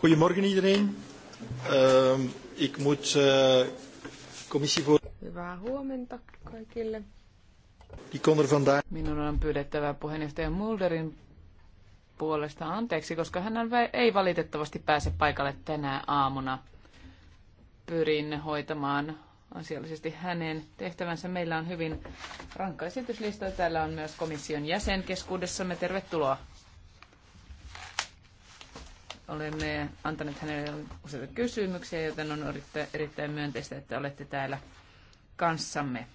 Goedemorgen iedereen. Uh, ik moet uh, eh, commissievoorzitter... Hyvää huomenta kaikille. er vandaag... Minun on pyydettävä puheenjohtaja Mulderin puolesta anteeksi, koska hän ei valitettavasti pääse paikalle tänä aamuna. Pyrin hoitamaan asiallisesti hänen tehtävänsä. Meillä on hyvin rankka esityslista. Täällä on myös komission jäsen keskuudessamme. Tervetuloa. Olemme antaneet hänelle useita kysymyksiä, joten on erittäin myönteistä, että olette täällä kanssamme.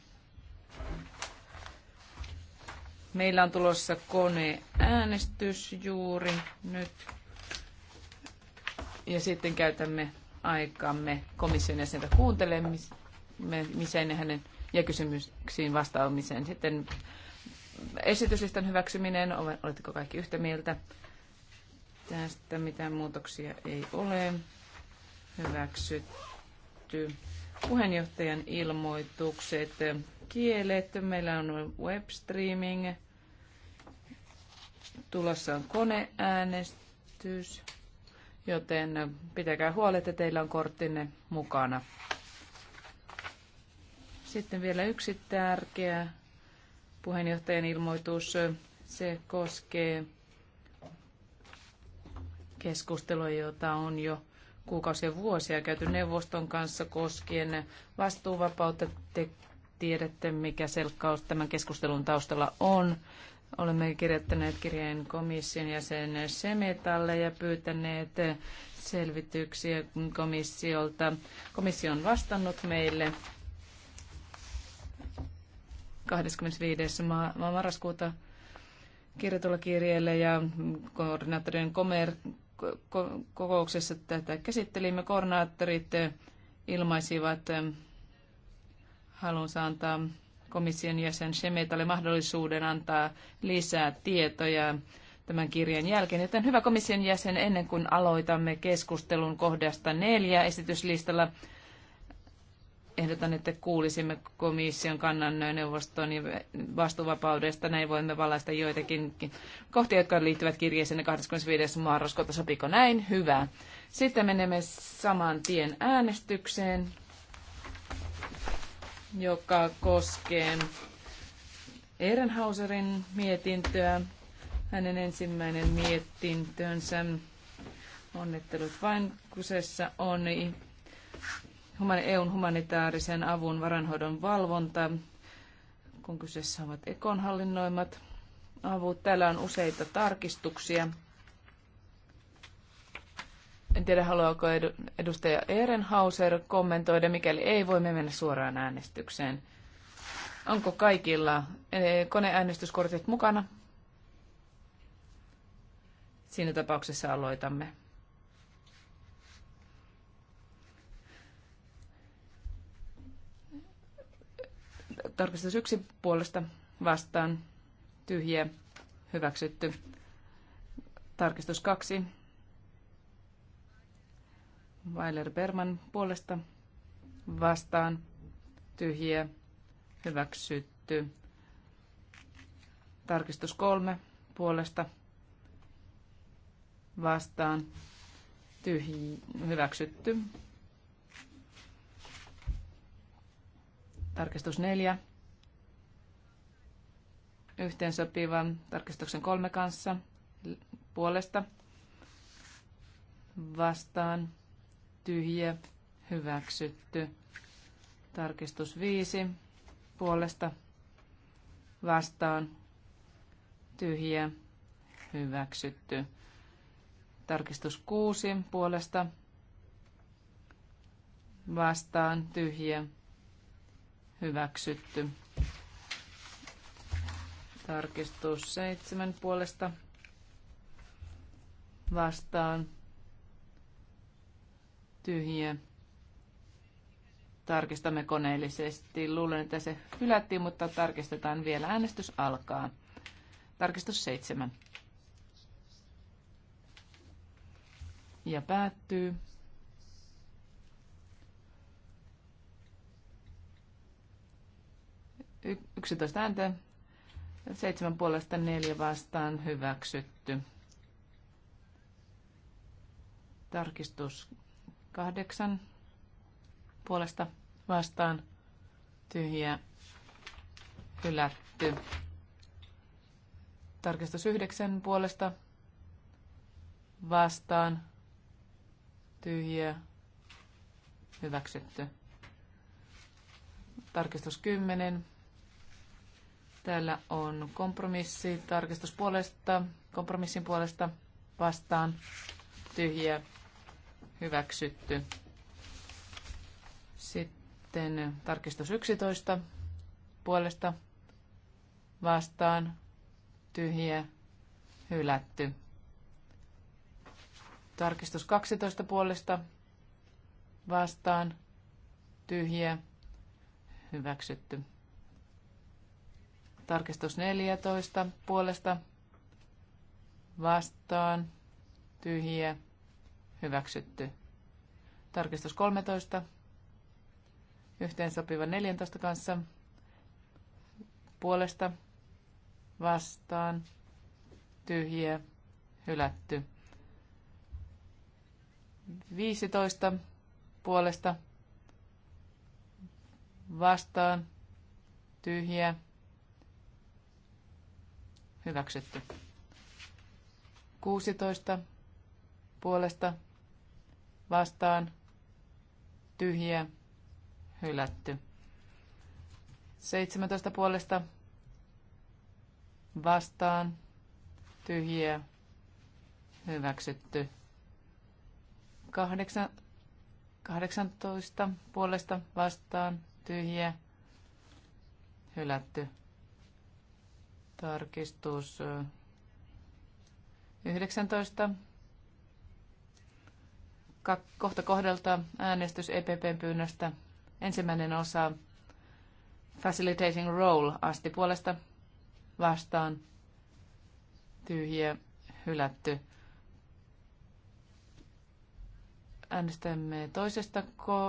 Meillä on tulossa koneäänestys juuri nyt. Ja sitten käytämme aikamme komission jäsentä kuuntelemiseen ja hänen ja kysymyksiin vastaamiseen. Sitten esityslistan hyväksyminen, oletteko kaikki yhtä mieltä? Tästä mitään muutoksia ei ole. Hyväksytty. Puheenjohtajan ilmoitukset. Kielet. Meillä on webstreaming. Tulossa on koneäänestys. Joten pitäkää huolet, että teillä on korttinne mukana. Sitten vielä yksi tärkeä puheenjohtajan ilmoitus. Se koskee keskustelua, jota on jo kuukausien vuosia käyty neuvoston kanssa koskien vastuuvapautta. Te tiedätte, mikä selkkaus tämän keskustelun taustalla on. Olemme kirjoittaneet kirjeen komission jäsen Semetalle ja pyytäneet selvityksiä komissiolta. Komissio on vastannut meille 25. marraskuuta kirjoitulla kirjeelle ja koordinaattorien kokouksessa tätä käsittelimme. Koordinaattorit eh, ilmaisivat eh, halunsa antaa komission jäsen Shemetalle mahdollisuuden antaa lisää tietoja tämän kirjan jälkeen. Joten hyvä komission jäsen, ennen kuin aloitamme keskustelun kohdasta neljä esityslistalla, ehdotan, että kuulisimme komission kannan neuvoston ja vastuuvapaudesta. Näin voimme valaista joitakin kohtia, jotka liittyvät kirjeeseen 25. marraskuuta. Sopiko näin? Hyvä. Sitten menemme saman tien äänestykseen, joka koskee Ehrenhauserin mietintöä. Hänen ensimmäinen mietintönsä onnittelut vain. Kusessa on EUn humanitaarisen avun varanhoidon valvonta, kun kyseessä ovat Ekon hallinnoimat avut. Täällä on useita tarkistuksia. En tiedä, haluaako edustaja Ehrenhauser kommentoida. Mikäli ei, voimme mennä suoraan äänestykseen. Onko kaikilla eh, koneäänestyskortit mukana? Siinä tapauksessa aloitamme. Tarkistus yksi puolesta vastaan tyhjiä hyväksytty. Tarkistus kaksi. Weiler Berman puolesta vastaan tyhjiä hyväksytty. Tarkistus kolme puolesta vastaan tyhjä hyväksytty. Tarkistus 4. Yhteensopivan tarkistuksen kolme kanssa puolesta vastaan tyhjä hyväksytty. Tarkistus 5 puolesta vastaan tyhjä hyväksytty. Tarkistus 6 puolesta vastaan tyhjä hyväksytty. Tarkistus seitsemän puolesta vastaan tyhjä. Tarkistamme koneellisesti. Luulen, että se hylättiin, mutta tarkistetaan vielä. Äänestys alkaa. Tarkistus seitsemän. Ja päättyy. 11 ääntä, 7 puolesta 4 vastaan hyväksytty. Tarkistus 8 puolesta vastaan tyhjä hylätty. Tarkistus 9 puolesta vastaan tyhjä hyväksytty. Tarkistus 10 Täällä on kompromissi, tarkistus puolesta, kompromissin puolesta vastaan, tyhjä hyväksytty. Sitten tarkistus 11 puolesta vastaan, tyhjä hylätty. Tarkistus 12 puolesta vastaan, tyhjä hyväksytty. Tarkistus 14 puolesta vastaan tyhjiä hyväksytty. Tarkistus 13 yhteensopiva 14 kanssa puolesta vastaan tyhjiä hylätty. 15 puolesta vastaan tyhjiä hyväksytty. 16 puolesta vastaan tyhjä hylätty. 17 puolesta vastaan tyhjä hyväksytty. 8, 18 puolesta vastaan tyhjä hylätty. Tarkistus 19. Kohta kohdalta äänestys EPPn pyynnöstä. Ensimmäinen osa Facilitating Role asti puolesta vastaan. Tyhjiä hylätty. Äänestämme toisesta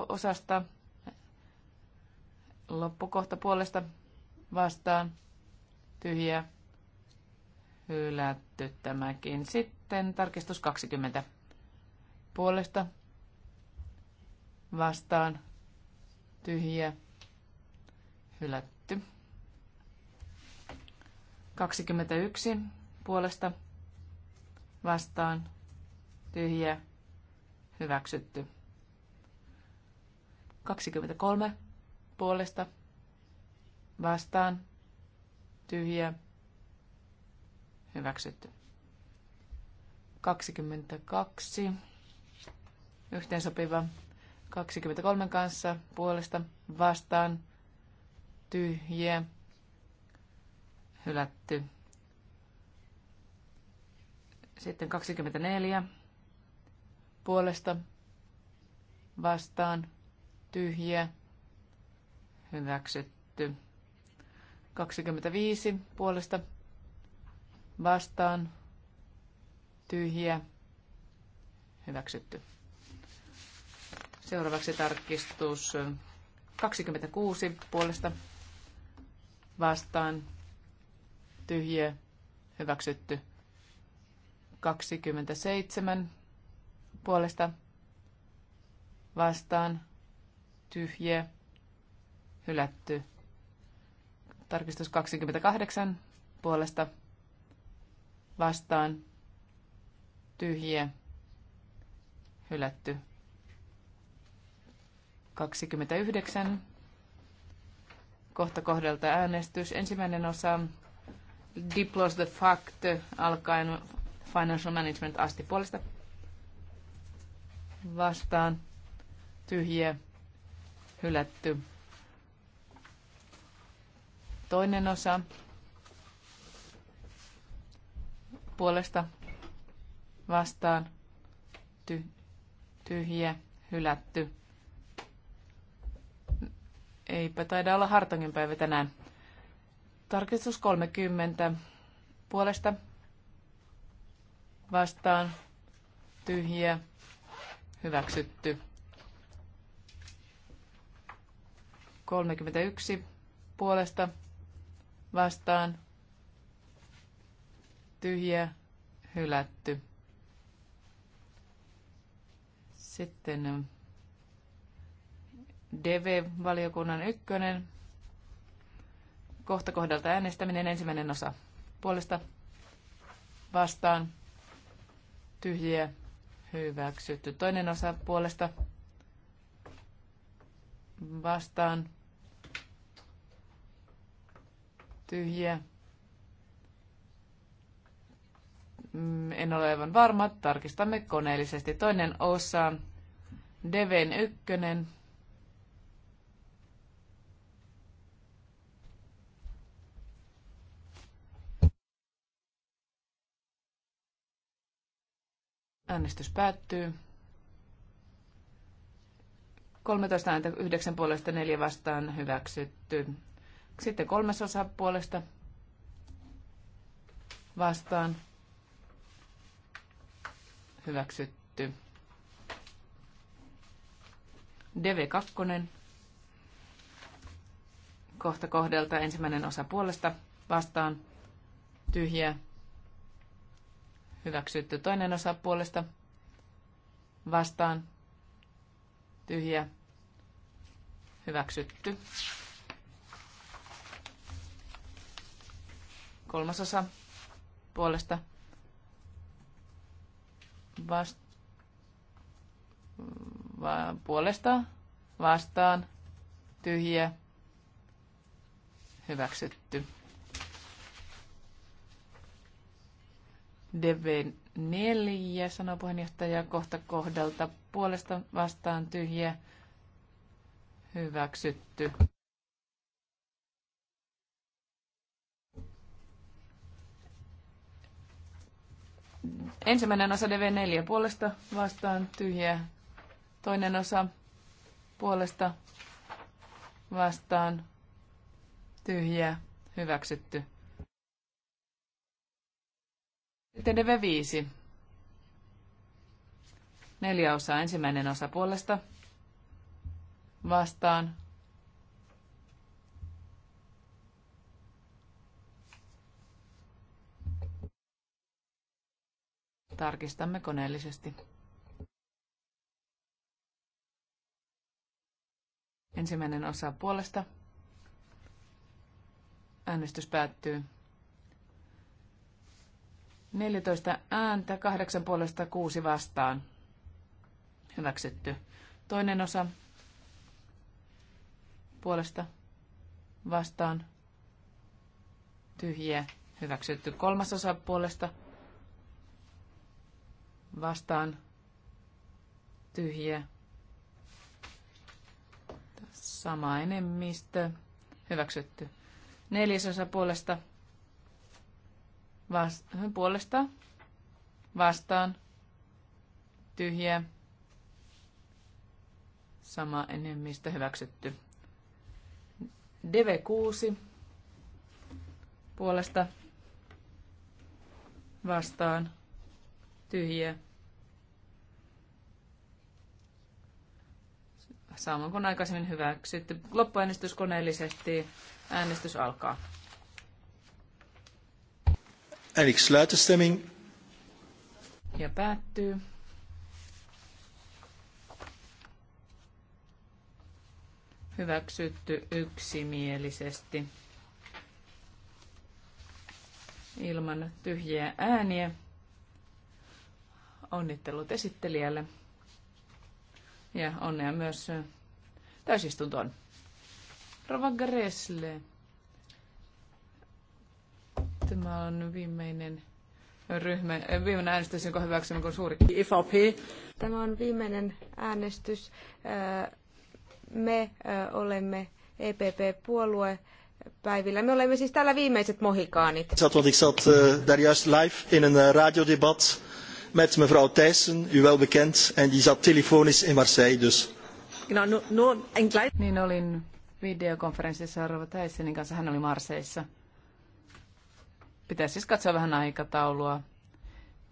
osasta loppukohta puolesta vastaan tyhjä, hylätty tämäkin. Sitten tarkistus 20 puolesta vastaan tyhjä, hylätty. 21 puolesta vastaan tyhjä, hyväksytty. 23 puolesta vastaan tyhjä, hyväksytty. 22, yhteensopiva 23 kanssa, puolesta, vastaan, tyhjä, hylätty. Sitten 24, puolesta, vastaan, tyhjä, hyväksytty. 25 puolesta vastaan tyhjiä hyväksytty. Seuraavaksi tarkistus 26 puolesta vastaan tyhjiä hyväksytty. 27 puolesta vastaan tyhjiä hylätty. Tarkistus 28 puolesta vastaan tyhjiä hylätty. 29. Kohta kohdalta äänestys. Ensimmäinen osa Diplos the Fact alkaen Financial Management asti puolesta. Vastaan tyhjiä hylätty. Toinen osa puolesta vastaan ty, tyhjä, hylätty. Eipä taida olla Hartongin päivä tänään. Tarkistus 30 puolesta vastaan tyhjä, hyväksytty. 31 puolesta vastaan tyhjä hylätty. Sitten ähm, DV-valiokunnan ykkönen. Kohta kohdalta äänestäminen ensimmäinen osa. Puolesta vastaan tyhjiä hyväksytty. Toinen osa puolesta vastaan tyhjiä. Mm, en ole aivan varma. Tarkistamme koneellisesti. Toinen osa. Deven ykkönen. Äänestys päättyy. 13 ääntä 9 puolesta 4 vastaan hyväksytty. Sitten kolmas osa puolesta vastaan hyväksytty. DV2. Kohta kohdelta ensimmäinen osa puolesta vastaan tyhjä. Hyväksytty toinen osa puolesta vastaan tyhjä. Hyväksytty. kolmasosa puolesta vast, va, puolesta vastaan tyhjä hyväksytty. DV4, sanoo puheenjohtaja kohta kohdalta, puolesta vastaan tyhjä hyväksytty. Ensimmäinen osa DV4 puolesta vastaan tyhjä. Toinen osa puolesta vastaan tyhjä. Hyväksytty. Sitten DV5. Neljä osaa. Ensimmäinen osa puolesta vastaan Tarkistamme koneellisesti. Ensimmäinen osa puolesta. Äänestys päättyy. 14 ääntä, 8 puolesta 6 vastaan. Hyväksytty. Toinen osa puolesta vastaan. Tyhjiä. Hyväksytty. Kolmas osa puolesta vastaan tyhjiä. Sama enemmistö. Hyväksytty. Neljäsosa puolesta, Vast, puolesta vastaan tyhjiä. Sama enemmistö hyväksytty. DV6 puolesta vastaan tyhjiä samoin kuin aikaisemmin hyväksytty. Loppuäänestys koneellisesti. Äänestys alkaa. En stemming. Ja päättyy. Hyväksytty yksimielisesti. Ilman tyhjiä ääniä. Onnittelut esittelijälle ja onnea myös täysistuntoon. Rova Gressle. Tämä on viimeinen ryhmä, viimeinen äänestys, jonka hyväksymme kuin suuri. IVP. Tämä on viimeinen äänestys. Me olemme EPP-puolue päivillä. Me olemme siis täällä viimeiset mohikaanit. Zat, että ik zat daar juist live in een radiodebat met mevrouw Thijssen, u wel bekend, en die zat telefonisch in Marseille dus. No, no, niin olin videokonferenssissa Rova Thijssenin kanssa, hän oli Marseissa. Pitäisi siis katsoa vähän aikataulua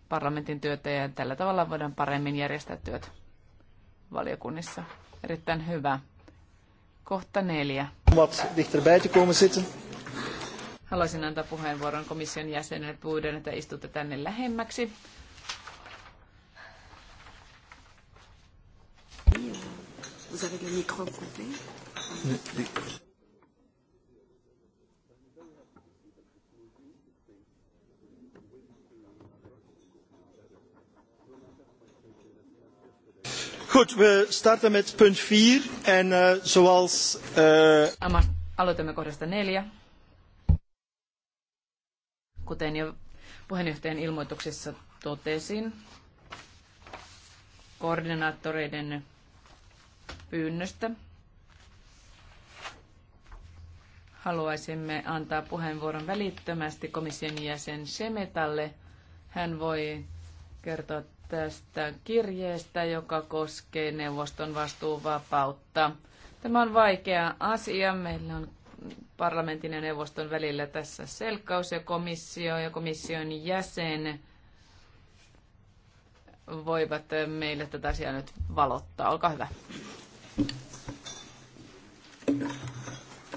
parlamentin työtä ja tällä tavalla voidaan paremmin järjestää työt valiokunnissa. Erittäin hyvä. Kohta neljä. Wat dichterbij te komen zitten. Haluaisin antaa puheenvuoron komission jäsenelle pyydän, että istutte tänne lähemmäksi. pays. Vous avez le micro coupé. Goed, we starten met punt 4 en uh, zoals... Uh... Aloitamme kohdasta 4. Kuten jo puheenjohtajan ilmoituksessa totesin, koordinaattoreiden pyynnöstä. Haluaisimme antaa puheenvuoron välittömästi komission jäsen Semetalle. Hän voi kertoa tästä kirjeestä, joka koskee neuvoston vastuuvapautta. Tämä on vaikea asia. Meillä on parlamentin ja neuvoston välillä tässä selkkaus ja komissio ja komission jäsen voivat meille tätä asiaa nyt valottaa. Olkaa hyvä.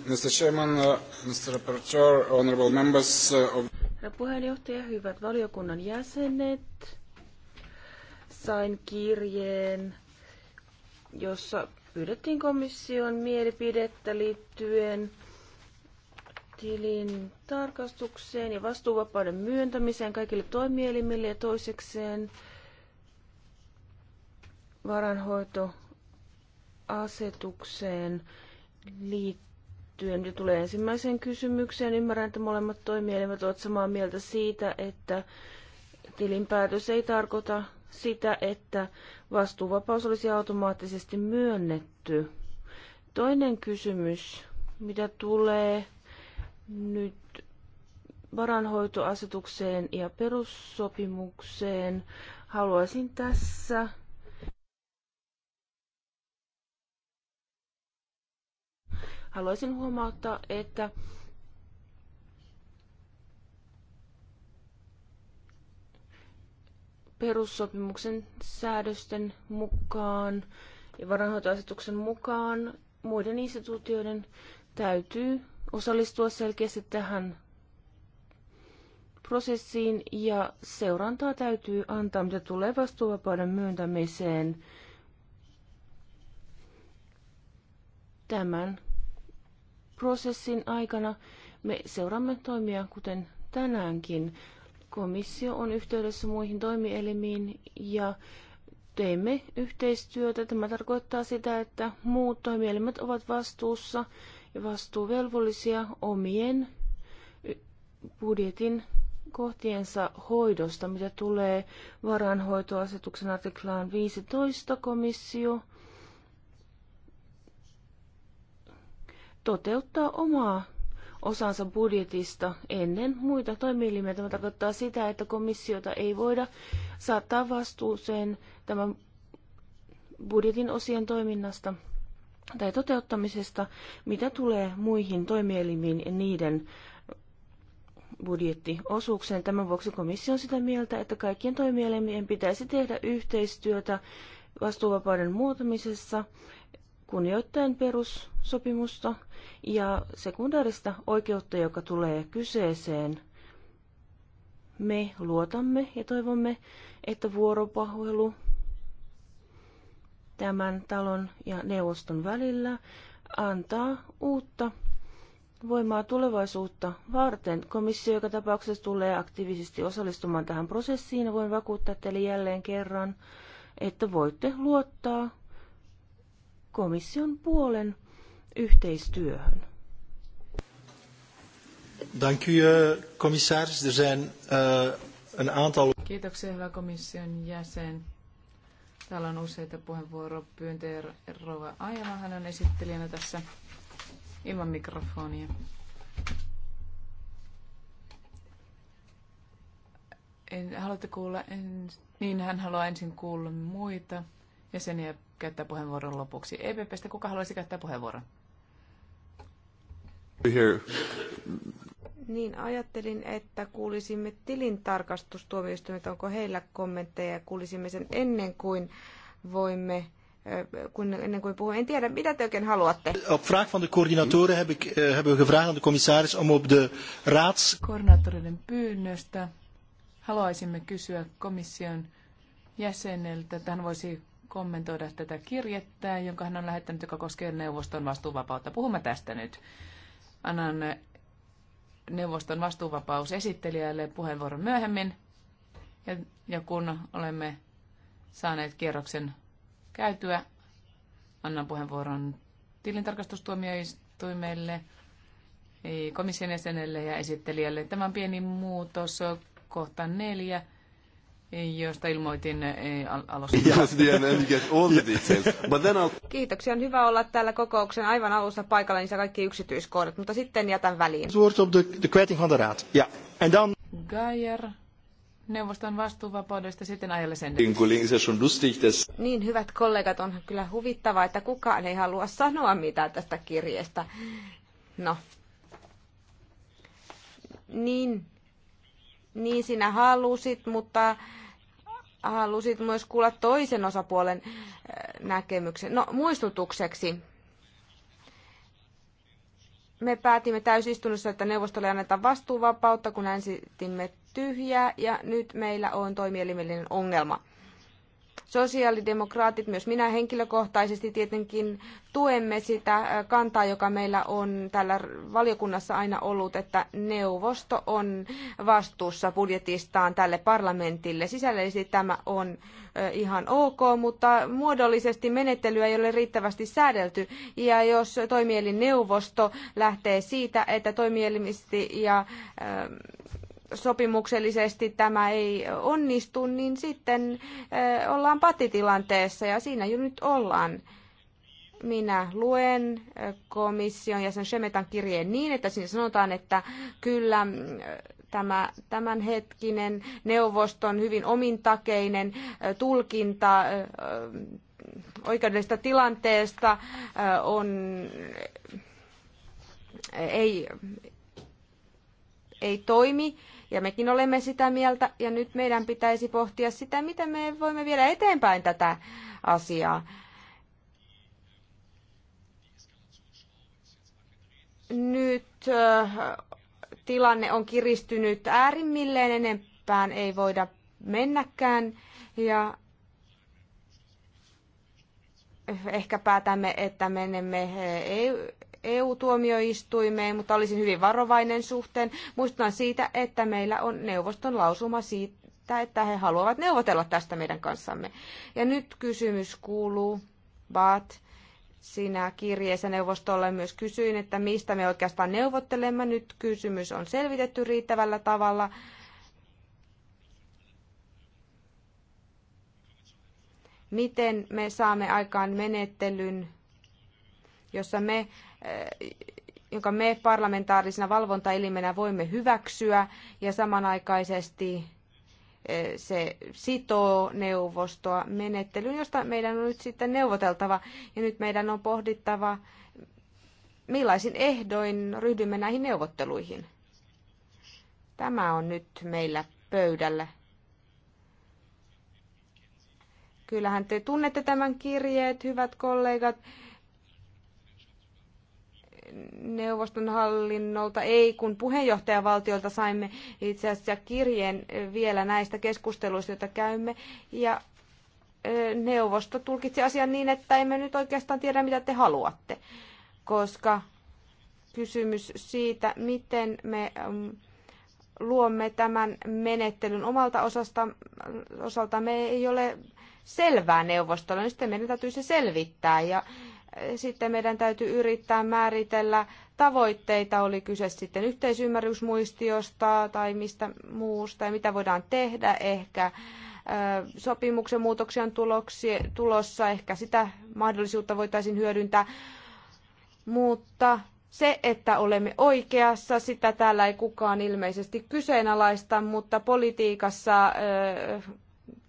Mr. Chairman, uh, Mr. Rapporteur, honorable members uh, of... Herra puheenjohtaja, hyvät valiokunnan jäsenet. Sain kirjeen, jossa pyydettiin komission mielipidettä liittyen tilin tarkastukseen ja vastuuvapauden myöntämiseen kaikille toimielimille ja toisekseen varanhoitoasetukseen liittyen ja tulee ensimmäiseen kysymykseen. Ymmärrän, että molemmat toimielimet ovat samaa mieltä siitä, että tilinpäätös ei tarkoita sitä, että vastuuvapaus olisi automaattisesti myönnetty. Toinen kysymys, mitä tulee nyt varanhoitoasetukseen ja perussopimukseen, haluaisin tässä Haluaisin huomauttaa, että perussopimuksen säädösten mukaan ja varainhoitoasetuksen mukaan muiden instituutioiden täytyy osallistua selkeästi tähän prosessiin ja seurantaa täytyy antaa, mitä tulee vastuuvapauden myöntämiseen. Tämän prosessin aikana me seuraamme toimia, kuten tänäänkin. Komissio on yhteydessä muihin toimielimiin ja teemme yhteistyötä. Tämä tarkoittaa sitä, että muut toimielimet ovat vastuussa ja vastuuvelvollisia omien budjetin kohtiensa hoidosta, mitä tulee varanhoitoasetuksen artiklaan 15 komissio toteuttaa omaa osansa budjetista ennen muita toimielimiä. Tämä tarkoittaa sitä, että komissiota ei voida saattaa vastuuseen tämän budjetin osien toiminnasta tai toteuttamisesta, mitä tulee muihin toimielimiin ja niiden budjettiosuukseen. Tämän vuoksi komissio on sitä mieltä, että kaikkien toimielimien pitäisi tehdä yhteistyötä vastuuvapauden muutamisessa kunnioittaen perussopimusta ja sekundaarista oikeutta, joka tulee kyseeseen. Me luotamme ja toivomme, että vuoropuhelu tämän talon ja neuvoston välillä antaa uutta voimaa tulevaisuutta varten. Komissio joka tapauksessa tulee aktiivisesti osallistumaan tähän prosessiin voin vakuuttaa teille jälleen kerran, että voitte luottaa komission puolen yhteistyöhön. Dank u, eh, commissaris. Er zijn uh, een aantal... Kiitoksia, hyvä komission jäsen. Täällä on useita puheenvuoropyyntöjä. Rova Aijala, hän on esittelijänä tässä ilman mikrofonia. En, haluatte kuulla, en, niin hän haluaa ensin kuulla muita jäseniä käyttää puheenvuoron lopuksi. EPPstä kuka haluaisi käyttää puheenvuoron? Here. Niin, ajattelin, että kuulisimme tilintarkastustuomioistuimet, onko heillä kommentteja ja kuulisimme sen ennen kuin voimme kun, ennen kuin puhun. En tiedä, mitä te oikein haluatte? Op vraag van de coördinatoren heb ik, eh, hebben we gevraagd aan de commissaris om op de raads... Koordinaattoreiden pyynnöstä haluaisimme kysyä komission jäseneltä, että hän voisi kommentoida tätä kirjettä, jonka hän on lähettänyt, joka koskee neuvoston vastuuvapautta. Puhumme tästä nyt. Annan neuvoston vastuuvapaus esittelijälle puheenvuoron myöhemmin. Ja, ja kun olemme saaneet kierroksen käytyä, annan puheenvuoron tilintarkastustuomioistuimelle, komission jäsenelle ja esittelijälle. Tämä on pieni muutos kohta neljä josta ilmoitin eh, alussa. Kiitoksia, on hyvä olla täällä kokouksen aivan alussa paikalla, niin kaikki yksityiskohdat, mutta sitten jätän väliin. Suort Ja. Geier, neuvoston vastuuvapaudesta sitten ajalle sen. Niin, hyvät kollegat, on kyllä huvittavaa, että kukaan ei halua sanoa mitään tästä kirjeestä. No. Niin, niin sinä halusit, mutta halusit myös kuulla toisen osapuolen äh, näkemyksen. No, muistutukseksi. Me päätimme täysistunnossa, että neuvostolle annetaan vastuuvapautta, kun ensitimme tyhjää, ja nyt meillä on toimielimellinen ongelma. Sosiaalidemokraatit, myös minä henkilökohtaisesti tietenkin tuemme sitä kantaa, joka meillä on täällä valiokunnassa aina ollut, että neuvosto on vastuussa budjetistaan tälle parlamentille. Sisällöllisesti tämä on ihan ok, mutta muodollisesti menettelyä ei ole riittävästi säädelty. Ja jos toimielin neuvosto lähtee siitä, että toimielimisti ja sopimuksellisesti tämä ei onnistu, niin sitten ollaan patitilanteessa ja siinä jo nyt ollaan. Minä luen komission ja sen Shemetan kirjeen niin, että siinä sanotaan, että kyllä tämä tämänhetkinen neuvoston hyvin omintakeinen tulkinta oikeudellisesta tilanteesta on, ei, ei toimi ja mekin olemme sitä mieltä, ja nyt meidän pitäisi pohtia sitä, miten me voimme viedä eteenpäin tätä asiaa. Nyt äh, tilanne on kiristynyt äärimmilleen, enempään ei voida mennäkään. Ja ehkä päätämme, että menemme äh, EU-tuomioistuimeen, mutta olisin hyvin varovainen suhteen. Muistutan siitä, että meillä on neuvoston lausuma siitä, että he haluavat neuvotella tästä meidän kanssamme. Ja nyt kysymys kuuluu, Baat, sinä kirjeessä neuvostolle myös kysyin, että mistä me oikeastaan neuvottelemme. Nyt kysymys on selvitetty riittävällä tavalla. Miten me saamme aikaan menettelyn, jossa me Eh, jonka me parlamentaarisena valvontaelimenä voimme hyväksyä ja samanaikaisesti eh, se sitoo neuvostoa menettelyyn, josta meidän on nyt sitten neuvoteltava ja nyt meidän on pohdittava, millaisin ehdoin ryhdymme näihin neuvotteluihin. Tämä on nyt meillä pöydällä. Kyllähän te tunnette tämän kirjeet, hyvät kollegat neuvoston hallinnolta, ei kun puheenjohtajavaltiolta saimme itse asiassa kirjeen vielä näistä keskusteluista, joita käymme. Ja neuvosto tulkitsi asian niin, että emme nyt oikeastaan tiedä, mitä te haluatte, koska kysymys siitä, miten me mm, luomme tämän menettelyn omalta osasta, osalta, me ei ole selvää neuvostolla, niin sitten meidän täytyy se selvittää. Ja sitten meidän täytyy yrittää määritellä tavoitteita, oli kyse sitten yhteisymmärrysmuistiosta tai mistä muusta ja mitä voidaan tehdä ehkä. Sopimuksen muutoksia on tulossa, ehkä sitä mahdollisuutta voitaisiin hyödyntää, mutta se, että olemme oikeassa, sitä täällä ei kukaan ilmeisesti kyseenalaista, mutta politiikassa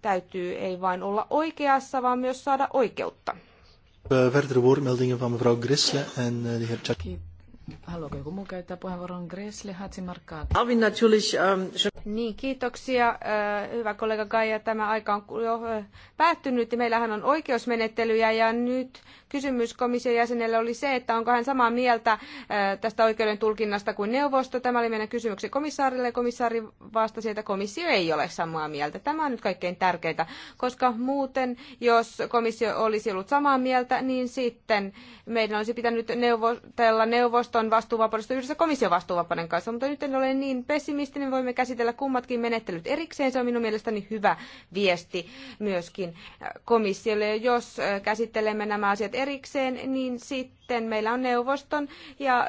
täytyy ei vain olla oikeassa, vaan myös saada oikeutta. Eh, woordmeldingen van mevrouw Grisle en eh, de heer puheenvuoron? Alvin natürlich... Um, niin, kiitoksia. Eh, hyvä kollega Kaija, tämä aika on jo päättynyt. Meillähän on oikeusmenettelyjä ja nyt kysymys komission jäsenelle oli se, että onko hän samaa mieltä äh, tästä oikeuden tulkinnasta kuin neuvosto. Tämä oli meidän kysymyksi komissaarille ja komissaari vastasi, että komissio ei ole samaa mieltä. Tämä on nyt kaikkein tärkeintä, koska muuten, jos komissio olisi ollut samaa mieltä, niin sitten meidän olisi pitänyt neuvotella neuvoston vastuuvapaudesta yhdessä komission vastuuvapauden kanssa, mutta nyt en ole niin pessimistinen, voimme käsitellä kummatkin menettelyt erikseen. Se on minun mielestäni hyvä viesti myöskin komissiolle. Jos äh, käsittelemme nämä asiat erikseen, niin sitten meillä on neuvoston ja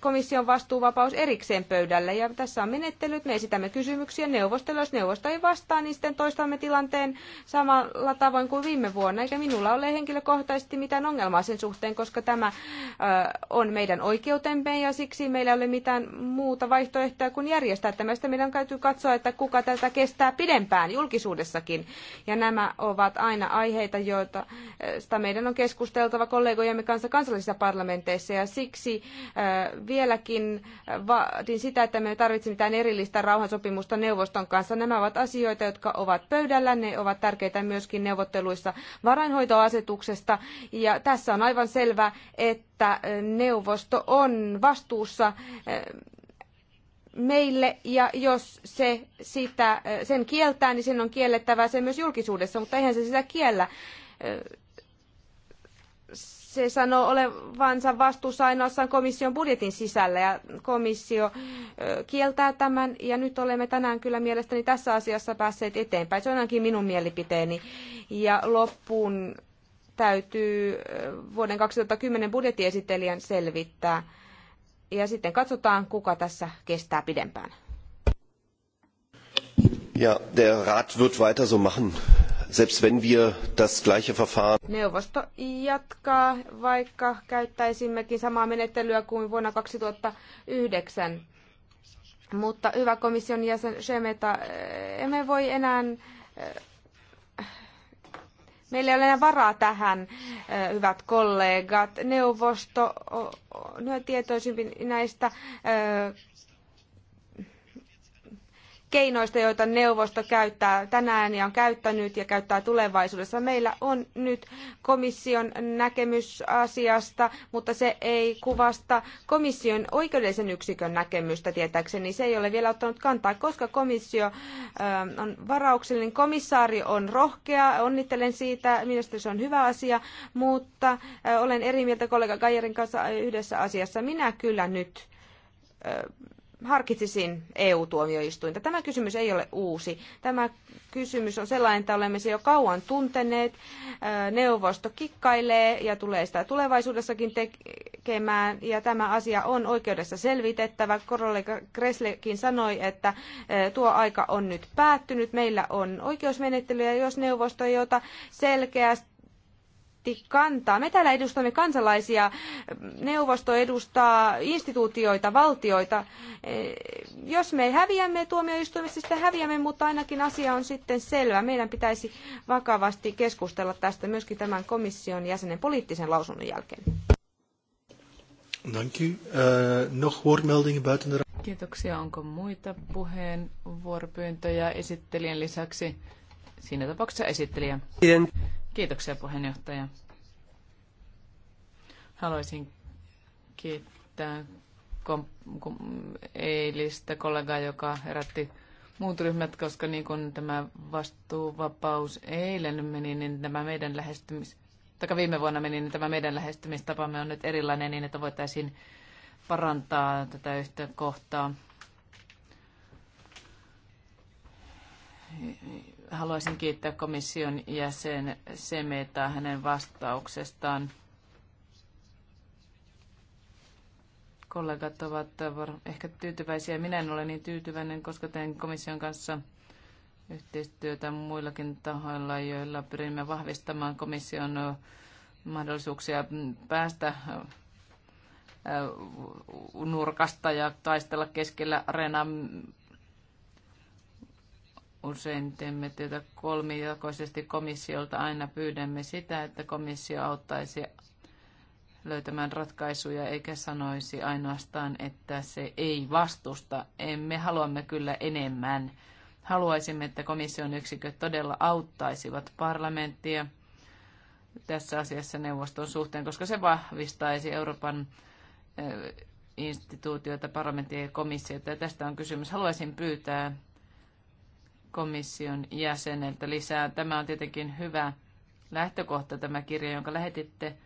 komission vastuuvapaus erikseen pöydälle. Ja tässä on menettelyt, me esitämme kysymyksiä neuvostolle. Jos neuvosto ei vastaa, niin sitten toistamme tilanteen samalla tavoin kuin viime vuonna. Eikä minulla ole henkilökohtaisesti mitään ongelmaa sen suhteen, koska tämä on meidän oikeutemme ja siksi meillä ei ole mitään muuta vaihtoehtoa kuin järjestää tämä. Sitten meidän täytyy katsoa, että kuka tätä kestää pidempään julkisuudessakin. Ja nämä ovat aina aiheita, joita meidän on keskusteltava kollegojemme kanssa kansallisissa parlamenteissa ja siksi Vieläkin vaatin sitä, että me tarvitse mitään erillistä rauhansopimusta neuvoston kanssa. Nämä ovat asioita, jotka ovat pöydällä. Ne ovat tärkeitä myöskin neuvotteluissa varainhoitoasetuksesta. Ja tässä on aivan selvää, että neuvosto on vastuussa meille ja jos se sitä, sen kieltää, niin sen on kiellettävä se myös julkisuudessa, mutta eihän se sitä kiellä se sanoo olevansa vastuussa ainoastaan komission budjetin sisällä ja komissio kieltää tämän ja nyt olemme tänään kyllä mielestäni tässä asiassa päässeet eteenpäin. Se on ainakin minun mielipiteeni. Ja loppuun täytyy vuoden 2010 budjettiesittelijän selvittää ja sitten katsotaan, kuka tässä kestää pidempään. Ja, der Rat wird weiter so machen selbst wenn wir das gleiche Verfahren. Neuvosto jatkaa, vaikka käyttäisimmekin samaa menettelyä kuin vuonna 2009. Mutta hyvä komission jäsen Shemeta, emme voi enää Meillä ei ole enää varaa tähän, hyvät kollegat. Neuvosto on tietoisempi näistä keinoista, joita neuvosto käyttää tänään ja on käyttänyt ja käyttää tulevaisuudessa. Meillä on nyt komission näkemys asiasta, mutta se ei kuvasta komission oikeudellisen yksikön näkemystä tietääkseni. Se ei ole vielä ottanut kantaa, koska komissio on varauksellinen. Komissaari on rohkea, onnittelen siitä, mielestäni se on hyvä asia, mutta olen eri mieltä kollega Gajerin kanssa yhdessä asiassa. Minä kyllä nyt harkitsisin EU-tuomioistuinta. Tämä kysymys ei ole uusi. Tämä kysymys on sellainen, että olemme se jo kauan tunteneet. Neuvosto kikkailee ja tulee sitä tulevaisuudessakin tekemään. Ja tämä asia on oikeudessa selvitettävä. Korollega Kreslekin sanoi, että tuo aika on nyt päättynyt. Meillä on oikeusmenettely ja jos neuvosto ei ota selkeästi otti kantaa. Me täällä edustamme kansalaisia, neuvosto edustaa instituutioita, valtioita. Eh, jos me häviämme tuomioistuimessa, sitten häviämme, mutta ainakin asia on sitten selvä. Meidän pitäisi vakavasti keskustella tästä myöskin tämän komission jäsenen poliittisen lausunnon jälkeen. Dank u. Uh, nog woordmeldingen buiten de Kiitoksia. Onko muita puheenvuoropyyntöjä esittelijän lisäksi? Siinä tapauksessa esittelijä. Kiitoksia puheenjohtaja. Haluaisin kiittää kom- kom- eilistä kollegaa, joka herätti muut ryhmät, koska niin kuin tämä vastuuvapaus eilen meni, niin tämä meidän lähestymis... Taka viime vuonna meni, niin tämä meidän lähestymistapamme on nyt erilainen niin, että voitaisiin parantaa tätä yhtä kohtaa. Haluaisin kiittää komission jäsen Semeta hänen vastauksestaan. Kollegat ovat ehkä tyytyväisiä. Minä en ole niin tyytyväinen, koska teen komission kanssa yhteistyötä muillakin tahoilla, joilla pyrimme vahvistamaan komission mahdollisuuksia päästä nurkasta ja taistella keskellä areenaa usein teemme työtä kolmijakoisesti komissiolta. Aina pyydämme sitä, että komissio auttaisi löytämään ratkaisuja eikä sanoisi ainoastaan, että se ei vastusta. Emme haluamme kyllä enemmän. Haluaisimme, että komission yksiköt todella auttaisivat parlamenttia tässä asiassa neuvoston suhteen, koska se vahvistaisi Euroopan eh, instituutioita, parlamenttia ja komissiota. Ja tästä on kysymys. Haluaisin pyytää komission jäseneltä lisää. Tämä on tietenkin hyvä lähtökohta, tämä kirja, jonka lähetitte,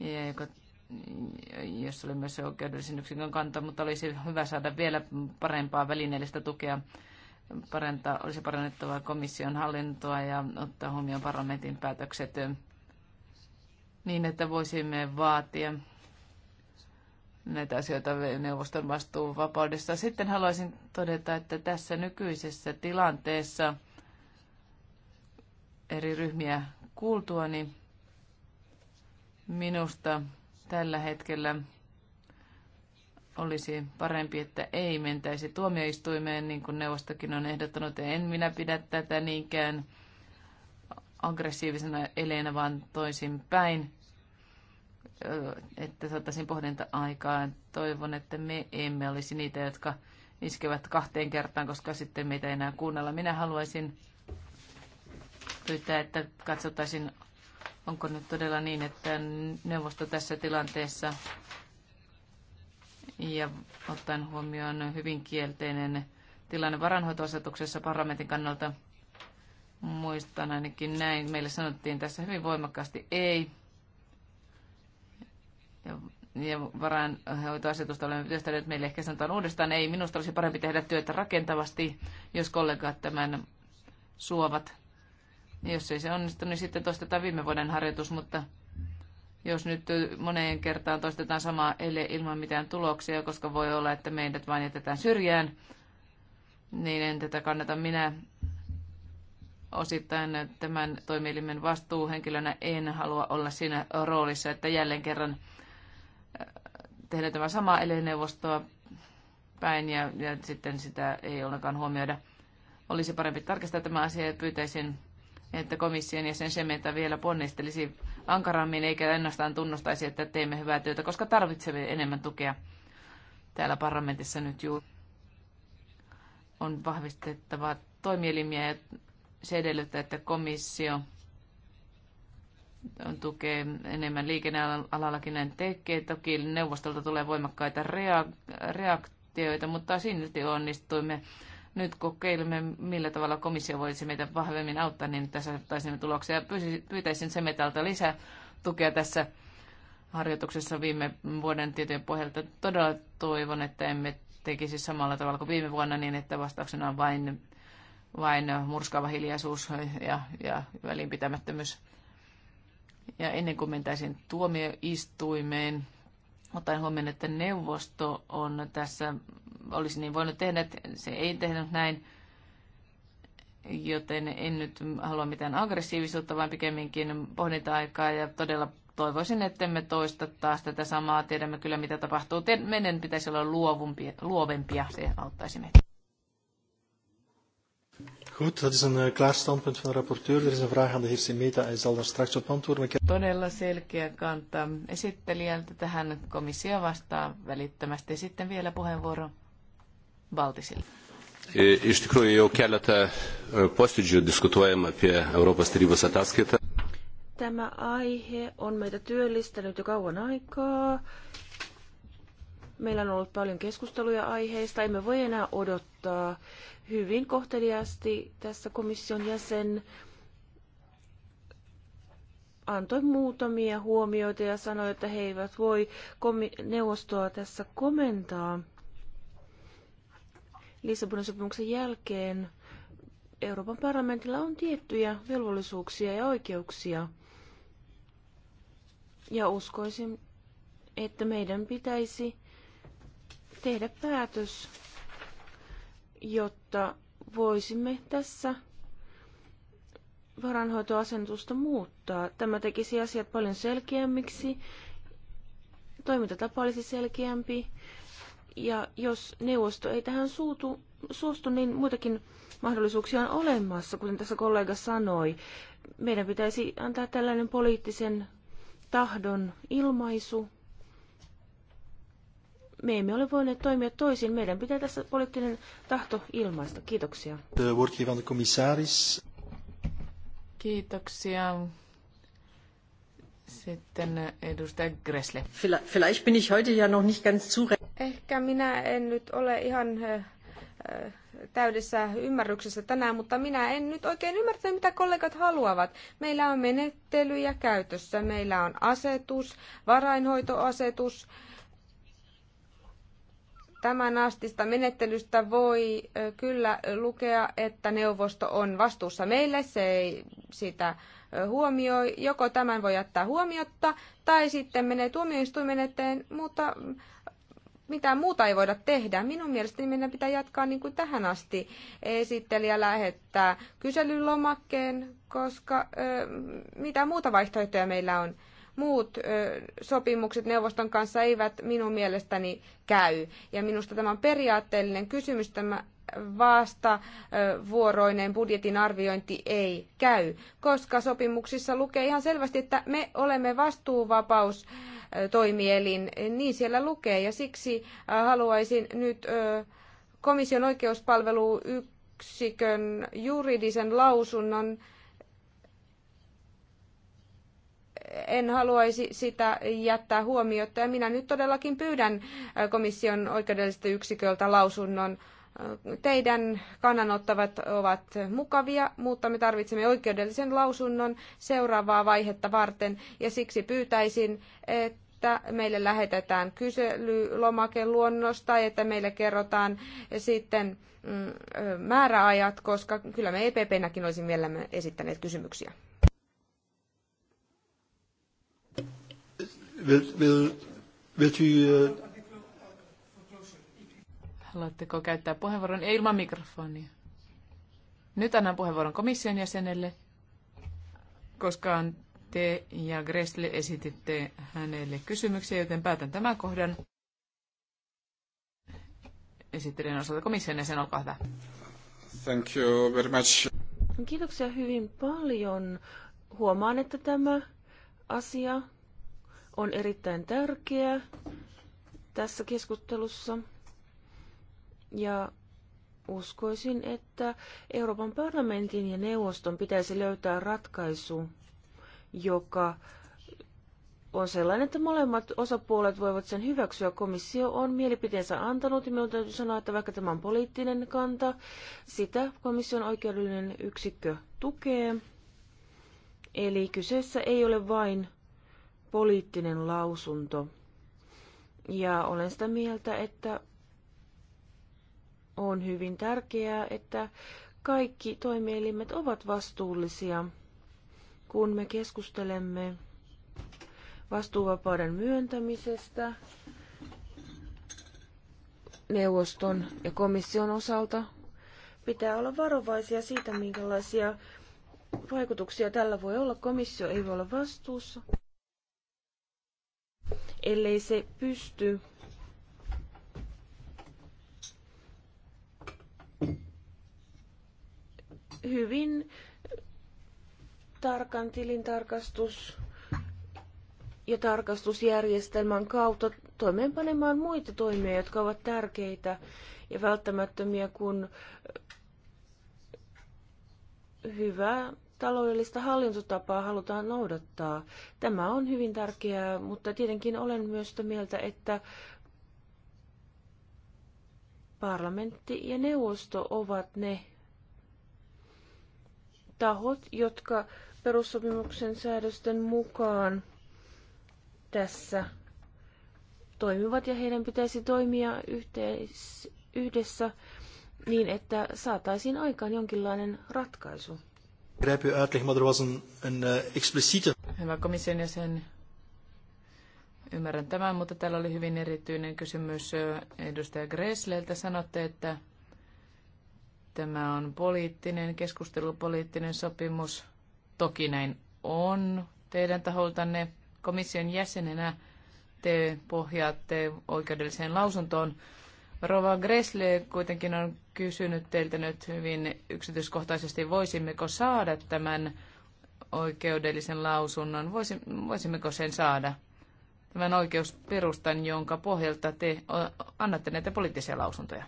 ja joka, jossa oli myös oikeudellisen yksikön kanta, mutta olisi hyvä saada vielä parempaa välineellistä tukea. parenta olisi parannettava komission hallintoa ja ottaa huomioon parlamentin päätökset niin, että voisimme vaatia näitä asioita neuvoston vapaudessa. Sitten haluaisin todeta, että tässä nykyisessä tilanteessa eri ryhmiä kuultua, niin minusta tällä hetkellä olisi parempi, että ei mentäisi tuomioistuimeen, niin kuin neuvostokin on ehdottanut. en minä pidä tätä niinkään aggressiivisena eleenä, vaan toisinpäin. päin että saataisiin pohdinta aikaan. Toivon, että me emme olisi niitä, jotka iskevät kahteen kertaan, koska sitten meitä ei enää kuunnella. Minä haluaisin pyytää, että katsotaisiin, onko nyt todella niin, että neuvosto tässä tilanteessa ja ottaen huomioon hyvin kielteinen tilanne varanhoitoasetuksessa parlamentin kannalta, muistan ainakin näin, meille sanottiin tässä hyvin voimakkaasti ei ja, ja varainhoitoasetusta olemme työstäneet meille ehkä sanotaan uudestaan. Ei, minusta olisi parempi tehdä työtä rakentavasti, jos kollegat tämän suovat. Jos ei se onnistu, niin sitten toistetaan viime vuoden harjoitus, mutta jos nyt moneen kertaan toistetaan sama ele ilman mitään tuloksia, koska voi olla, että meidät vain jätetään syrjään, niin en tätä kannata minä osittain tämän toimielimen vastuuhenkilönä en halua olla siinä roolissa, että jälleen kerran tehdä tämä sama eleneuvostoa päin ja, ja sitten sitä ei ollenkaan huomioida. Olisi parempi tarkistaa tämä asia ja pyytäisin, että komission ja sen semeitä vielä ponnistelisi ankarammin eikä ennastaan tunnustaisi, että teemme hyvää työtä, koska tarvitsemme enemmän tukea täällä parlamentissa nyt juuri. On vahvistettava toimielimiä ja se edellyttää, että komissio on tukea enemmän liikennealallakin näin tekee. Toki neuvostolta tulee voimakkaita reaktioita, mutta silti onnistuimme. Nyt kokeilemme, millä tavalla komissio voisi meitä vahvemmin auttaa, niin tässä saataisiin tuloksia. Pyytäisin Semetalta lisää tukea tässä harjoituksessa viime vuoden tietojen pohjalta. Todella toivon, että emme tekisi samalla tavalla kuin viime vuonna niin, että vastauksena on vain, vain murskaava hiljaisuus ja, ja välinpitämättömyys. Ja ennen kuin mentäisin tuomioistuimeen, otan huomioon, että neuvosto on tässä, olisi niin voinut tehdä, että se ei tehnyt näin, joten en nyt halua mitään aggressiivisuutta, vaan pikemminkin pohdinta-aikaa ja todella toivoisin, me toista taas tätä samaa. Tiedämme kyllä, mitä tapahtuu. Meidän pitäisi olla luovumpia, luovempia, se auttaisi meitä. Goed, dat is een eh, klaar standpunt van de rapporteur. Er is een vraag aan de heer Semeta. Hij zal daar straks op antwoorden. Todella selkeä kanta esittelijältä tähän komissio vastaa välittömästi. Sitten vielä puheenvuoro Baltisille. Eh, iš tikrųjų jau keletą eh, posėdžių diskutuojam apie Euroopan tarybos ataskaitą. Tämä aihe on meitä työllistänyt jo kauan aikaa Meillä on ollut paljon keskusteluja aiheesta. Emme voi enää odottaa hyvin kohteliaasti Tässä komission jäsen antoi muutamia huomioita ja sanoi, että he eivät voi neuvostoa tässä komentaa. Lissabonin sopimuksen jälkeen Euroopan parlamentilla on tiettyjä velvollisuuksia ja oikeuksia. Ja uskoisin, että meidän pitäisi tehdä päätös, jotta voisimme tässä varanhoitoasentusta muuttaa. Tämä tekisi asiat paljon selkeämmiksi, toimintatapa olisi selkeämpi, ja jos neuvosto ei tähän suutu, suostu, niin muitakin mahdollisuuksia on olemassa, kuten tässä kollega sanoi. Meidän pitäisi antaa tällainen poliittisen tahdon ilmaisu me emme ole voineet toimia toisin. Meidän pitää tässä poliittinen tahto ilmaista. Kiitoksia. Kiitoksia. Sitten edustaja Gressle. Vielleicht bin ich heute ja noch nicht ganz zu... Ehkä minä en nyt ole ihan eh, eh, täydessä ymmärryksessä tänään, mutta minä en nyt oikein ymmärtänyt, mitä kollegat haluavat. Meillä on menettelyjä käytössä. Meillä on asetus, varainhoitoasetus, Tämän astista menettelystä voi kyllä lukea, että neuvosto on vastuussa meille, se ei sitä huomioi. Joko tämän voi jättää huomiotta tai sitten menee tuomioistuimen eteen, mutta mitään muuta ei voida tehdä. Minun mielestäni meidän pitää jatkaa niin kuin tähän asti. Esittelijä lähettää kyselylomakkeen, koska ö, mitä muuta vaihtoehtoja meillä on muut sopimukset neuvoston kanssa eivät minun mielestäni käy. Ja minusta tämä on periaatteellinen kysymys, tämä vastavuoroinen budjetin arviointi ei käy, koska sopimuksissa lukee ihan selvästi, että me olemme vastuuvapaus toimielin, niin siellä lukee ja siksi haluaisin nyt komission oikeuspalveluyksikön juridisen lausunnon en haluaisi sitä jättää huomiota. Ja minä nyt todellakin pyydän komission oikeudelliselta yksiköltä lausunnon. Teidän kannanottavat ovat mukavia, mutta me tarvitsemme oikeudellisen lausunnon seuraavaa vaihetta varten. Ja siksi pyytäisin, että että meille lähetetään kyselylomake luonnosta, ja että meille kerrotaan sitten mm, määräajat, koska kyllä me EPP-näkin olisimme mielellämme esittäneet kysymyksiä. Wilt, wil, wilt u... Uh... Øh, Haluatteko käyttää puheenvuoron? Ei ilman mikrofonia. Nyt annan puheenvuoron komission jäsenelle, koska te ja Gressle esititte hänelle kysymyksiä, joten päätän tämän kohdan. Esittelen osalta komission jäsen, olkaa hyvä. Thank you very much. Kiitoksia hyvin paljon. Huomaan, että tämä asia on erittäin tärkeä tässä keskustelussa. Ja uskoisin, että Euroopan parlamentin ja neuvoston pitäisi löytää ratkaisu, joka on sellainen, että molemmat osapuolet voivat sen hyväksyä. Komissio on mielipiteensä antanut ja minun täytyy sanoa, että vaikka tämä on poliittinen kanta, sitä komission oikeudellinen yksikkö tukee. Eli kyseessä ei ole vain poliittinen lausunto. Ja olen sitä mieltä, että on hyvin tärkeää, että kaikki toimielimet ovat vastuullisia, kun me keskustelemme vastuuvapauden myöntämisestä neuvoston ja komission osalta. Pitää olla varovaisia siitä, minkälaisia vaikutuksia tällä voi olla. Komissio ei voi olla vastuussa ellei se pysty hyvin tarkan tilintarkastus ja tarkastusjärjestelmän kautta toimeenpanemaan muita toimia, jotka ovat tärkeitä ja välttämättömiä, kun hyvä taloudellista hallintotapaa halutaan noudattaa. Tämä on hyvin tärkeää, mutta tietenkin olen myös sitä mieltä, että parlamentti ja neuvosto ovat ne tahot, jotka perussopimuksen säädösten mukaan tässä toimivat ja heidän pitäisi toimia yhteis- yhdessä niin, että saataisiin aikaan jonkinlainen ratkaisu begrijp uw uitleg, maar er was een, een eh, expliciete... komission jäsen, ymmärrän tämän, mutta täällä oli hyvin erityinen kysymys eh, edustaja Gresleltä. Sanotte, että tämä on poliittinen keskustelu, poliittinen sopimus. Toki näin on teidän taholtanne komission jäsenenä. Te pohjaatte oikeudelliseen lausuntoon, Rova Gressle kuitenkin on kysynyt teiltä nyt hyvin yksityiskohtaisesti, voisimmeko saada tämän oikeudellisen lausunnon, voisimmeko sen saada? tämän oikeusperustan, jonka pohjalta te annatte näitä poliittisia lausuntoja?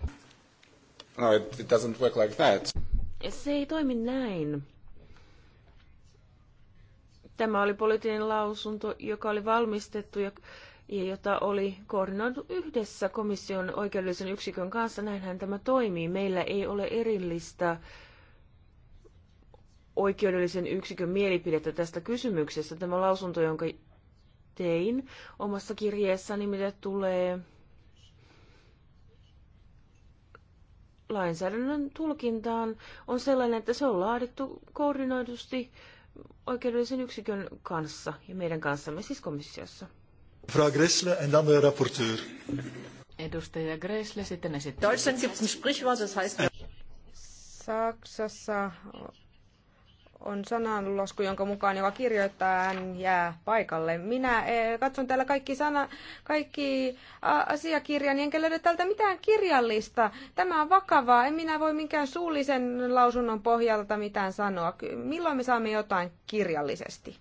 No, it doesn't work like that. Se ei toimi näin. Tämä oli poliittinen lausunto, joka oli valmistettu ja ja jota oli koordinoitu yhdessä komission oikeudellisen yksikön kanssa. Näinhän tämä toimii. Meillä ei ole erillistä oikeudellisen yksikön mielipidettä tästä kysymyksestä. Tämä lausunto, jonka tein omassa kirjeessäni, mitä tulee lainsäädännön tulkintaan, on sellainen, että se on laadittu koordinoidusti oikeudellisen yksikön kanssa ja meidän kanssamme siis komissiossa. Frau Gressle en dan rapporteur. Edustaja Gressle sitten esittää. Deutschland gibt ein Sprichwort, das heißt... Saksassa on sananlasku, jonka mukaan joka kirjoittaa, hän jää paikalle. Minä eh, katson täällä kaikki, sana, kaikki asiakirjan, enkä löydä täältä mitään kirjallista. Tämä on vakavaa. En minä voi minkään suullisen lausunnon pohjalta mitään sanoa. Milloin me saamme jotain kirjallisesti?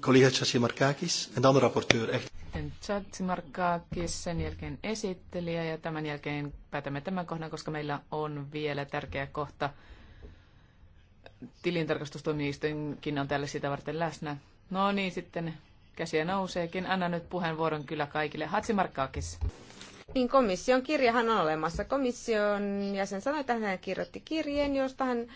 collega Chachimarkakis en dan de rapporteur. sen jälkeen esittelijä ja tämän jälkeen päätämme tämän kohdan, koska meillä on vielä tärkeä kohta. Tilintarkastustoimistoinkin on täällä sitä varten läsnä. No niin, sitten käsiä nouseekin. Anna nyt puheenvuoron kyllä kaikille. Hatsimarkkaakis. Niin komission kirjahan on olemassa. Komission jäsen sanoi, että hän kirjoitti kirjeen, josta hän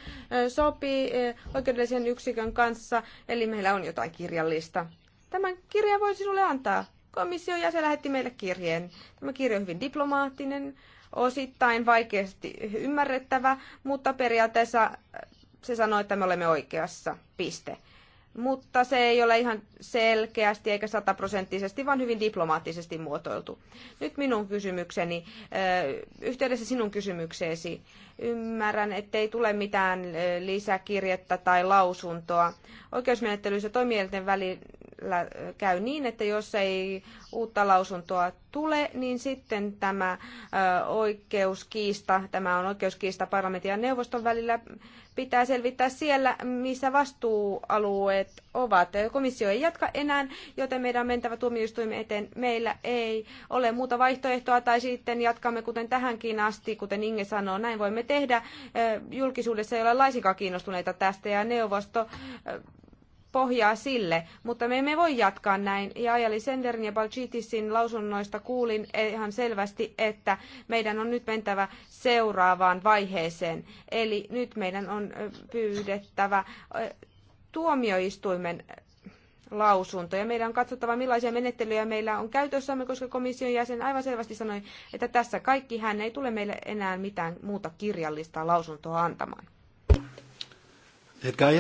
sopii oikeudellisen yksikön kanssa, eli meillä on jotain kirjallista. Tämän kirjan voi sinulle antaa. Komission jäsen lähetti meille kirjeen. Tämä kirja on hyvin diplomaattinen, osittain vaikeasti ymmärrettävä, mutta periaatteessa se sanoi, että me olemme oikeassa. Piste mutta se ei ole ihan selkeästi eikä sataprosenttisesti, vaan hyvin diplomaattisesti muotoiltu. Nyt minun kysymykseni, yhteydessä sinun kysymykseesi. Ymmärrän, ettei tule mitään lisäkirjettä tai lausuntoa. Oikeusmenettelyissä toimielinten välillä käy niin, että jos ei uutta lausuntoa tule, niin sitten tämä oikeuskiista, tämä on oikeuskiista parlamentin ja neuvoston välillä, pitää selvittää siellä, missä vastuualueet ovat. Komissio ei jatka enää, joten meidän on mentävä tuomioistuimen eteen. Meillä ei ole muuta vaihtoehtoa, tai sitten jatkamme kuten tähänkin asti, kuten Inge sanoo, näin voimme tehdä. Julkisuudessa ei ole laisinkaan kiinnostuneita tästä, ja neuvosto pohjaa sille, mutta me emme voi jatkaa näin. Ja Ajali Senderin ja Balchitisin lausunnoista kuulin ihan selvästi, että meidän on nyt mentävä seuraavaan vaiheeseen. Eli nyt meidän on pyydettävä tuomioistuimen lausunto. Ja meidän on katsottava, millaisia menettelyjä meillä on käytössämme, koska komission jäsen aivan selvästi sanoi, että tässä kaikki hän ei tule meille enää mitään muuta kirjallista lausuntoa antamaan. Edgar?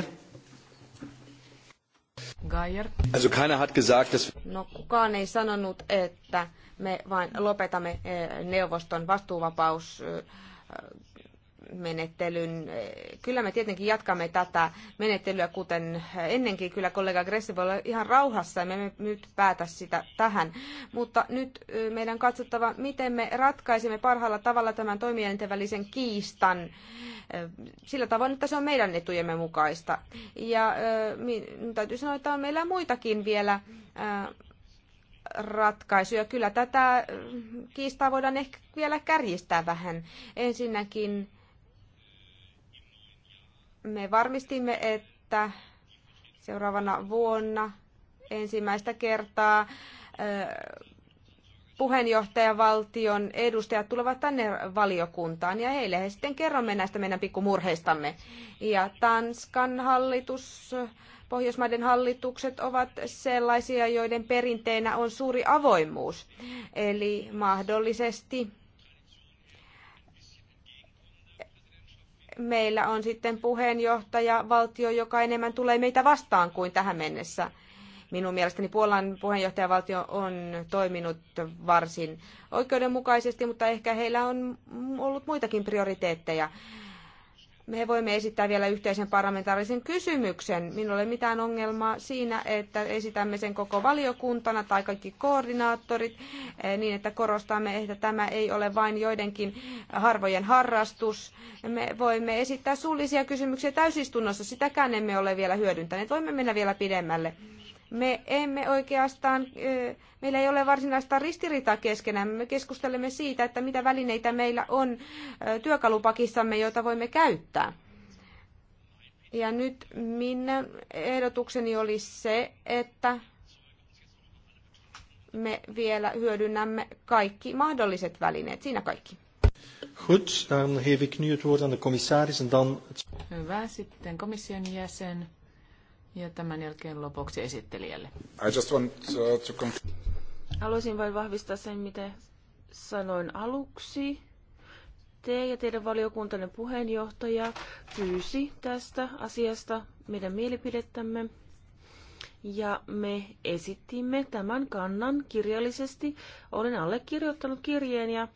Geyer. Also keiner hat gesagt, dass... No kukaan ei sanonut, että me vain lopetamme eh, neuvoston vastuuvapaus eh, menettelyn. Kyllä me tietenkin jatkamme tätä menettelyä, kuten ennenkin. Kyllä kollega Gressi voi olla ihan rauhassa ja me emme nyt päätä sitä tähän. Mutta nyt meidän katsottava, miten me ratkaisimme parhaalla tavalla tämän toimielinten välisen kiistan sillä tavoin, että se on meidän etujemme mukaista. Ja täytyy sanoa, että on meillä muitakin vielä ratkaisuja. Kyllä tätä kiistaa voidaan ehkä vielä kärjistää vähän. Ensinnäkin me varmistimme, että seuraavana vuonna ensimmäistä kertaa puheenjohtajavaltion edustajat tulevat tänne valiokuntaan ja heille he sitten kerromme näistä meidän pikkumurheistamme. Ja Tanskan hallitus, Pohjoismaiden hallitukset ovat sellaisia, joiden perinteenä on suuri avoimuus. Eli mahdollisesti meillä on sitten puheenjohtaja valtio, joka enemmän tulee meitä vastaan kuin tähän mennessä. Minun mielestäni Puolan puheenjohtajavaltio on toiminut varsin oikeudenmukaisesti, mutta ehkä heillä on ollut muitakin prioriteetteja me voimme esittää vielä yhteisen parlamentaarisen kysymyksen. Minulla ei ole mitään ongelmaa siinä, että esitämme sen koko valiokuntana tai kaikki koordinaattorit eh, niin, että korostamme, että tämä ei ole vain joidenkin harvojen harrastus. Me voimme esittää suullisia kysymyksiä täysistunnossa, sitäkään emme ole vielä hyödyntäneet. Voimme mennä vielä pidemmälle. Me emme oikeastaan, meillä ei ole varsinaista ristiriitaa keskenämme. Me keskustelemme siitä, että mitä välineitä meillä on työkalupakissamme, joita voimme käyttää. Ja nyt minne ehdotukseni oli se, että me vielä hyödynnämme kaikki mahdolliset välineet. Siinä kaikki. Goed, dan geef ik nu het woord aan de commissaris en dan... Hyvä, sitten komission jäsen ja tämän jälkeen lopuksi esittelijälle. I just want uh, to Haluaisin vain vahvistaa sen, mitä sanoin aluksi. Te ja teidän valiokuntanne puheenjohtaja pyysi tästä asiasta meidän mielipidettämme. Ja me esitimme tämän kannan kirjallisesti. Olen allekirjoittanut kirjeen ja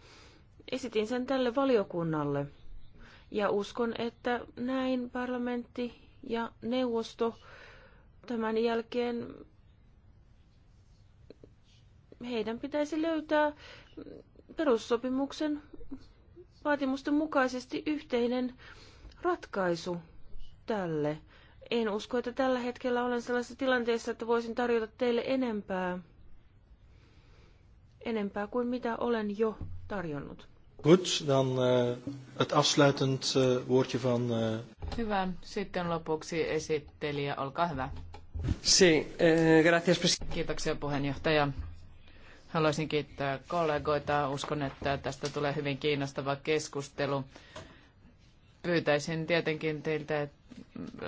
esitin sen tälle valiokunnalle. Ja uskon, että näin parlamentti ja neuvosto tämän jälkeen heidän pitäisi löytää perussopimuksen vaatimusten mukaisesti yhteinen ratkaisu tälle. En usko, että tällä hetkellä olen sellaisessa tilanteessa, että voisin tarjota teille enempää, enempää kuin mitä olen jo tarjonnut. Goed, dan uh, het afsluitend uh, woordje van... Uh... Hyvä. Sitten lopuksi esittelijä, olkaa hyvä. Si, eh, gracias, Kiitoksia puheenjohtaja. Haluaisin kiittää kollegoita. Uskon, että tästä tulee hyvin kiinnostava keskustelu. Pyytäisin tietenkin teiltä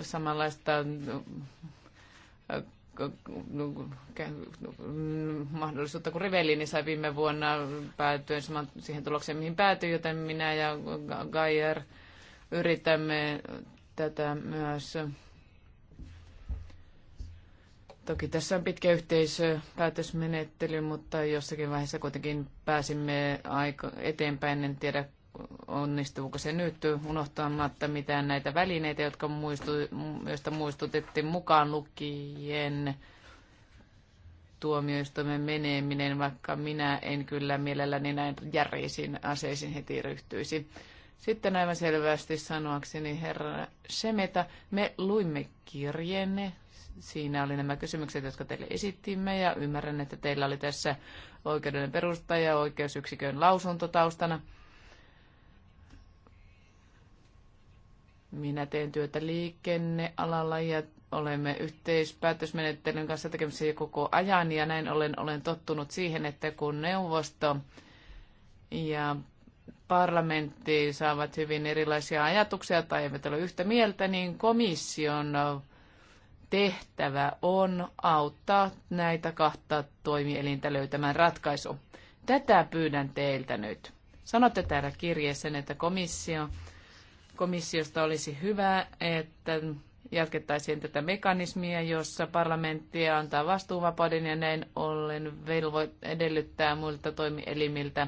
samanlaista äh, mahdollisuutta kuin Rivellini sai viime vuonna päätyen siihen tulokseen, mihin päätyi, joten minä ja Gajer yritämme tätä myös Toki tässä on pitkä päätösmenettely, mutta jossakin vaiheessa kuitenkin pääsimme aika eteenpäin. En tiedä, onnistuuko se nyt unohtamatta mitään näitä välineitä, jotka muistu, joista muistutettiin mukaan lukien tuomioistuimen meneminen, vaikka minä en kyllä mielelläni näin järjisin aseisiin heti ryhtyisi. Sitten aivan selvästi sanoakseni herra Semeta, me luimme kirjenne, Siinä oli nämä kysymykset, jotka teille esittimme ja ymmärrän, että teillä oli tässä oikeuden perusta ja oikeusyksikön lausunto taustana. Minä teen työtä liikennealalla ja olemme yhteispäätösmenettelyn kanssa tekemisissä koko ajan ja näin olen olen tottunut siihen, että kun neuvosto ja parlamentti saavat hyvin erilaisia ajatuksia tai eivät ole yhtä mieltä, niin komission tehtävä on auttaa näitä kahta toimielintä löytämään ratkaisu. Tätä pyydän teiltä nyt. Sanotte täällä kirjeessä, että komissio, komissiosta olisi hyvä, että jatkettaisiin tätä mekanismia, jossa parlamentti antaa vastuuvapauden ja näin ollen velvoit edellyttää muilta toimielimiltä.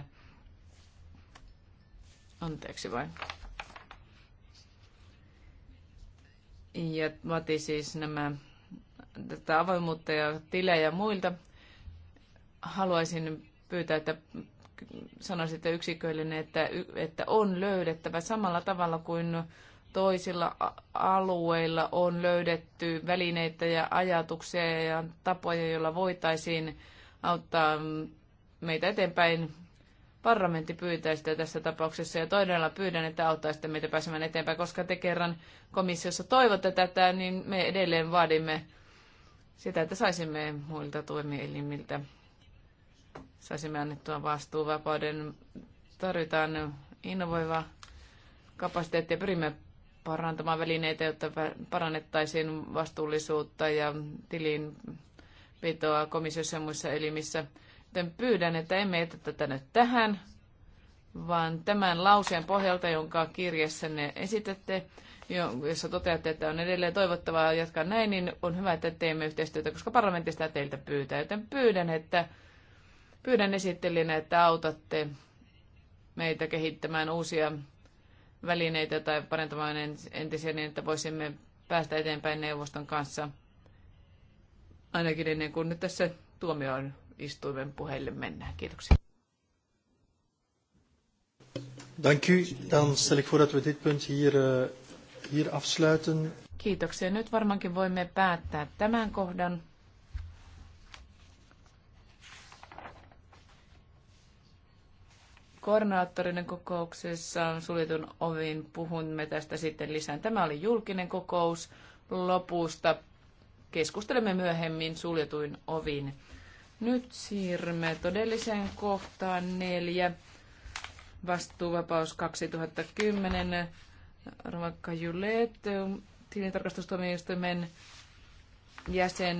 Anteeksi vain. ja vaati siis nämä, tätä avoimuutta ja tilejä muilta. Haluaisin pyytää, että sanoisitte yksiköillinen, että, että on löydettävä samalla tavalla kuin toisilla alueilla on löydetty välineitä ja ajatuksia ja tapoja, joilla voitaisiin auttaa meitä eteenpäin parlamentti pyytää sitä tässä tapauksessa ja todella pyydän, että auttaisitte meitä pääsemään eteenpäin, koska te kerran komissiossa toivotte tätä, niin me edelleen vaadimme sitä, että saisimme muilta toimielimiltä, saisimme annettua vastuuvapauden. Tarvitaan kapasiteetti ja pyrimme parantamaan välineitä, jotta parannettaisiin vastuullisuutta ja tilinpitoa komissiossa ja muissa elimissä sitten pyydän, että emme etä tätä nyt tähän, vaan tämän lauseen pohjalta, jonka kirjassanne esitätte, jossa toteatte, että on edelleen toivottavaa jatkaa näin, niin on hyvä, että teemme yhteistyötä, koska parlamentista teiltä pyytää. Joten pyydän, että pyydän esittelijänä, että autatte meitä kehittämään uusia välineitä tai parantamaan entisiä niin, että voisimme päästä eteenpäin neuvoston kanssa, ainakin ennen kuin nyt tässä tuomio on tuomioistuimen puheille mennään. Kiitoksia. Dank u. Dan stel ik voor dat we dit punt hier, eh, hier afsluiten. Kiitoksia. Nyt varmaankin voimme päättää tämän kohdan. koordinaattorinen kokouksessa suljetun ovin puhumme tästä sitten lisää. Tämä oli julkinen kokous lopusta. Keskustelemme myöhemmin suljetuin ovin. Nyt siirrymme todelliseen kohtaan neljä. Vastuuvapaus 2010. Ravakka Julet, tilintarkastustuomioistuimen jäsen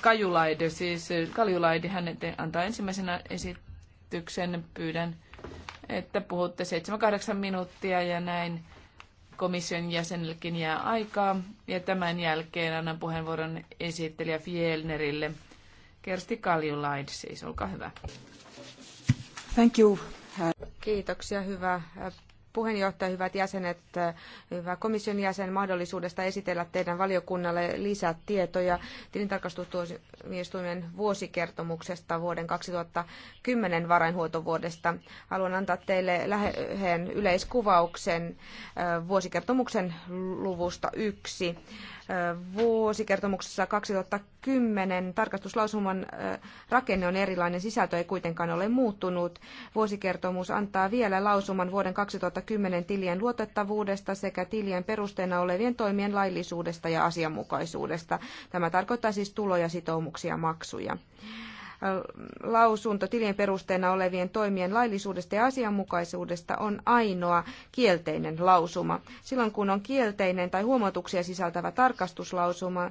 Kajulaide, siis Kajulaide, hän antaa ensimmäisenä esityksen. Pyydän, että puhutte 7-8 minuuttia ja näin komission jäsenellekin jää aikaa. Ja tämän jälkeen annan puheenvuoron esittelijä Fielnerille. Kersti Kaljulaid siis, olkaa hyvä. Thank you. Kiitoksia, hyvä äh, puheenjohtaja, hyvät jäsenet, äh, hyvä komission jäsen mahdollisuudesta esitellä teidän valiokunnalle lisätietoja tilintarkastustuomioistuimen vuosikertomuksesta vuoden 2010 varainhuoltovuodesta. Haluan antaa teille läheen yleiskuvauksen äh, vuosikertomuksen luvusta yksi vuosikertomuksessa 2010 tarkastuslausuman rakenne on erilainen, sisältö ei kuitenkaan ole muuttunut. Vuosikertomus antaa vielä lausuman vuoden 2010 tilien luotettavuudesta sekä tilien perusteena olevien toimien laillisuudesta ja asianmukaisuudesta. Tämä tarkoittaa siis tuloja, sitoumuksia ja maksuja lausunto tilien perusteena olevien toimien laillisuudesta ja asianmukaisuudesta on ainoa kielteinen lausuma. Silloin kun on kielteinen tai huomautuksia sisältävä tarkastuslausuma,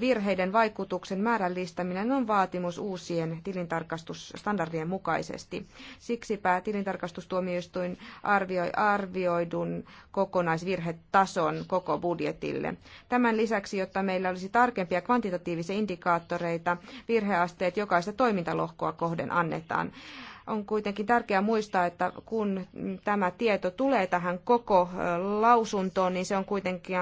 virheiden vaikutuksen määrällistäminen on vaatimus uusien tilintarkastusstandardien mukaisesti. Siksipä tilintarkastustuomioistuin arvioi arvioidun kokonaisvirhetason koko budjetille. Tämän lisäksi, jotta meillä olisi tarkempia kvantitatiivisia indikaattoreita, virheasteet jokaisessa se toimintalohkoa kohden annetaan. On kuitenkin tärkeää muistaa, että kun tämä tieto tulee tähän koko lausuntoon, niin se on kuitenkin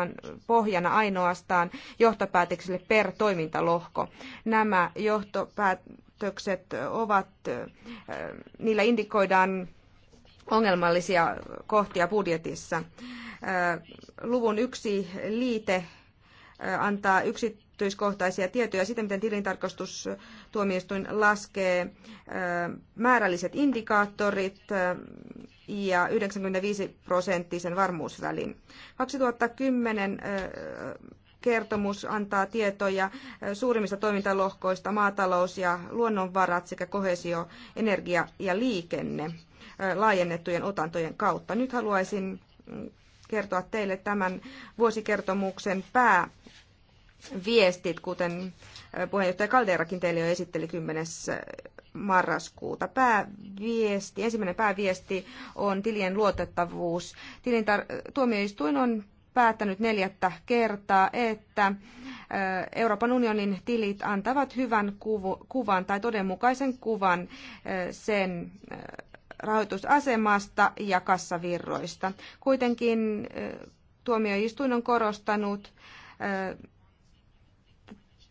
pohjana ainoastaan johtopäätöksille per toimintalohko. Nämä johtopäätökset ovat, niillä indikoidaan ongelmallisia kohtia budjetissa. Luvun yksi liite antaa yksi yksityiskohtaisia tietoja siitä, miten tilintarkastustuomioistuin laskee määrälliset indikaattorit ja 95 prosenttisen varmuusvälin. 2010 kertomus antaa tietoja suurimmista toimintalohkoista maatalous ja luonnonvarat sekä kohesio, energia ja liikenne laajennettujen otantojen kautta. Nyt haluaisin mm, kertoa teille tämän vuosikertomuksen pää viestit, kuten puheenjohtaja Kalderakin teille jo esitteli 10. marraskuuta. Pääviesti, ensimmäinen pääviesti on tilien luotettavuus. Tilintar- tuomioistuin on päättänyt neljättä kertaa, että Euroopan unionin tilit antavat hyvän kuvan tai todenmukaisen kuvan sen rahoitusasemasta ja kassavirroista. Kuitenkin tuomioistuin on korostanut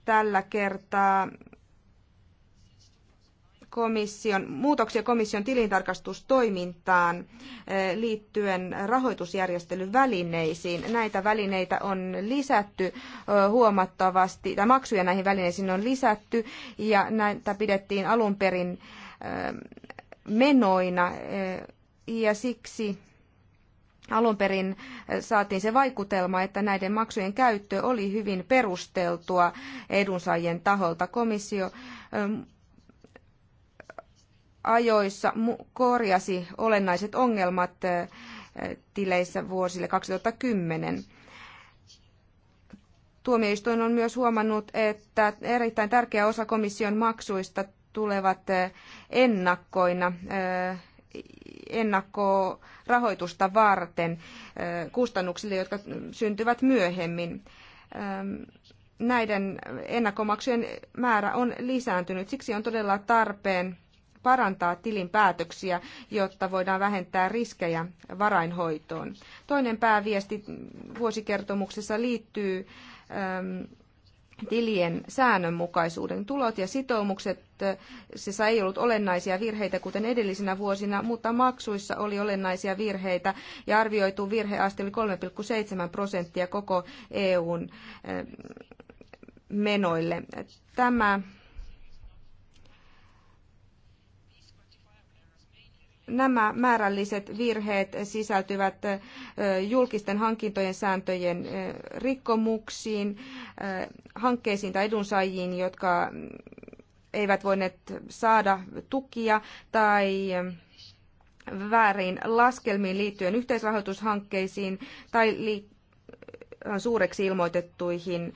tällä kertaa komission, muutoksia komission tilintarkastustoimintaan eh, liittyen rahoitusjärjestelyn välineisiin. Näitä välineitä on lisätty eh, huomattavasti, tai maksuja näihin välineisiin on lisätty, ja näitä pidettiin alun perin eh, menoina, ja siksi alun perin eh, saatiin se vaikutelma, että näiden maksujen käyttö oli hyvin perusteltua edunsaajien taholta. Komissio eh, ajoissa korjasi olennaiset ongelmat eh, tileissä vuosille 2010. Tuomioistuin on myös huomannut, että erittäin tärkeä osa komission maksuista tulevat ennakkoina ennakkorahoitusta varten kustannuksille, jotka syntyvät myöhemmin. Näiden ennakkomaksujen määrä on lisääntynyt, siksi on todella tarpeen parantaa tilinpäätöksiä, jotta voidaan vähentää riskejä varainhoitoon. Toinen pääviesti vuosikertomuksessa liittyy tilien säännönmukaisuuden. Tulot ja sitoumukset se ei ollut olennaisia virheitä kuten edellisinä vuosina, mutta maksuissa oli olennaisia virheitä ja arvioitu virheaste oli 3,7 prosenttia koko EUn eh, menoille. Tämä nämä määrälliset virheet sisältyvät julkisten hankintojen sääntöjen rikkomuksiin, hankkeisiin tai edunsaajiin, jotka eivät voineet saada tukia tai väärin laskelmiin liittyen yhteisrahoitushankkeisiin tai suureksi ilmoitettuihin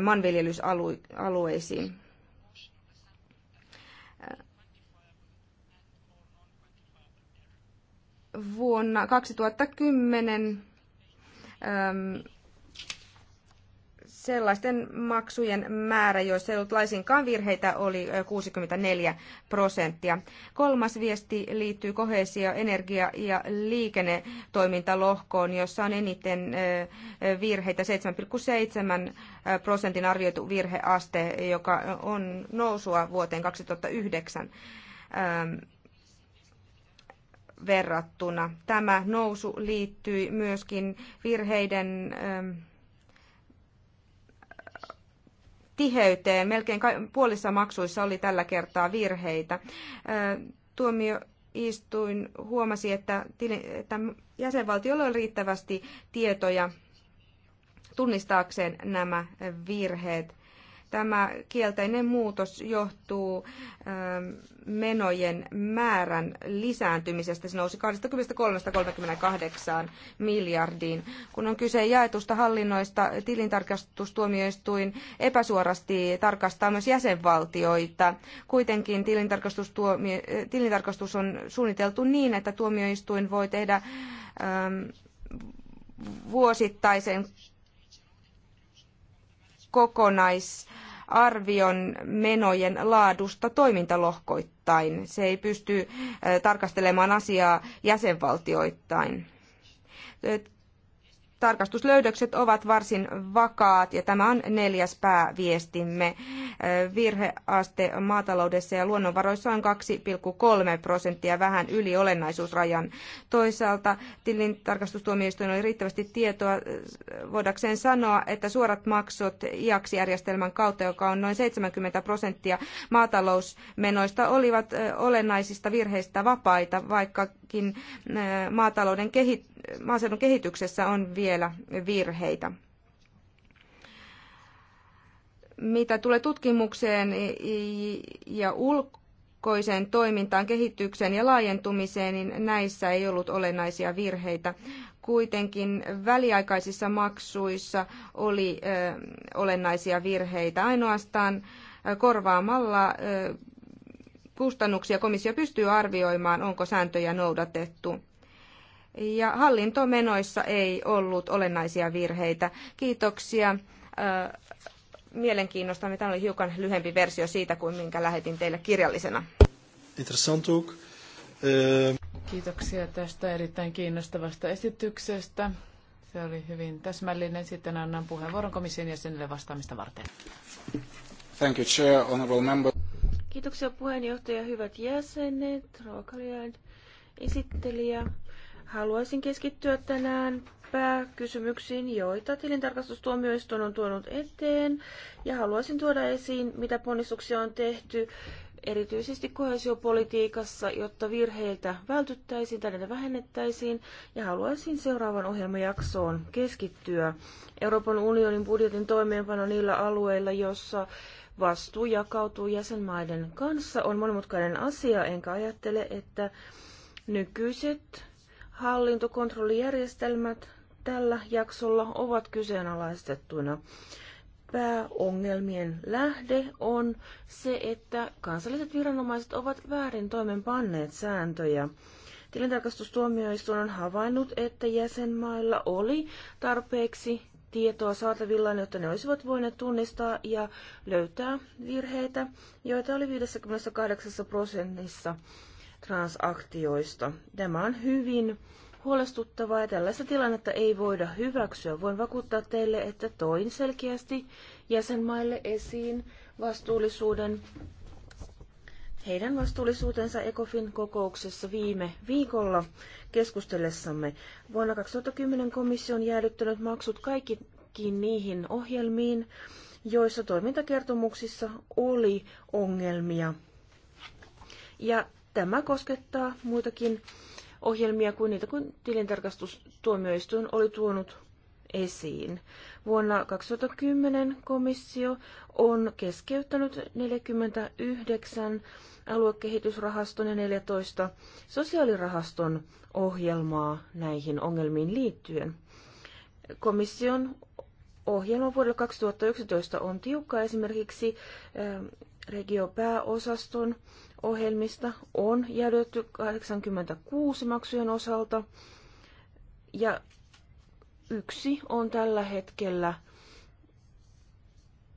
maanviljelysalueisiin. vuonna 2010 sellaisten maksujen määrä, joissa ei ollut laisinkaan virheitä, oli 64 prosenttia. Kolmas viesti liittyy kohesio-, energia- ja liikennetoimintalohkoon, jossa on eniten virheitä 7,7 prosentin arvioitu virheaste, joka on nousua vuoteen 2009 verrattuna. Tämä nousu liittyi myöskin virheiden ähm, tiheyteen. Melkein puolissa maksuissa oli tällä kertaa virheitä. Äh, tuomioistuin huomasi, että, että jäsenvaltiolla on riittävästi tietoja tunnistaakseen nämä virheet. Tämä kielteinen muutos johtuu ähm, menojen määrän lisääntymisestä. Se nousi 23-38 miljardiin. Kun on kyse jaetusta hallinnoista, tilintarkastustuomioistuin epäsuorasti tarkastaa myös jäsenvaltioita. Kuitenkin äh, tilintarkastus on suunniteltu niin, että tuomioistuin voi tehdä ähm, vuosittaisen kokonaisarvion menojen laadusta toimintalohkoittain. Se ei pysty tarkastelemaan asiaa jäsenvaltioittain tarkastuslöydökset ovat varsin vakaat ja tämä on neljäs pääviestimme. Virheaste maataloudessa ja luonnonvaroissa on 2,3 prosenttia vähän yli olennaisuusrajan. Toisaalta tilin tarkastustuomioistuin oli riittävästi tietoa voidakseen sanoa, että suorat maksut IAX-järjestelmän kautta, joka on noin 70 prosenttia maatalousmenoista, olivat olennaisista virheistä vapaita, vaikkakin maatalouden kehi- maaseudun kehityksessä on vielä vielä virheitä. Mitä tulee tutkimukseen ja ulkoiseen toimintaan, kehitykseen ja laajentumiseen, niin näissä ei ollut olennaisia virheitä. Kuitenkin väliaikaisissa maksuissa oli olennaisia virheitä. Ainoastaan korvaamalla kustannuksia komissio pystyy arvioimaan, onko sääntöjä noudatettu ja hallintomenoissa ei ollut olennaisia virheitä. Kiitoksia mielenkiinnosta. Tämä oli hiukan lyhempi versio siitä kuin minkä lähetin teille kirjallisena. Kiitoksia tästä erittäin kiinnostavasta esityksestä. Se oli hyvin täsmällinen. Sitten annan puheenvuoron komission jäsenille vastaamista varten. Thank you, Chair, Honorable Member. Kiitoksia puheenjohtaja, hyvät jäsenet, ruokailijan esittelijä. Haluaisin keskittyä tänään pääkysymyksiin, joita tilintarkastustuomioistuin on tuonut eteen, ja haluaisin tuoda esiin, mitä ponnistuksia on tehty erityisesti kohesiopolitiikassa, jotta virheiltä vältyttäisiin tai niitä vähennettäisiin, ja haluaisin seuraavan ohjelmajaksoon keskittyä Euroopan unionin budjetin toimeenpano niillä alueilla, jossa vastuu jakautuu jäsenmaiden kanssa, on monimutkainen asia, enkä ajattele, että nykyiset hallintokontrollijärjestelmät tällä jaksolla ovat kyseenalaistettuina. Pääongelmien lähde on se, että kansalliset viranomaiset ovat väärin toimenpanneet sääntöjä. Tilintarkastustuomioistuin on havainnut, että jäsenmailla oli tarpeeksi tietoa saatavillaan, jotta ne olisivat voineet tunnistaa ja löytää virheitä, joita oli 58 prosentissa transaktioista. Tämä on hyvin huolestuttavaa ja tällaista tilannetta ei voida hyväksyä. Voin vakuuttaa teille, että toin selkeästi jäsenmaille esiin vastuullisuuden heidän vastuullisuutensa ECOFIN kokouksessa viime viikolla keskustellessamme. Vuonna 2010 komissio on jäädyttänyt maksut kaikkiin niihin ohjelmiin, joissa toimintakertomuksissa oli ongelmia. Ja Tämä koskettaa muitakin ohjelmia kuin niitä, kun tilintarkastustuomioistuin oli tuonut esiin. Vuonna 2010 komissio on keskeyttänyt 49 aluekehitysrahaston ja 14 sosiaalirahaston ohjelmaa näihin ongelmiin liittyen. Komission ohjelma vuodelle 2011 on tiukka esimerkiksi ähm, regiopääosaston pääosaston ohjelmista on jäädytetty 86 maksujen osalta ja yksi on tällä hetkellä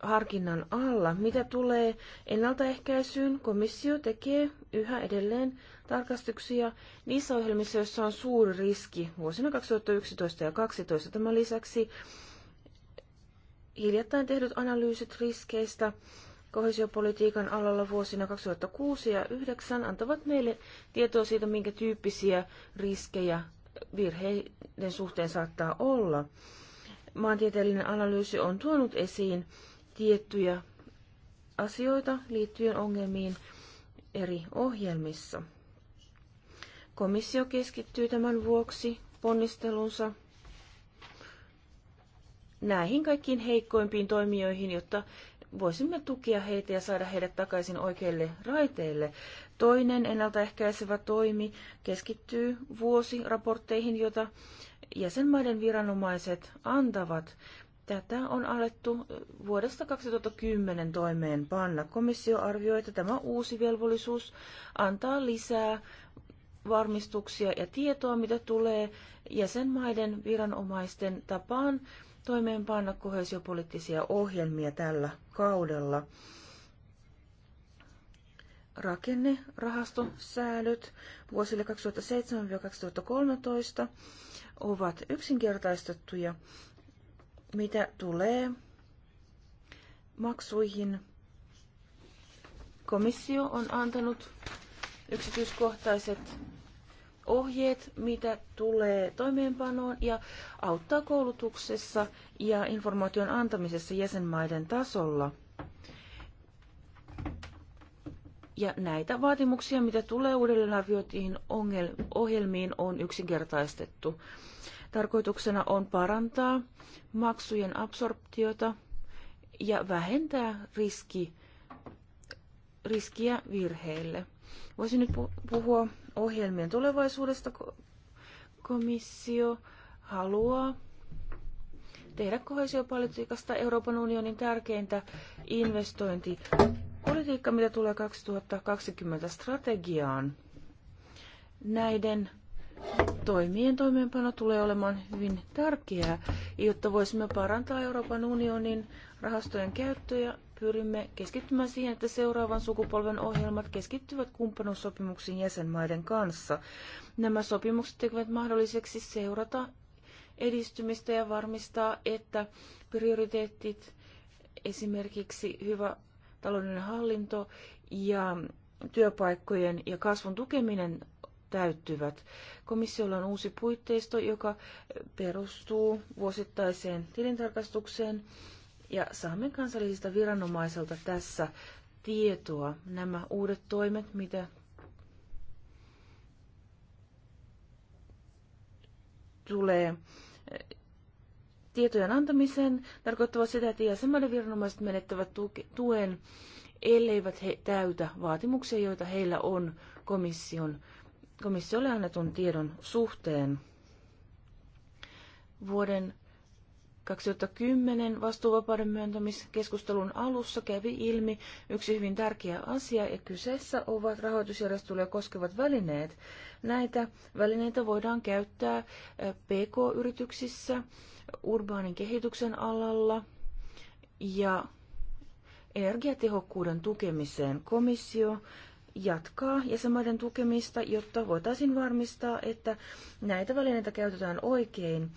harkinnan alla. Mitä tulee ennaltaehkäisyyn, komissio tekee yhä edelleen tarkastuksia niissä ohjelmissa, joissa on suuri riski vuosina 2011 ja 2012. Tämän lisäksi hiljattain tehdyt analyysit riskeistä kohesiopolitiikan alalla vuosina 2006 ja 2009 antavat meille tietoa siitä, minkä tyyppisiä riskejä virheiden suhteen saattaa olla. Maantieteellinen analyysi on tuonut esiin tiettyjä asioita liittyen ongelmiin eri ohjelmissa. Komissio keskittyy tämän vuoksi ponnistelunsa näihin kaikkiin heikkoimpiin toimijoihin, jotta voisimme tukea heitä ja saada heidät takaisin oikeille raiteille. Toinen ennaltaehkäisevä toimi keskittyy vuosiraportteihin, joita jäsenmaiden viranomaiset antavat. Tätä on alettu vuodesta 2010 toimeenpanna. Komissio arvioi, että tämä uusi velvollisuus antaa lisää varmistuksia ja tietoa, mitä tulee jäsenmaiden viranomaisten tapaan toimeenpanna kohesiopoliittisia ohjelmia tällä kaudella. Rakennerahastosäädöt vuosille 2007-2013 ovat yksinkertaistettuja, mitä tulee maksuihin. Komissio on antanut yksityiskohtaiset ohjeet, mitä tulee toimeenpanoon ja auttaa koulutuksessa ja informaation antamisessa jäsenmaiden tasolla. Ja näitä vaatimuksia, mitä tulee uudelleenarvioitiin ohjelmiin, on yksinkertaistettu. Tarkoituksena on parantaa maksujen absorptiota ja vähentää riski, riskiä virheille. Voisin nyt puhua ohjelmien tulevaisuudesta komissio haluaa tehdä kohesiopolitiikasta Euroopan unionin tärkeintä investointipolitiikka, mitä tulee 2020 strategiaan. Näiden toimien toimeenpano tulee olemaan hyvin tärkeää, jotta voisimme parantaa Euroopan unionin rahastojen käyttöä pyrimme keskittymään siihen, että seuraavan sukupolven ohjelmat keskittyvät kumppanuussopimuksiin jäsenmaiden kanssa. Nämä sopimukset tekevät mahdolliseksi seurata edistymistä ja varmistaa, että prioriteetit, esimerkiksi hyvä taloudellinen hallinto ja työpaikkojen ja kasvun tukeminen täyttyvät. Komissiolla on uusi puitteisto, joka perustuu vuosittaiseen tilintarkastukseen ja saamme kansallisista viranomaiselta tässä tietoa. Nämä uudet toimet, mitä tulee eh, tietojen antamisen, tarkoittaa sitä, että jäsenmaiden viranomaiset menettävät tuen, elleivät he täytä vaatimuksia, joita heillä on komission, komissiolle annetun tiedon suhteen. Vuoden 2010 vastuuvapauden myöntämiskeskustelun alussa kävi ilmi yksi hyvin tärkeä asia, ja kyseessä ovat rahoitusjärjestelyä koskevat välineet. Näitä välineitä voidaan käyttää eh, PK-yrityksissä, urbaanin kehityksen alalla ja energiatehokkuuden tukemiseen. Komissio jatkaa jäsenmaiden tukemista, jotta voitaisiin varmistaa, että näitä välineitä käytetään oikein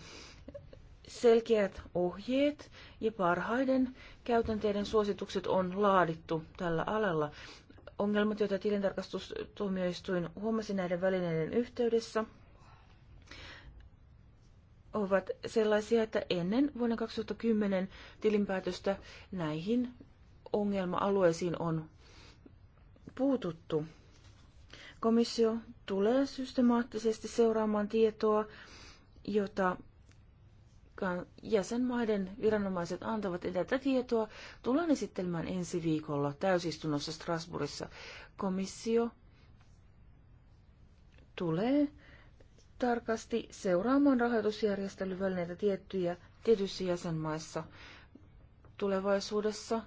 selkeät ohjeet ja parhaiden käytänteiden suositukset on laadittu tällä alalla. Ongelmat, joita tilintarkastustuomioistuin huomasi näiden välineiden yhteydessä, ovat sellaisia, että ennen vuonna 2010 tilinpäätöstä näihin ongelma-alueisiin on puututtu. Komissio tulee systemaattisesti seuraamaan tietoa, jota jäsenmaiden viranomaiset antavat edeltä tietoa, tullaan esittelemään ensi viikolla täysistunnossa Strasbourgissa. Komissio tulee tarkasti seuraamaan rahoitusjärjestelyvälineitä tiettyjä tietyissä jäsenmaissa tulevaisuudessa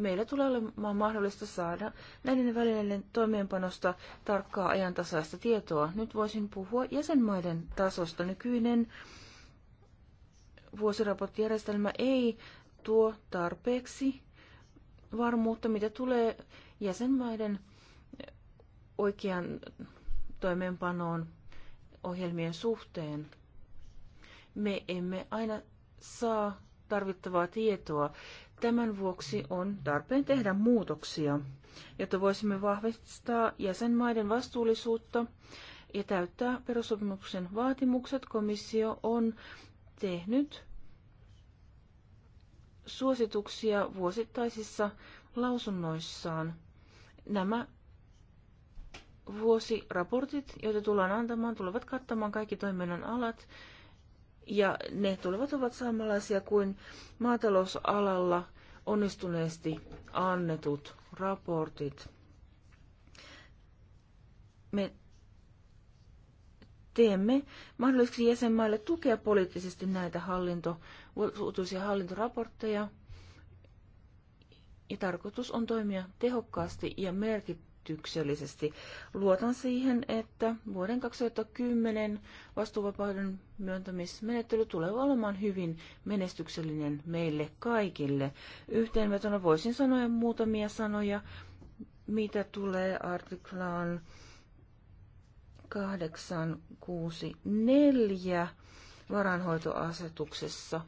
meillä tulee olemaan mahdollista saada näiden välineiden toimeenpanosta tarkkaa ajantasaista tietoa. Nyt voisin puhua jäsenmaiden tasosta. Nykyinen vuosiraporttijärjestelmä ei tuo tarpeeksi varmuutta, mitä tulee jäsenmaiden oikean toimeenpanoon ohjelmien suhteen. Me emme aina saa tarvittavaa tietoa. Tämän vuoksi on tarpeen tehdä muutoksia, jotta voisimme vahvistaa jäsenmaiden vastuullisuutta ja täyttää perussopimuksen vaatimukset. Komissio on tehnyt suosituksia vuosittaisissa lausunnoissaan. Nämä vuosiraportit, joita tullaan antamaan, tulevat kattamaan kaikki toiminnan alat, ja ne tulevat ovat samanlaisia kuin maatalousalalla onnistuneesti annetut raportit. Me teemme mahdollisesti jäsenmaille tukea poliittisesti näitä hallinto, vuotuisia hallintoraportteja. Ja tarkoitus on toimia tehokkaasti ja merkittävästi merkityksellisesti. Luotan siihen, että vuoden 2010 vastuuvapauden myöntämismenettely tulee olemaan hyvin menestyksellinen meille kaikille. Yhteenvetona voisin sanoa muutamia sanoja, mitä tulee artiklaan 864 varanhoitoasetuksessa.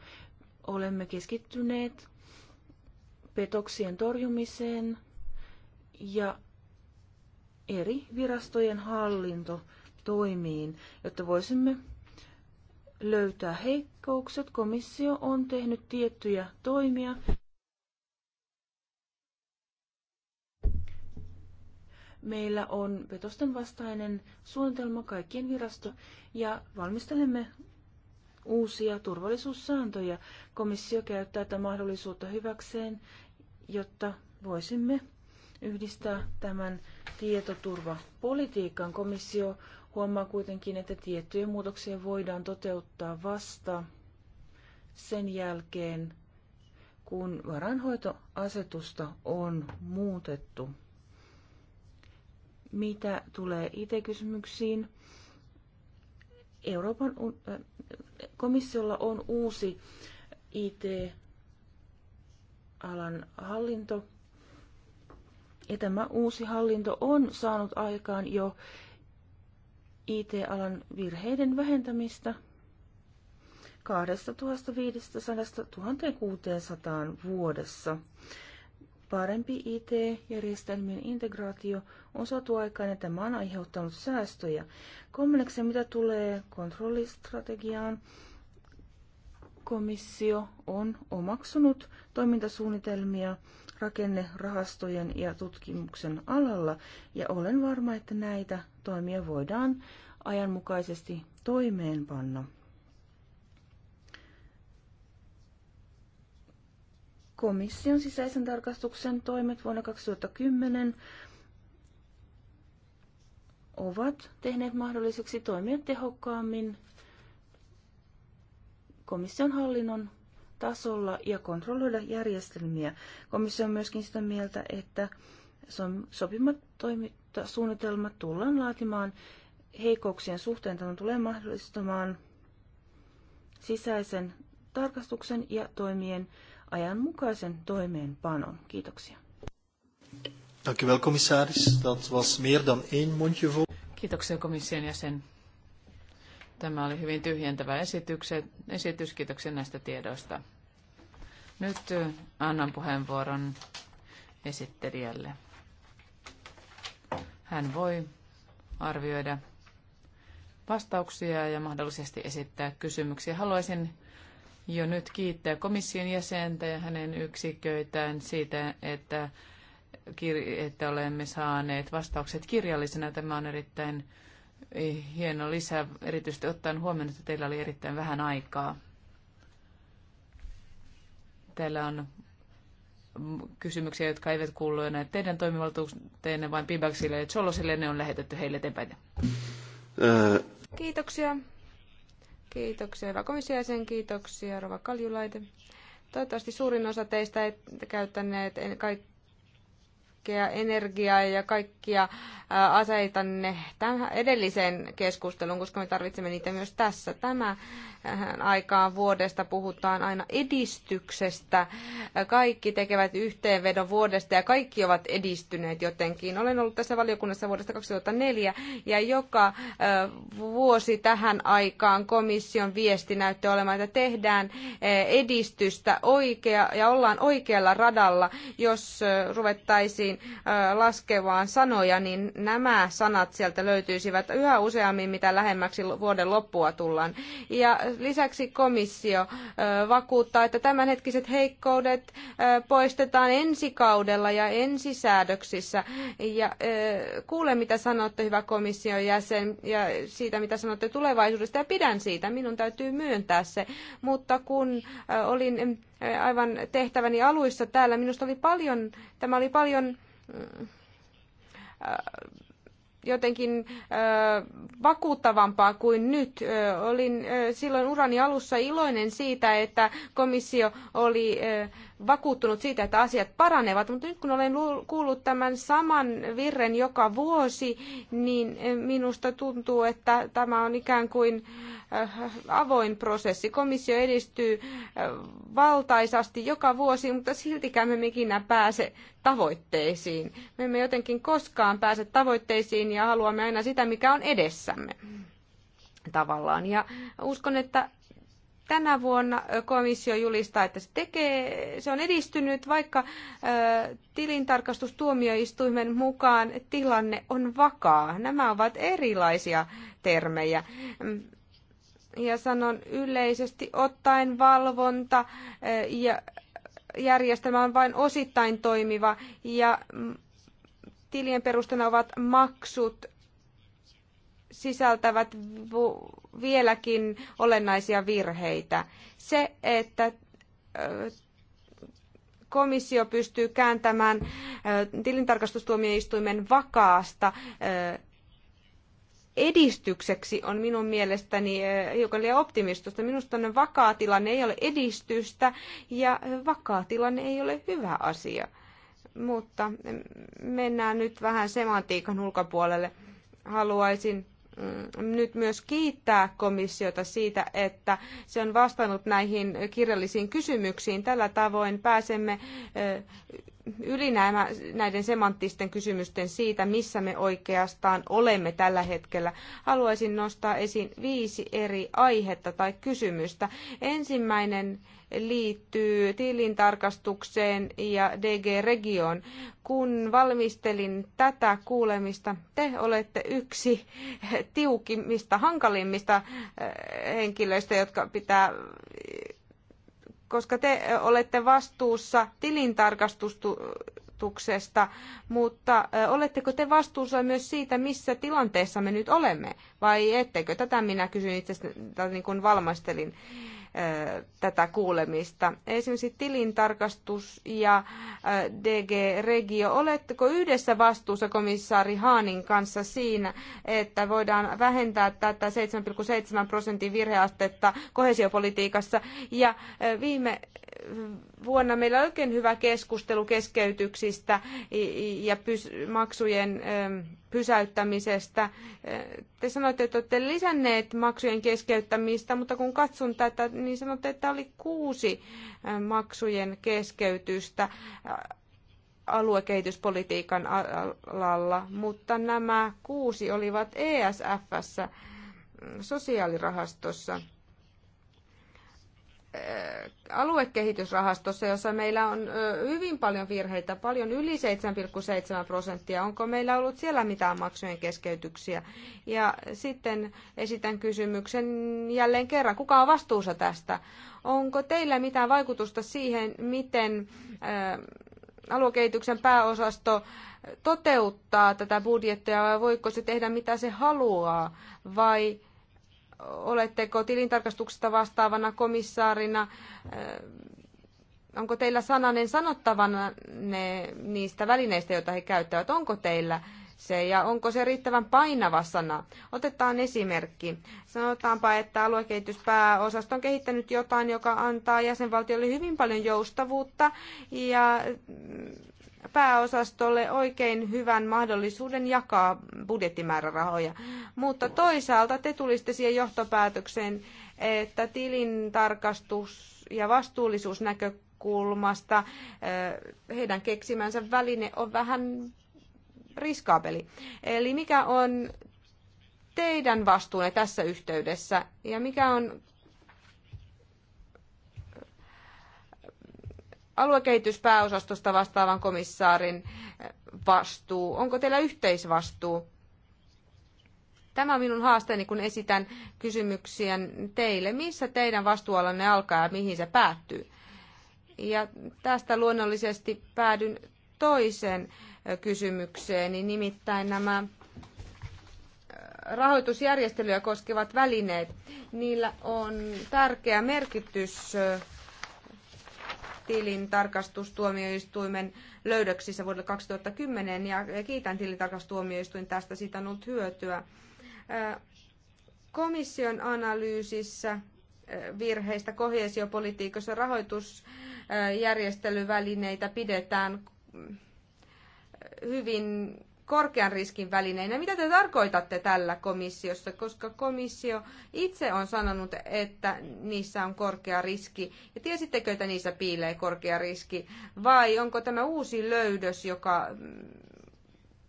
Olemme keskittyneet petoksien torjumiseen ja eri virastojen hallinto toimiin, jotta voisimme löytää heikkoukset. Komissio on tehnyt tiettyjä toimia. Meillä on petosten vastainen suunnitelma kaikkien virasto ja valmistelemme uusia turvallisuussääntöjä. Komissio käyttää tätä mahdollisuutta hyväkseen, jotta voisimme yhdistää tämän tietoturvapolitiikan. Komissio huomaa kuitenkin, että tiettyjä muutoksia voidaan toteuttaa vasta sen jälkeen, kun varainhoitoasetusta on muutettu. Mitä tulee IT-kysymyksiin? Euroopan äh, komissiolla on uusi IT-alan hallinto ja tämä uusi hallinto on saanut aikaan jo IT-alan virheiden vähentämistä 2500-1600 vuodessa. Parempi IT-järjestelmien integraatio on saatu aikaan ja tämä on aiheuttanut säästöjä. Kolmanneksi mitä tulee kontrollistrategiaan, komissio on omaksunut toimintasuunnitelmia rakennerahastojen ja tutkimuksen alalla, ja olen varma, että näitä toimia voidaan ajanmukaisesti toimeenpanna. Komission sisäisen tarkastuksen toimet vuonna 2010 ovat tehneet mahdolliseksi toimia tehokkaammin komission hallinnon tasolla ja kontrolloida järjestelmiä. Komissio on myöskin sitä mieltä, että sopimat toimintasuunnitelmat tullaan laatimaan heikouksien suhteen. Tämä tulee mahdollistamaan sisäisen tarkastuksen ja toimien ajanmukaisen toimeenpanon. Kiitoksia. Dankjewel commissaris. Dat was meer dan één mondjevol. Kiitoksia komission jäsen. Tämä oli hyvin tyhjentävä esitys. Kiitoksia näistä tiedoista. Nyt annan puheenvuoron esittelijälle. Hän voi arvioida vastauksia ja mahdollisesti esittää kysymyksiä. Haluaisin jo nyt kiittää komission jäsentä ja hänen yksiköitään siitä, että, että olemme saaneet vastaukset kirjallisena. Tämä on erittäin hieno lisä, erityisesti ottaen huomioon, että teillä oli erittäin vähän aikaa. Täällä on kysymyksiä, jotka eivät kuulu enää teidän toimivaltuuteenne, vain Pibaksille ja Cholosille, ne on lähetetty heille eteenpäin. Ää... Äh. Kiitoksia. Kiitoksia, hyvä komissiaisen, kiitoksia, Rova Kaljulaite. Toivottavasti suurin osa teistä ei käyttäneet kaikkea energiaa ja kaikkia aseitanne tämän edellisen keskustelun, koska me tarvitsemme niitä myös tässä. Tämä äh, aikaan vuodesta puhutaan aina edistyksestä. Kaikki tekevät yhteenvedon vuodesta ja kaikki ovat edistyneet jotenkin. Olen ollut tässä valiokunnassa vuodesta 2004 ja joka vuosi tähän aikaan komission viesti näyttää olemaan, että tehdään edistystä oikea ja ollaan oikealla radalla. Jos ruvettaisiin laskevaan sanoja, niin nämä sanat sieltä löytyisivät yhä useammin, mitä lähemmäksi vuoden loppua tullaan. Ja lisäksi komissio vakuuttaa, että tämänhetkiset heikkoudet poistetaan ensi kaudella ja ensisäädöksissä. Ja kuule, mitä sanotte, hyvä komission jäsen, ja siitä, mitä sanotte tulevaisuudesta, ja pidän siitä. Minun täytyy myöntää se. Mutta kun olin aivan tehtäväni aluissa täällä, minusta oli paljon, tämä oli paljon äh, jotenkin vakuuttavampaa kuin nyt. olin silloin urani alussa iloinen siitä, että komissio oli vakuuttunut siitä, että asiat paranevat, mutta nyt kun olen kuullut tämän saman virren joka vuosi, niin minusta tuntuu, että tämä on ikään kuin avoin prosessi. Komissio edistyy valtaisasti joka vuosi, mutta siltikään me mikinä pääse tavoitteisiin. Me emme jotenkin koskaan pääse tavoitteisiin, ja haluamme aina sitä, mikä on edessämme tavallaan. Ja uskon, että tänä vuonna komissio julistaa, että se tekee, se on edistynyt, vaikka tilintarkastustuomioistuimen mukaan tilanne on vakaa. Nämä ovat erilaisia termejä. Ja sanon yleisesti ottaen valvonta ja järjestelmä on vain osittain toimiva ja tilien perustana ovat maksut sisältävät vieläkin olennaisia virheitä. Se, että komissio pystyy kääntämään tilintarkastustuomioistuimen vakaasta edistykseksi on minun mielestäni hiukan liian optimistista. Minusta vakaa tilanne ei ole edistystä ja vakaa tilanne ei ole hyvä asia mutta mennään nyt vähän semantiikan ulkopuolelle. Haluaisin mm, nyt myös kiittää komissiota siitä, että se on vastannut näihin kirjallisiin kysymyksiin. Tällä tavoin pääsemme yli näiden semanttisten kysymysten siitä, missä me oikeastaan olemme tällä hetkellä. Haluaisin nostaa esiin viisi eri aihetta tai kysymystä. Ensimmäinen liittyy tilintarkastukseen ja DG-regioon. Kun valmistelin tätä kuulemista, te olette yksi tiukimmista, hankalimmista eh, henkilöistä, jotka pitää koska te olette vastuussa tilintarkastuksesta, mutta eh, oletteko te vastuussa myös siitä, missä tilanteessa me nyt olemme, vai ettekö? Tätä minä kysyin itse asiassa, niin kuin Mm tätä kuulemista. Esimerkiksi tilintarkastus ja DG Regio, oletteko yhdessä vastuussa komissaari Haanin kanssa siinä, että voidaan vähentää tätä 7,7 prosentin virheastetta kohesiopolitiikassa ja viime vuonna meillä oli oikein hyvä keskustelu keskeytyksistä ja maksujen ähm, pysäyttämisestä. Äh, te sanoitte, että olette lisänneet maksujen keskeyttämistä, mutta kun katson tätä, niin sanotte, että oli kuusi äh, maksujen keskeytystä äh, aluekehityspolitiikan alalla, mutta nämä kuusi olivat ESFssä, sosiaalirahastossa. Eh, aluekehitysrahastossa, jossa meillä on eh, hyvin paljon virheitä, paljon yli 7,7 prosenttia. Onko meillä ollut siellä mitään maksujen keskeytyksiä? Ja sitten esitän kysymyksen jälleen kerran, kuka on vastuussa tästä? Onko teillä mitään vaikutusta siihen, miten eh, aluekehityksen pääosasto toteuttaa tätä budjettia vai voiko se tehdä mitä se haluaa vai oletteko tilintarkastuksesta vastaavana komissaarina eh, onko teillä sananen sanottavana ne, niistä välineistä, joita he käyttävät? Onko teillä se ja onko se riittävän painava sana? Otetaan esimerkki. Sanotaanpa, että aluekehityspääosasto on kehittänyt jotain, joka antaa jäsenvaltiolle hyvin paljon joustavuutta ja mm, pääosastolle oikein hyvän mahdollisuuden jakaa budjettimäärärahoja. Mutta toisaalta te tulisitte siihen johtopäätökseen, että tilintarkastus ja vastuullisuusnäkökulmasta eh, heidän keksimänsä väline on vähän riskaapeli. Eli mikä on teidän vastuunne tässä yhteydessä ja mikä on aluekehityspääosastosta vastaavan komissaarin eh, vastuu? Onko teillä yhteisvastuu? Tämä on minun haasteeni, kun esitän kysymyksiä teille. Missä teidän vastuualanne alkaa ja mihin se päättyy? Ja tästä luonnollisesti päädyn toiseen eh, kysymykseen, niin nimittäin nämä eh, rahoitusjärjestelyjä koskevat välineet. Niillä on tärkeä merkitys tilintarkastustuomioistuimen löydöksissä vuodelle 2010 ja kiitän tilintarkastustuomioistuin tästä, siitä on ollut hyötyä. Komission analyysissä äh, virheistä kohesiopolitiikassa rahoitusjärjestelyvälineitä pidetään äh, hyvin korkean riskin välineinä. Mitä te tarkoitatte tällä komissiossa, koska komissio itse on sanonut, että niissä on korkea riski. Ja tiesittekö, että niissä piilee korkea riski, vai onko tämä uusi löydös, joka mm,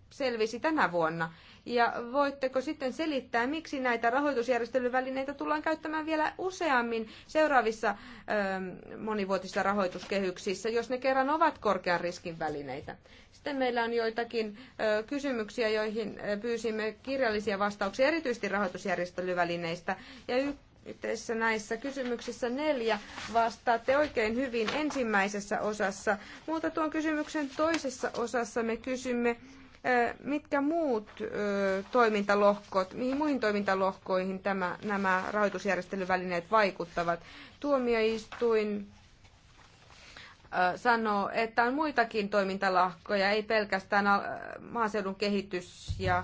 selvisi tänä vuonna? Ja voitteko sitten selittää, miksi näitä rahoitusjärjestelyvälineitä tullaan käyttämään vielä useammin seuraavissa ähm, monivuotisissa rahoituskehyksissä, jos ne kerran ovat korkean riskin välineitä? Sitten meillä on joitakin äh, kysymyksiä, joihin äh, pyysimme kirjallisia vastauksia, erityisesti rahoitusjärjestelyvälineistä. Ja yhteisissä näissä kysymyksissä neljä vastaatte oikein hyvin ensimmäisessä osassa, mutta tuon kysymyksen toisessa osassa me kysymme, mitkä muut toimintalohkot, mihin muihin toimintalohkoihin tämä, nämä rahoitusjärjestelyvälineet vaikuttavat? Tuomioistuin sanoo, että on muitakin toimintalahkoja, ei pelkästään maaseudun kehitys ja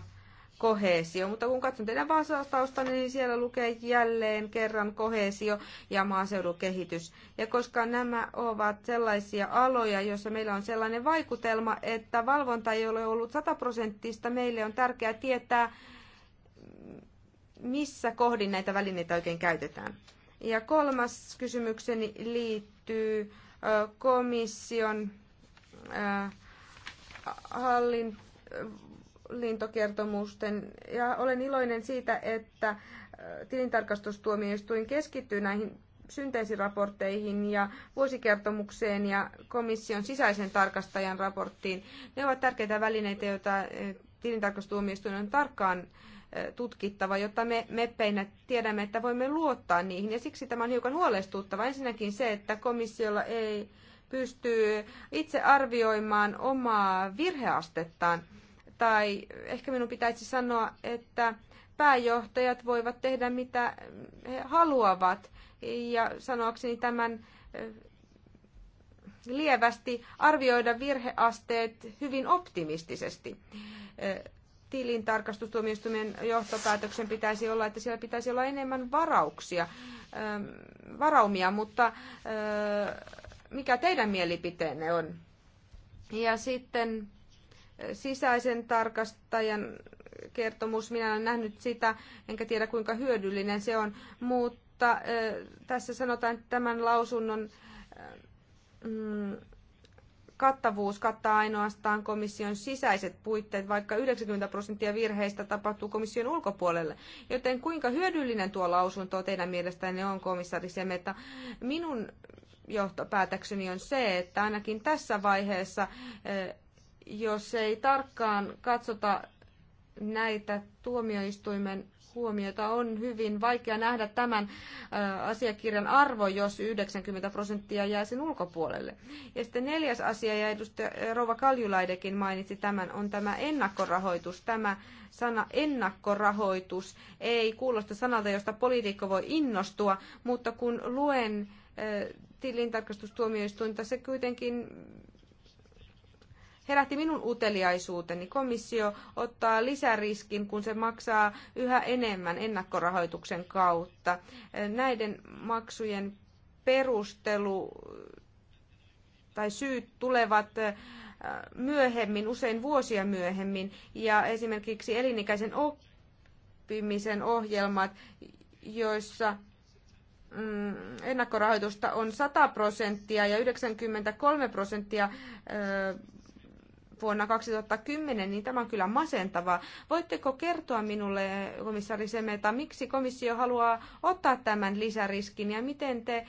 kohesio. Mutta kun katson teidän vastausta, niin siellä lukee jälleen kerran kohesio ja maaseudun kehitys. Ja koska nämä ovat sellaisia aloja, joissa meillä on sellainen vaikutelma, että valvonta ei ole ollut sataprosenttista, meille on tärkeää tietää, missä kohdin näitä välineitä oikein käytetään. Ja kolmas kysymykseni liittyy komission hallin lintokertomusten ja olen iloinen siitä, että äh, tilintarkastustuomioistuin keskittyy näihin synteesiraportteihin ja vuosikertomukseen ja komission sisäisen tarkastajan raporttiin. Ne ovat tärkeitä välineitä, joita äh, tilintarkastustuomioistuin on tarkkaan äh, tutkittava, jotta me meppeinä tiedämme, että voimme luottaa niihin. Ja siksi tämä on hiukan huolestuttava. Ensinnäkin se, että komissiolla ei pysty itse arvioimaan omaa virheastettaan tai ehkä minun pitäisi sanoa, että pääjohtajat voivat tehdä mitä he haluavat. Ja sanoakseni tämän lievästi arvioida virheasteet hyvin optimistisesti. Tilintarkastustuomioistuimen johtopäätöksen pitäisi olla, että siellä pitäisi olla enemmän varauksia, varaumia, mutta mikä teidän mielipiteenne on? Ja sitten sisäisen tarkastajan kertomus, minä olen nähnyt sitä, enkä tiedä kuinka hyödyllinen se on, mutta tässä sanotaan, että tämän lausunnon mm, kattavuus kattaa ainoastaan komission sisäiset puitteet, vaikka 90 prosenttia virheistä tapahtuu komission ulkopuolelle. Joten kuinka hyödyllinen tuo lausunto teidän mielestänne on, komissaari Semeta? Minun johtopäätökseni on se, että ainakin tässä vaiheessa jos ei tarkkaan katsota näitä tuomioistuimen huomioita, on hyvin vaikea nähdä tämän asiakirjan arvo, jos 90 prosenttia jää sen ulkopuolelle. Ja sitten neljäs asia, ja edustaja Rova Kaljulaidekin mainitsi tämän, on tämä ennakkorahoitus. Tämä sana ennakkorahoitus ei kuulosta sanalta, josta poliitikko voi innostua, mutta kun luen tilintarkastustuomioistuinta, se kuitenkin herätti minun uteliaisuuteni. Komissio ottaa lisäriskin, kun se maksaa yhä enemmän ennakkorahoituksen kautta. Näiden maksujen perustelu tai syyt tulevat äh, myöhemmin, usein vuosia myöhemmin, ja esimerkiksi elinikäisen oppimisen ohjelmat, joissa mm, ennakkorahoitusta on 100 prosenttia ja 93 prosenttia äh, vuonna 2010, niin tämä on kyllä masentavaa. Voitteko kertoa minulle, komissaari Semeta, miksi komissio haluaa ottaa tämän lisäriskin ja miten te eh,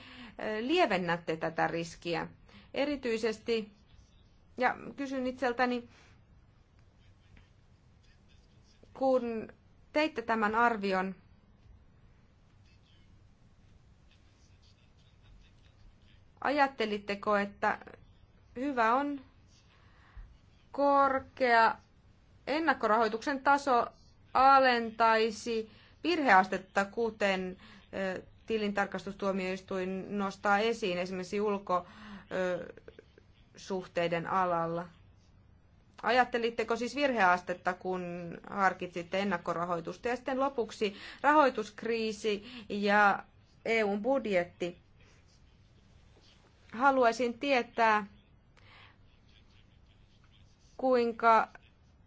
lievennätte tätä riskiä? Erityisesti, ja kysyn itseltäni, kun teitte tämän arvion, ajattelitteko, että hyvä on korkea ennakkorahoituksen taso alentaisi virheastetta, kuten tilintarkastustuomioistuin nostaa esiin esimerkiksi ulkosuhteiden alalla. Ajattelitteko siis virheastetta, kun harkitsitte ennakkorahoitusta? Ja sitten lopuksi rahoituskriisi ja EUn budjetti. Haluaisin tietää, kuinka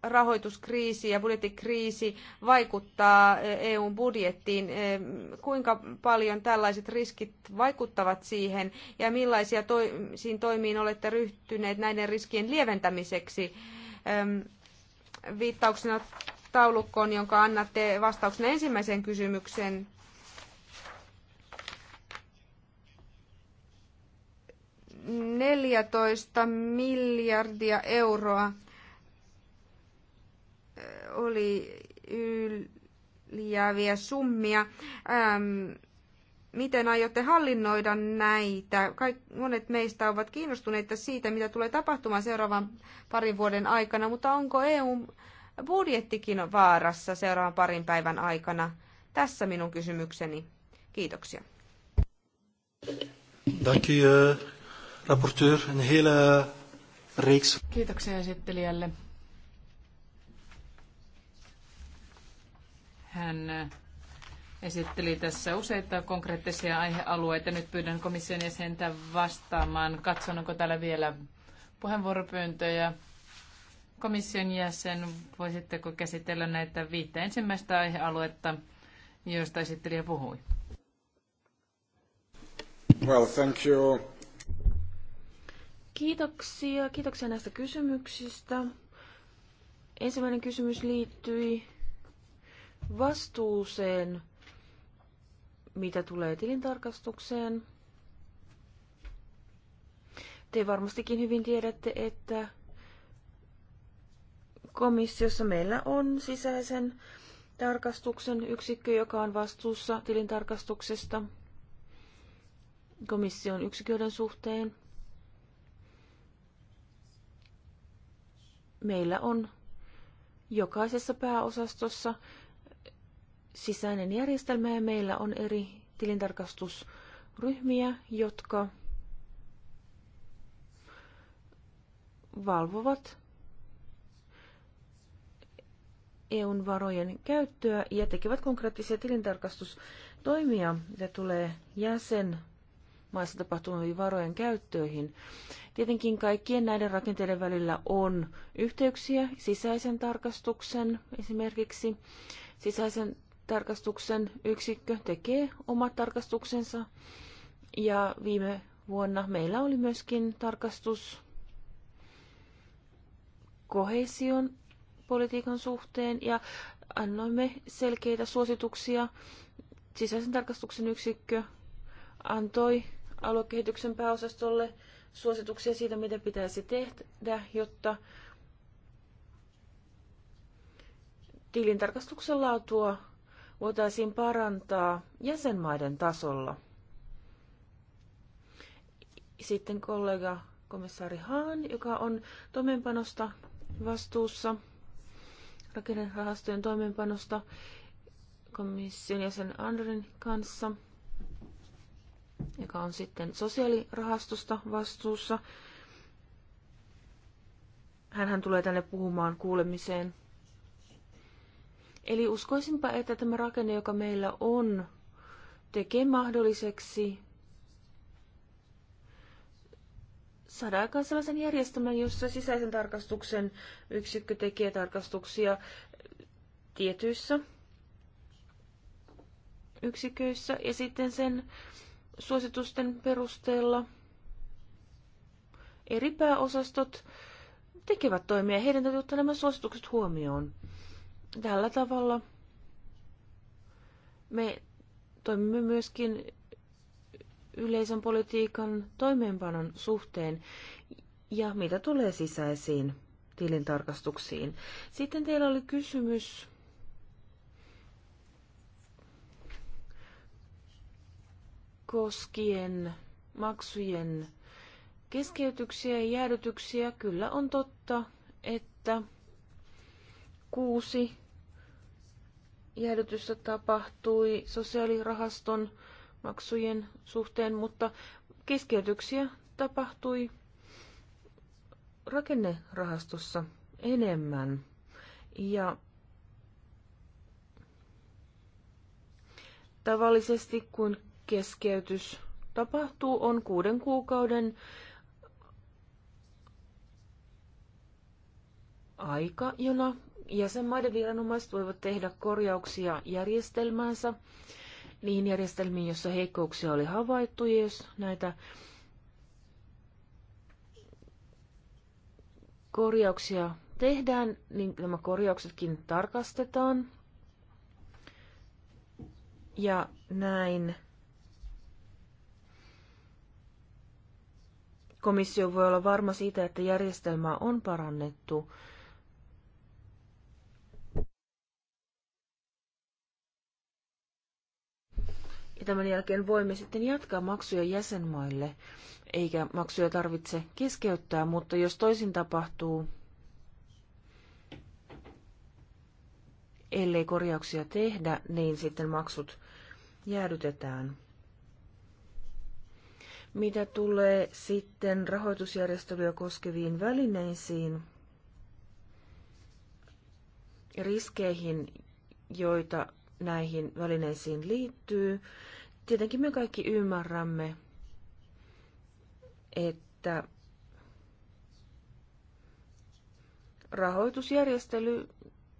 rahoituskriisi ja budjettikriisi vaikuttaa eh, EUn budjettiin, eh, kuinka paljon tällaiset riskit vaikuttavat siihen ja millaisia toisiin toimiin olette ryhtyneet näiden riskien lieventämiseksi viittauksena taulukkoon, jonka annatte vastauksena ensimmäiseen kysymykseen 14 miljardia euroa oli ylijääviä summia. Ähm, miten aiotte hallinnoida näitä? Kaik, monet meistä ovat kiinnostuneita siitä, mitä tulee tapahtumaan seuraavan parin vuoden aikana, mutta onko EU budjettikin vaarassa seuraavan parin päivän aikana? Tässä minun kysymykseni. Kiitoksia. Dank u, eh rapporteur een hele reeks. Kiitoksia esittelijälle. Hän äh, esitteli tässä useita konkreettisia aihealueita. Nyt pyydän komission jäsentä vastaamaan. Katson, onko täällä vielä puheenvuoropyyntöjä. Komission jäsen, voisitteko käsitellä näitä viittä ensimmäistä aihealuetta, joista esittelijä puhui? Well, thank you. Kiitoksia. Kiitoksia näistä kysymyksistä. Ensimmäinen kysymys liittyi vastuuseen, mitä tulee tilintarkastukseen. Te varmastikin hyvin tiedätte, että komissiossa meillä on sisäisen tarkastuksen yksikkö, joka on vastuussa tilintarkastuksesta komission yksiköiden suhteen. meillä on jokaisessa pääosastossa sisäinen järjestelmä ja meillä on eri tilintarkastusryhmiä, jotka valvovat EUn varojen käyttöä ja tekevät konkreettisia tilintarkastustoimia, mitä tulee jäsen maassa tapahtuviin varojen käyttöihin. Tietenkin kaikkien näiden rakenteiden välillä on yhteyksiä sisäisen tarkastuksen esimerkiksi. Sisäisen tarkastuksen yksikkö tekee omat tarkastuksensa ja viime vuonna meillä oli myöskin tarkastus kohesion politiikan suhteen ja annoimme selkeitä suosituksia. Sisäisen tarkastuksen yksikkö antoi aluekehityksen pääosastolle suosituksia siitä, mitä pitäisi tehdä, jotta tilintarkastuksen laatua voitaisiin parantaa jäsenmaiden tasolla. Sitten kollega komissaari Haan, joka on toimeenpanosta vastuussa, rakennerahastojen toimeenpanosta komission jäsen Andrin kanssa – joka on sitten sosiaalirahastosta vastuussa. Hänhän tulee tänne puhumaan kuulemiseen. Eli uskoisinpa, että tämä rakenne, joka meillä on, tekee mahdolliseksi saada aikaan sellaisen järjestelmän, jossa sisäisen tarkastuksen yksikkö tekee tarkastuksia tietyissä yksiköissä ja sitten sen suositusten perusteella eri pääosastot tekevät toimia. Heidän täytyy ottaa nämä suositukset huomioon. Tällä tavalla me toimimme myöskin yleisen politiikan toimeenpanon suhteen ja mitä tulee sisäisiin tilintarkastuksiin. Sitten teillä oli kysymys koskien maksujen keskeytyksiä ja jäädytyksiä, kyllä on totta, että kuusi jäädytystä tapahtui sosiaalirahaston maksujen suhteen, mutta keskeytyksiä tapahtui rakennerahastossa enemmän. Ja tavallisesti kun keskeytys tapahtuu, on kuuden kuukauden aika, jona jäsenmaiden viranomaiset voivat tehdä korjauksia järjestelmäänsä niihin järjestelmiin, joissa heikkouksia oli havaittu, ja jos näitä korjauksia tehdään, niin nämä korjauksetkin tarkastetaan. Ja näin komissio voi olla varma siitä, että järjestelmää on parannettu. Ja tämän jälkeen voimme sitten jatkaa maksuja jäsenmaille, eikä maksuja tarvitse keskeyttää, mutta jos toisin tapahtuu, ellei korjauksia tehdä, niin sitten maksut jäädytetään. Mitä tulee sitten rahoitusjärjestelyä koskeviin välineisiin ja riskeihin, joita näihin välineisiin liittyy, tietenkin me kaikki ymmärrämme, että rahoitusjärjestely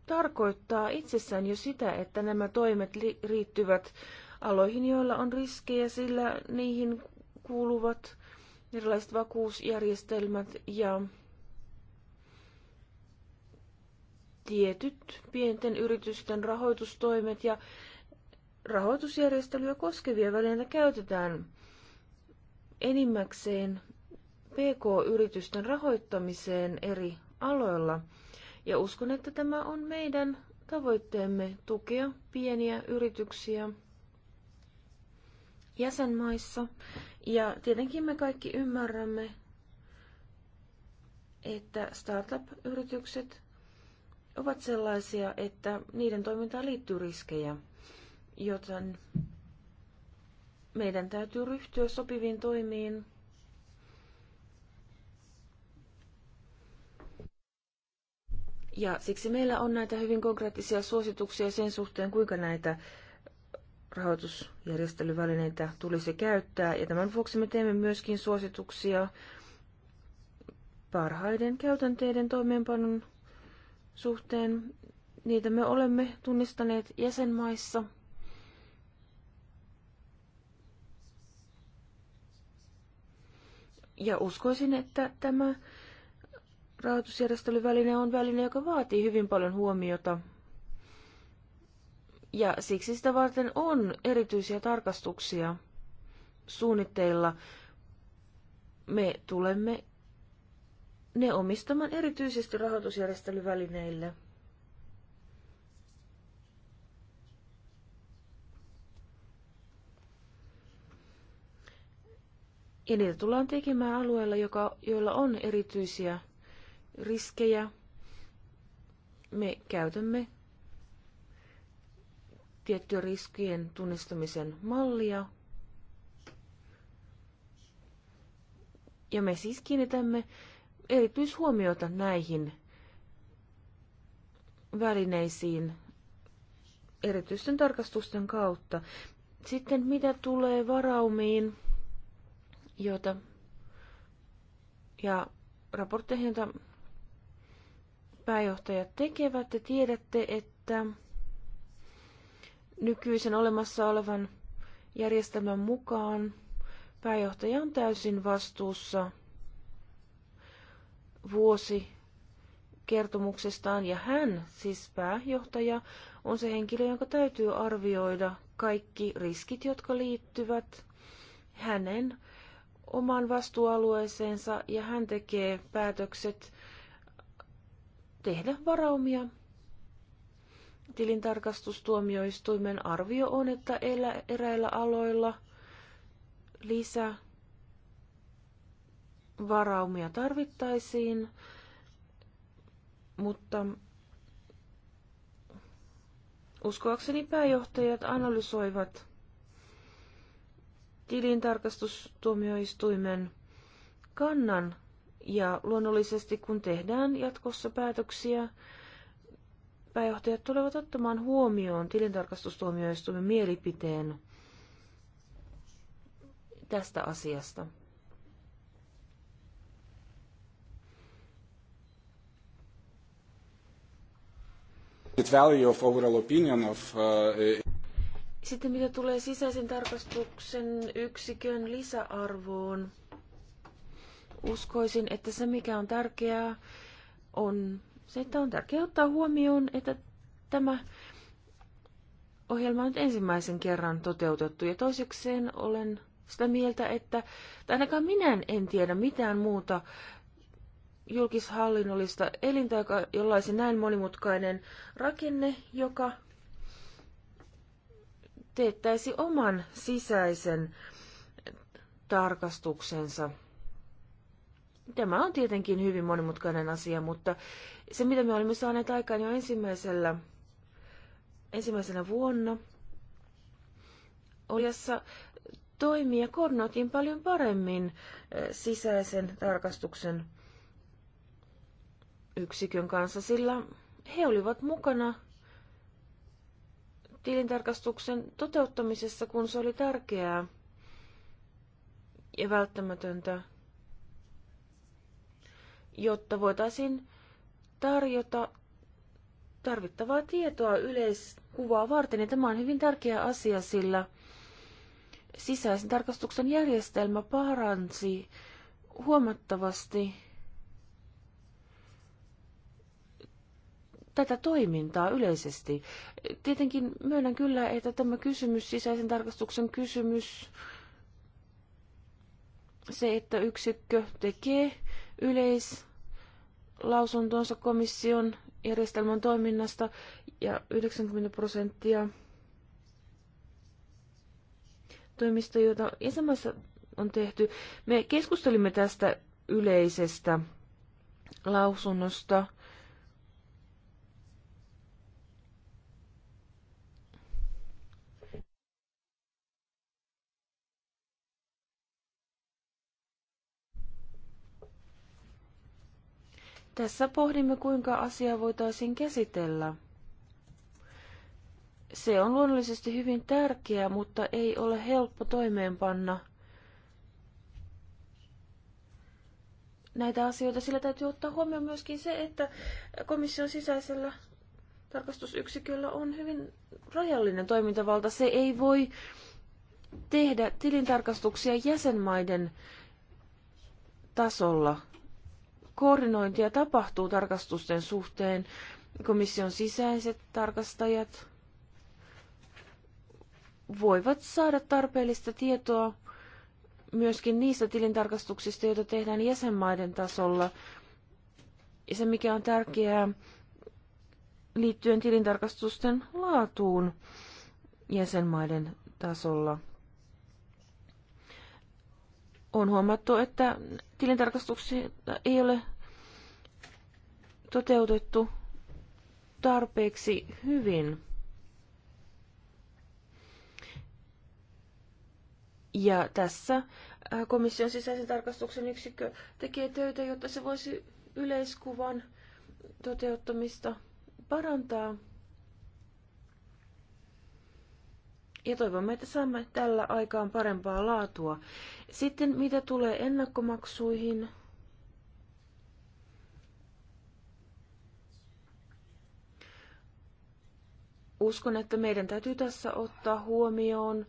tarkoittaa itsessään jo sitä, että nämä toimet liittyvät aloihin, joilla on riskejä, sillä niihin kuuluvat erilaiset vakuusjärjestelmät ja tietyt pienten yritysten rahoitustoimet ja rahoitusjärjestelyä koskevia välineitä käytetään enimmäkseen PK-yritysten rahoittamiseen eri aloilla. Ja uskon, että tämä on meidän tavoitteemme tukea pieniä yrityksiä jäsenmaissa ja tietenkin me kaikki ymmärrämme, että startup-yritykset ovat sellaisia, että niiden toimintaan liittyy riskejä, joten meidän täytyy ryhtyä sopiviin toimiin Ja siksi meillä on näitä hyvin konkreettisia suosituksia sen suhteen, kuinka näitä rahoitusjärjestelyvälineitä tulisi käyttää. Ja tämän vuoksi me teemme myöskin suosituksia parhaiden käytänteiden toimeenpanon suhteen. Niitä me olemme tunnistaneet jäsenmaissa. Ja uskoisin, että tämä rahoitusjärjestelyväline on väline, joka vaatii hyvin paljon huomiota ja siksi sitä varten on erityisiä tarkastuksia suunnitteilla. Me tulemme ne omistamaan erityisesti rahoitusjärjestelyvälineille. Ja niitä tullaan tekemään alueilla, joka, joilla on erityisiä riskejä. Me käytämme tiettyjä riskien tunnistamisen mallia. Ja me siis kiinnitämme erityishuomiota näihin välineisiin erityisten tarkastusten kautta. Sitten mitä tulee varaumiin, joita ja raportteihin, joita pääjohtajat tekevät, te tiedätte, että nykyisen olemassa olevan järjestelmän mukaan pääjohtaja on täysin vastuussa vuosi kertomuksestaan ja hän, siis pääjohtaja, on se henkilö, jonka täytyy arvioida kaikki riskit, jotka liittyvät hänen omaan vastuualueeseensa ja hän tekee päätökset tehdä varaumia tilintarkastustuomioistuimen arvio on, että eräillä aloilla lisä varaumia tarvittaisiin, mutta uskoakseni pääjohtajat analysoivat tilintarkastustuomioistuimen kannan ja luonnollisesti kun tehdään jatkossa päätöksiä, pääjohtajat tulevat ottamaan huomioon tilintarkastustuomioistuimen mielipiteen tästä asiasta. Uh, Sitten mitä tulee sisäisen tarkastuksen yksikön lisäarvoon, uskoisin, että se mikä on tärkeää on se, että on tärkeää ottaa huomioon, että tämä ohjelma on nyt ensimmäisen kerran toteutettu. Ja toisekseen olen sitä mieltä, että tai ainakaan minä en tiedä mitään muuta julkishallinnollista elintä, joka, jollaisen näin monimutkainen rakenne, joka teettäisi oman sisäisen tarkastuksensa. Tämä on tietenkin hyvin monimutkainen asia, mutta se, mitä me olemme saaneet aikaan jo ensimmäisellä, ensimmäisenä vuonna, oli toimia koordinoitiin paljon paremmin eh, sisäisen tarkastuksen yksikön kanssa, sillä he olivat mukana tilintarkastuksen toteuttamisessa, kun se oli tärkeää ja välttämätöntä, jotta voitaisiin tarjota tarvittavaa tietoa yleiskuvaa varten. Ja tämä on hyvin tärkeä asia, sillä sisäisen tarkastuksen järjestelmä paransi huomattavasti tätä toimintaa yleisesti. Tietenkin myönnän kyllä, että tämä kysymys, sisäisen tarkastuksen kysymys, se, että yksikkö tekee yleis lausuntonsa komission järjestelmän toiminnasta ja 90 prosenttia toimista, joita jäsenmaissa on tehty. Me keskustelimme tästä yleisestä lausunnosta Tässä pohdimme, kuinka asia voitaisiin käsitellä. Se on luonnollisesti hyvin tärkeä, mutta ei ole helppo toimeenpanna näitä asioita. Sillä täytyy ottaa huomioon myöskin se, että komission sisäisellä tarkastusyksiköllä on hyvin rajallinen toimintavalta. Se ei voi tehdä tilintarkastuksia jäsenmaiden tasolla koordinointia tapahtuu tarkastusten suhteen. Komission sisäiset tarkastajat voivat saada tarpeellista tietoa myöskin niistä tilintarkastuksista, joita tehdään jäsenmaiden tasolla. Ja se, mikä on tärkeää liittyen tilintarkastusten laatuun jäsenmaiden tasolla – on huomattu, että tilintarkastuksia ei ole toteutettu tarpeeksi hyvin. Ja tässä äh, komission sisäisen tarkastuksen yksikkö tekee töitä, jotta se voisi yleiskuvan toteuttamista parantaa. Ja toivomme, että saamme tällä aikaan parempaa laatua. Sitten mitä tulee ennakkomaksuihin, uskon, että meidän täytyy tässä ottaa huomioon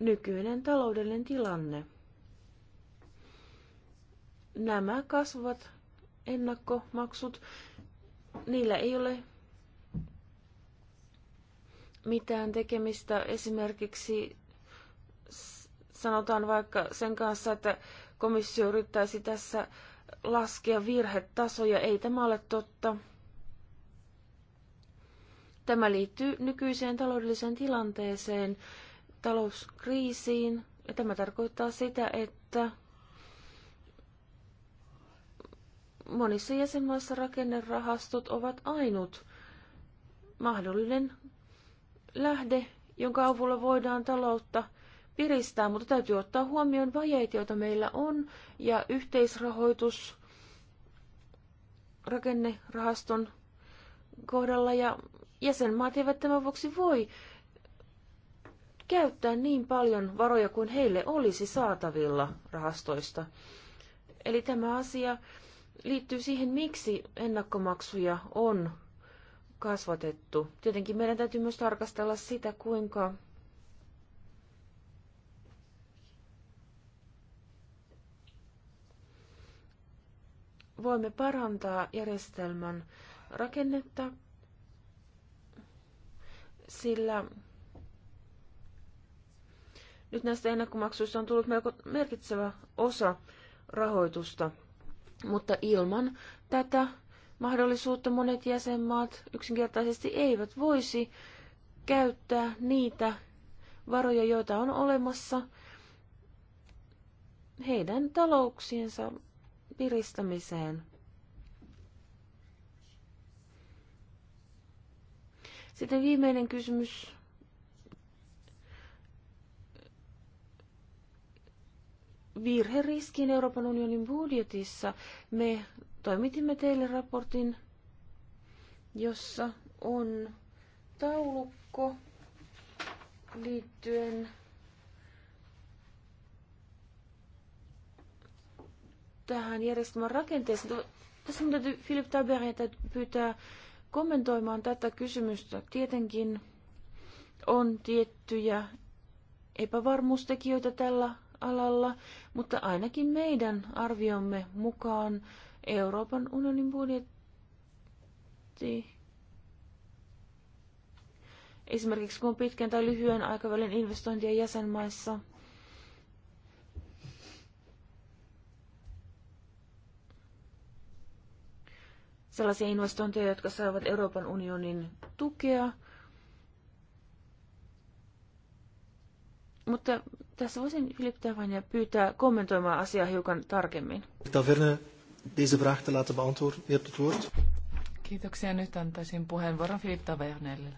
nykyinen taloudellinen tilanne. Nämä kasvavat ennakkomaksut, niillä ei ole mitään tekemistä esimerkiksi sanotaan vaikka sen kanssa, että komissio yrittäisi tässä laskea virhetasoja. Ei tämä ole totta. Tämä liittyy nykyiseen taloudelliseen tilanteeseen, talouskriisiin, ja tämä tarkoittaa sitä, että monissa jäsenmaissa rakennerahastot ovat ainut mahdollinen lähde, jonka avulla voidaan taloutta piristää, mutta täytyy ottaa huomioon vajeet, joita meillä on, ja yhteisrahoitus rakennerahaston kohdalla, ja jäsenmaat eivät tämän vuoksi voi käyttää niin paljon varoja kuin heille olisi saatavilla rahastoista. Eli tämä asia liittyy siihen, miksi ennakkomaksuja on kasvatettu. Tietenkin meidän täytyy myös tarkastella sitä, kuinka voimme parantaa järjestelmän rakennetta, sillä nyt näistä ennakkomaksuista on tullut melko merkitsevä osa rahoitusta, mutta ilman tätä mahdollisuutta monet jäsenmaat yksinkertaisesti eivät voisi käyttää niitä varoja, joita on olemassa heidän talouksiensa piristämiseen. Sitten viimeinen kysymys. Virheriskiin Euroopan unionin budjetissa me Toimitimme teille raportin, jossa on taulukko liittyen tähän järjestelmän rakenteeseen. Tässä minun täytyy Philip Taberia pyytää kommentoimaan tätä kysymystä. Tietenkin on tiettyjä epävarmuustekijöitä tällä alalla, mutta ainakin meidän arviomme mukaan Euroopan unionin budjetti. Esimerkiksi kun pitkän tai lyhyen aikavälin investointia jäsenmaissa sellaisia investointeja, jotka saavat Euroopan unionin tukea. Mutta tässä voisin Filip Tavania pyytää kommentoimaan asiaa hiukan tarkemmin. Taverne deze vraag te laten beantwoorden. U hebt het woord. Kiitoksia. Nyt antaisin puheenvuoron Filip Tavernelle.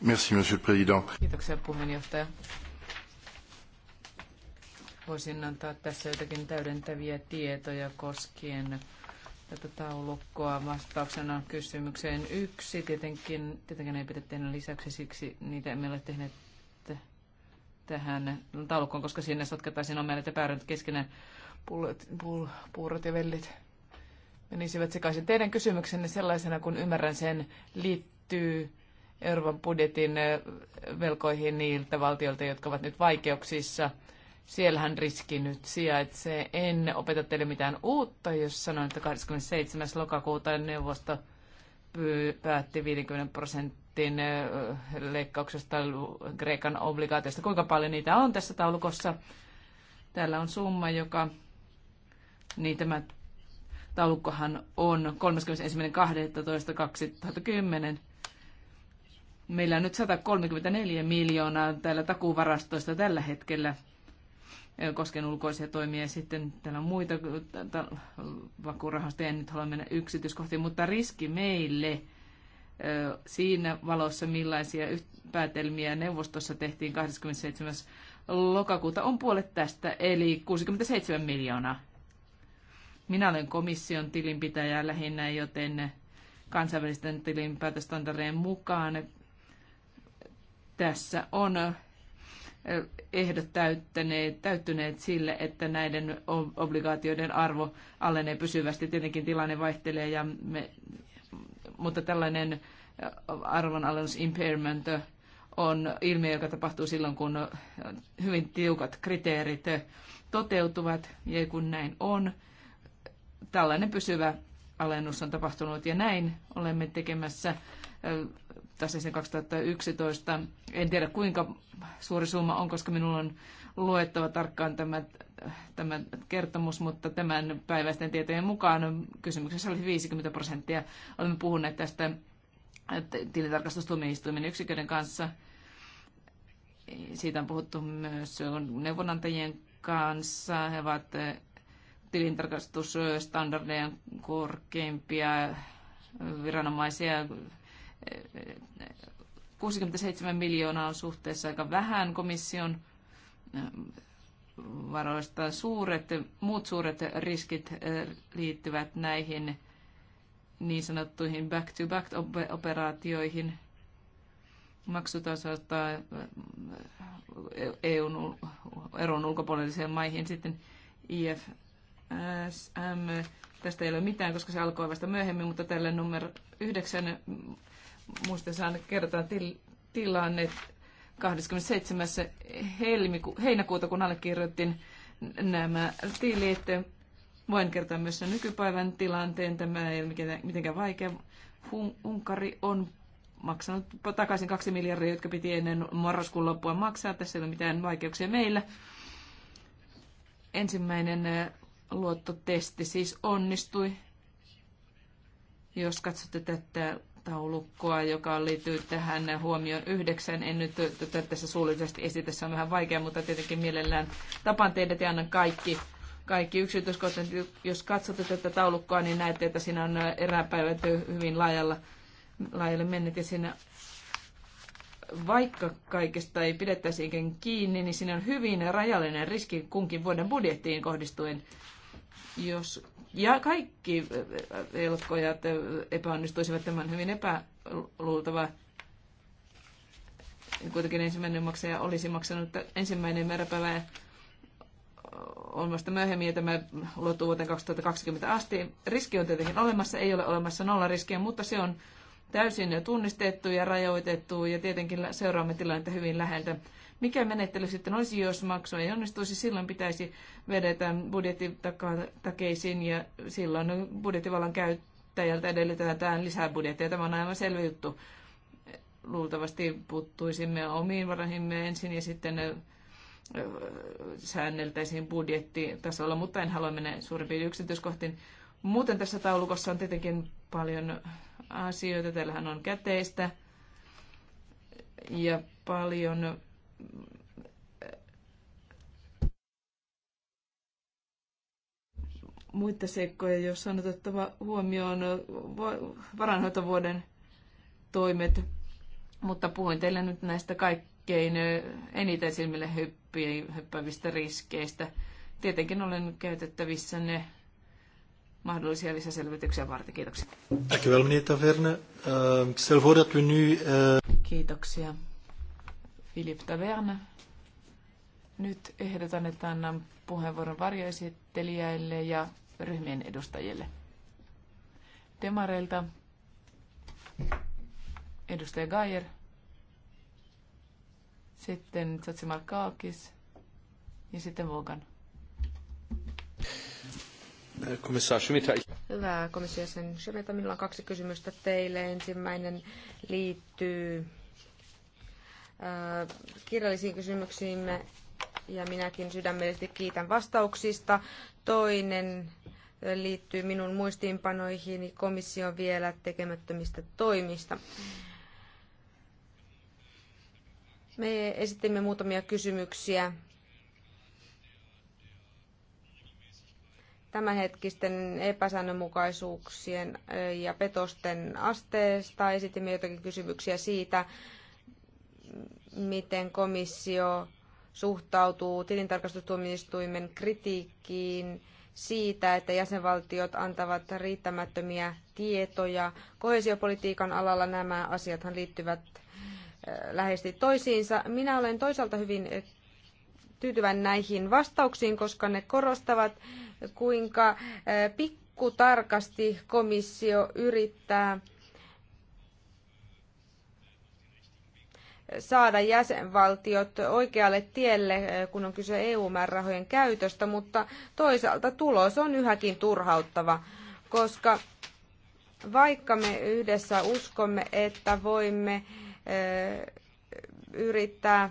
Merci, monsieur le président. Kiitoksia puheenjohtaja. Voisin antaa tässä jotakin täydentäviä tietoja koskien tätä taulukkoa vastauksena kysymykseen yksi. Tietenkin, tietenkin ei pidä tehdä lisäksi, siksi niitä emme ole tehneet tähän taulukkoon, koska sinne sotketaan sinun mielestä päädyt keskenään pullot, pull, puurot ja vellit menisivät sekaisin. Teidän kysymyksenne sellaisena, kun ymmärrän sen, liittyy Euroopan budjetin velkoihin niiltä valtioilta, jotka ovat nyt vaikeuksissa. Siellähän riski nyt sijaitsee. En opeta teille mitään uutta, jos sanon, että 27. lokakuuta neuvosto päätti 50 prosentin leikkauksesta Kreikan obligaatiosta. Kuinka paljon niitä on tässä taulukossa? Täällä on summa, joka niin tämä taulukkohan on 31.12.2010. Meillä on nyt 134 miljoonaa täällä takuvarastoista tällä hetkellä kosken ulkoisia toimia. Sitten täällä on muita vakuurahastoja, en nyt halua mennä yksityiskohtiin, mutta riski meille siinä valossa, millaisia päätelmiä neuvostossa tehtiin 27. lokakuuta, on puolet tästä, eli 67 miljoonaa. Minä olen komission tilinpitäjä lähinnä, joten kansainvälisten tilinpäätöstandardien mukaan tässä on ehdot täyttäneet, täyttyneet sille, että näiden obligaatioiden arvo alenee pysyvästi. Tietenkin tilanne vaihtelee, ja me, mutta tällainen arvonalennus impairment on ilmiö, joka tapahtuu silloin, kun hyvin tiukat kriteerit toteutuvat, ja kun näin on, tällainen pysyvä alennus on tapahtunut ja näin olemme tekemässä sen 2011. En tiedä kuinka suuri summa on, koska minulla on luettava tarkkaan tämä, tämä kertomus, mutta tämän päiväisten tietojen mukaan kysymyksessä oli 50 prosenttia. Olemme puhuneet tästä tilintarkastustuomioistuimen yksiköiden kanssa. Siitä on puhuttu myös neuvonantajien kanssa. He ovat tilintarkastusstandardeja korkeimpia viranomaisia. 67 miljoonaa on suhteessa aika vähän komission varoista. Suuret, muut suuret riskit eh, liittyvät näihin niin sanottuihin back-to-back-operaatioihin maksutasosta eh, EUn eron ulkopuolisiin maihin sitten IF SM. Tästä ei ole mitään, koska se alkoi vasta myöhemmin, mutta tällä numero yhdeksän muistetaan kertaa til- tilanne 27. Helmiku- heinäkuuta, kun allekirjoitin nämä tilit. Voin kertoa myös sen nykypäivän tilanteen. Tämä ei ole mitenkään vaikea. Unkari on maksanut takaisin kaksi miljardia, jotka piti ennen marraskuun loppua maksaa. Tässä ei ole mitään vaikeuksia meillä. Ensimmäinen luottotesti siis onnistui. Jos katsotte tätä taulukkoa, joka liittyy tähän huomioon yhdeksän. En nyt tätä tässä suullisesti esitä, se on vähän vaikea, mutta tietenkin mielellään tapaan teidät ja annan kaikki, kaikki yksityiskohtaiset. Jos katsotte tätä taulukkoa, niin näette, että siinä on eräpäivät hyvin laajalla, laajalle mennyt ja siinä vaikka kaikesta ei pidettäisiinkin kiinni, niin siinä on hyvin rajallinen riski kunkin vuoden budjettiin kohdistuen jos ja kaikki velkojat epäonnistuisivat, tämän hyvin epäluultava. Kuitenkin ensimmäinen maksaja olisi maksanut ensimmäinen määräpäivä on vasta myöhemmin ja tämä ulottuu vuoteen 2020 asti. Riski on tietenkin olemassa, ei ole olemassa nolla riskiä, mutta se on täysin tunnistettu ja rajoitettu ja tietenkin seuraamme tilannetta hyvin läheltä. Mikä menettely sitten olisi, jos maksu ei onnistuisi? Silloin pitäisi vedetä budjettitakeisiin ja silloin budjettivallan käyttäjältä edellytetään lisää budjettia. Tämä on aivan selvä juttu. Luultavasti puuttuisimme omiin varahimme ensin ja sitten säänneltäisiin budjettitasolla, mutta en halua mennä suurempiin yksityiskohtiin. Muuten tässä taulukossa on tietenkin paljon asioita. Täällähän on käteistä ja paljon muita seikkoja, jos on otettava huomioon varanhoitovuoden toimet, mutta puhuin teille nyt näistä kaikkein eniten silmille hyppävistä riskeistä. Tietenkin olen käytettävissä ne mahdollisia lisäselvityksiä varten. Kiitoksia. Ehm, eh, Kiitoksia. Filip Taverna. Nyt ehdotan, että annan puheenvuoron varjoesittelijäille ja ryhmien edustajille. Demareilta edustaja Gaier, sitten Tsatsimar Kaakis ja sitten Vogan. Hyvä komissio sen Schmita, minulla on kaksi kysymystä teille. Ensimmäinen liittyy Äh, kirjallisiin kysymyksiimme ja minäkin sydämellisesti kiitän vastauksista. Toinen äh, liittyy minun muistiinpanoihini komission vielä tekemättömistä toimista. Me esitimme muutamia kysymyksiä tämänhetkisten epäsäännönmukaisuuksien äh, ja petosten asteesta. Esitimme jotakin kysymyksiä siitä, miten komissio suhtautuu tilintarkastustuomioistuimen kritiikkiin siitä, että jäsenvaltiot antavat riittämättömiä tietoja. Kohesiopolitiikan alalla nämä asiathan liittyvät äh, läheisesti toisiinsa. Minä olen toisaalta hyvin tyytyväinen näihin vastauksiin, koska ne korostavat, kuinka äh, pikkutarkasti komissio yrittää saada jäsenvaltiot oikealle tielle, eh, kun on kyse EU-määrärahojen käytöstä, mutta toisaalta tulos on yhäkin turhauttava, koska vaikka me yhdessä uskomme, että voimme eh, yrittää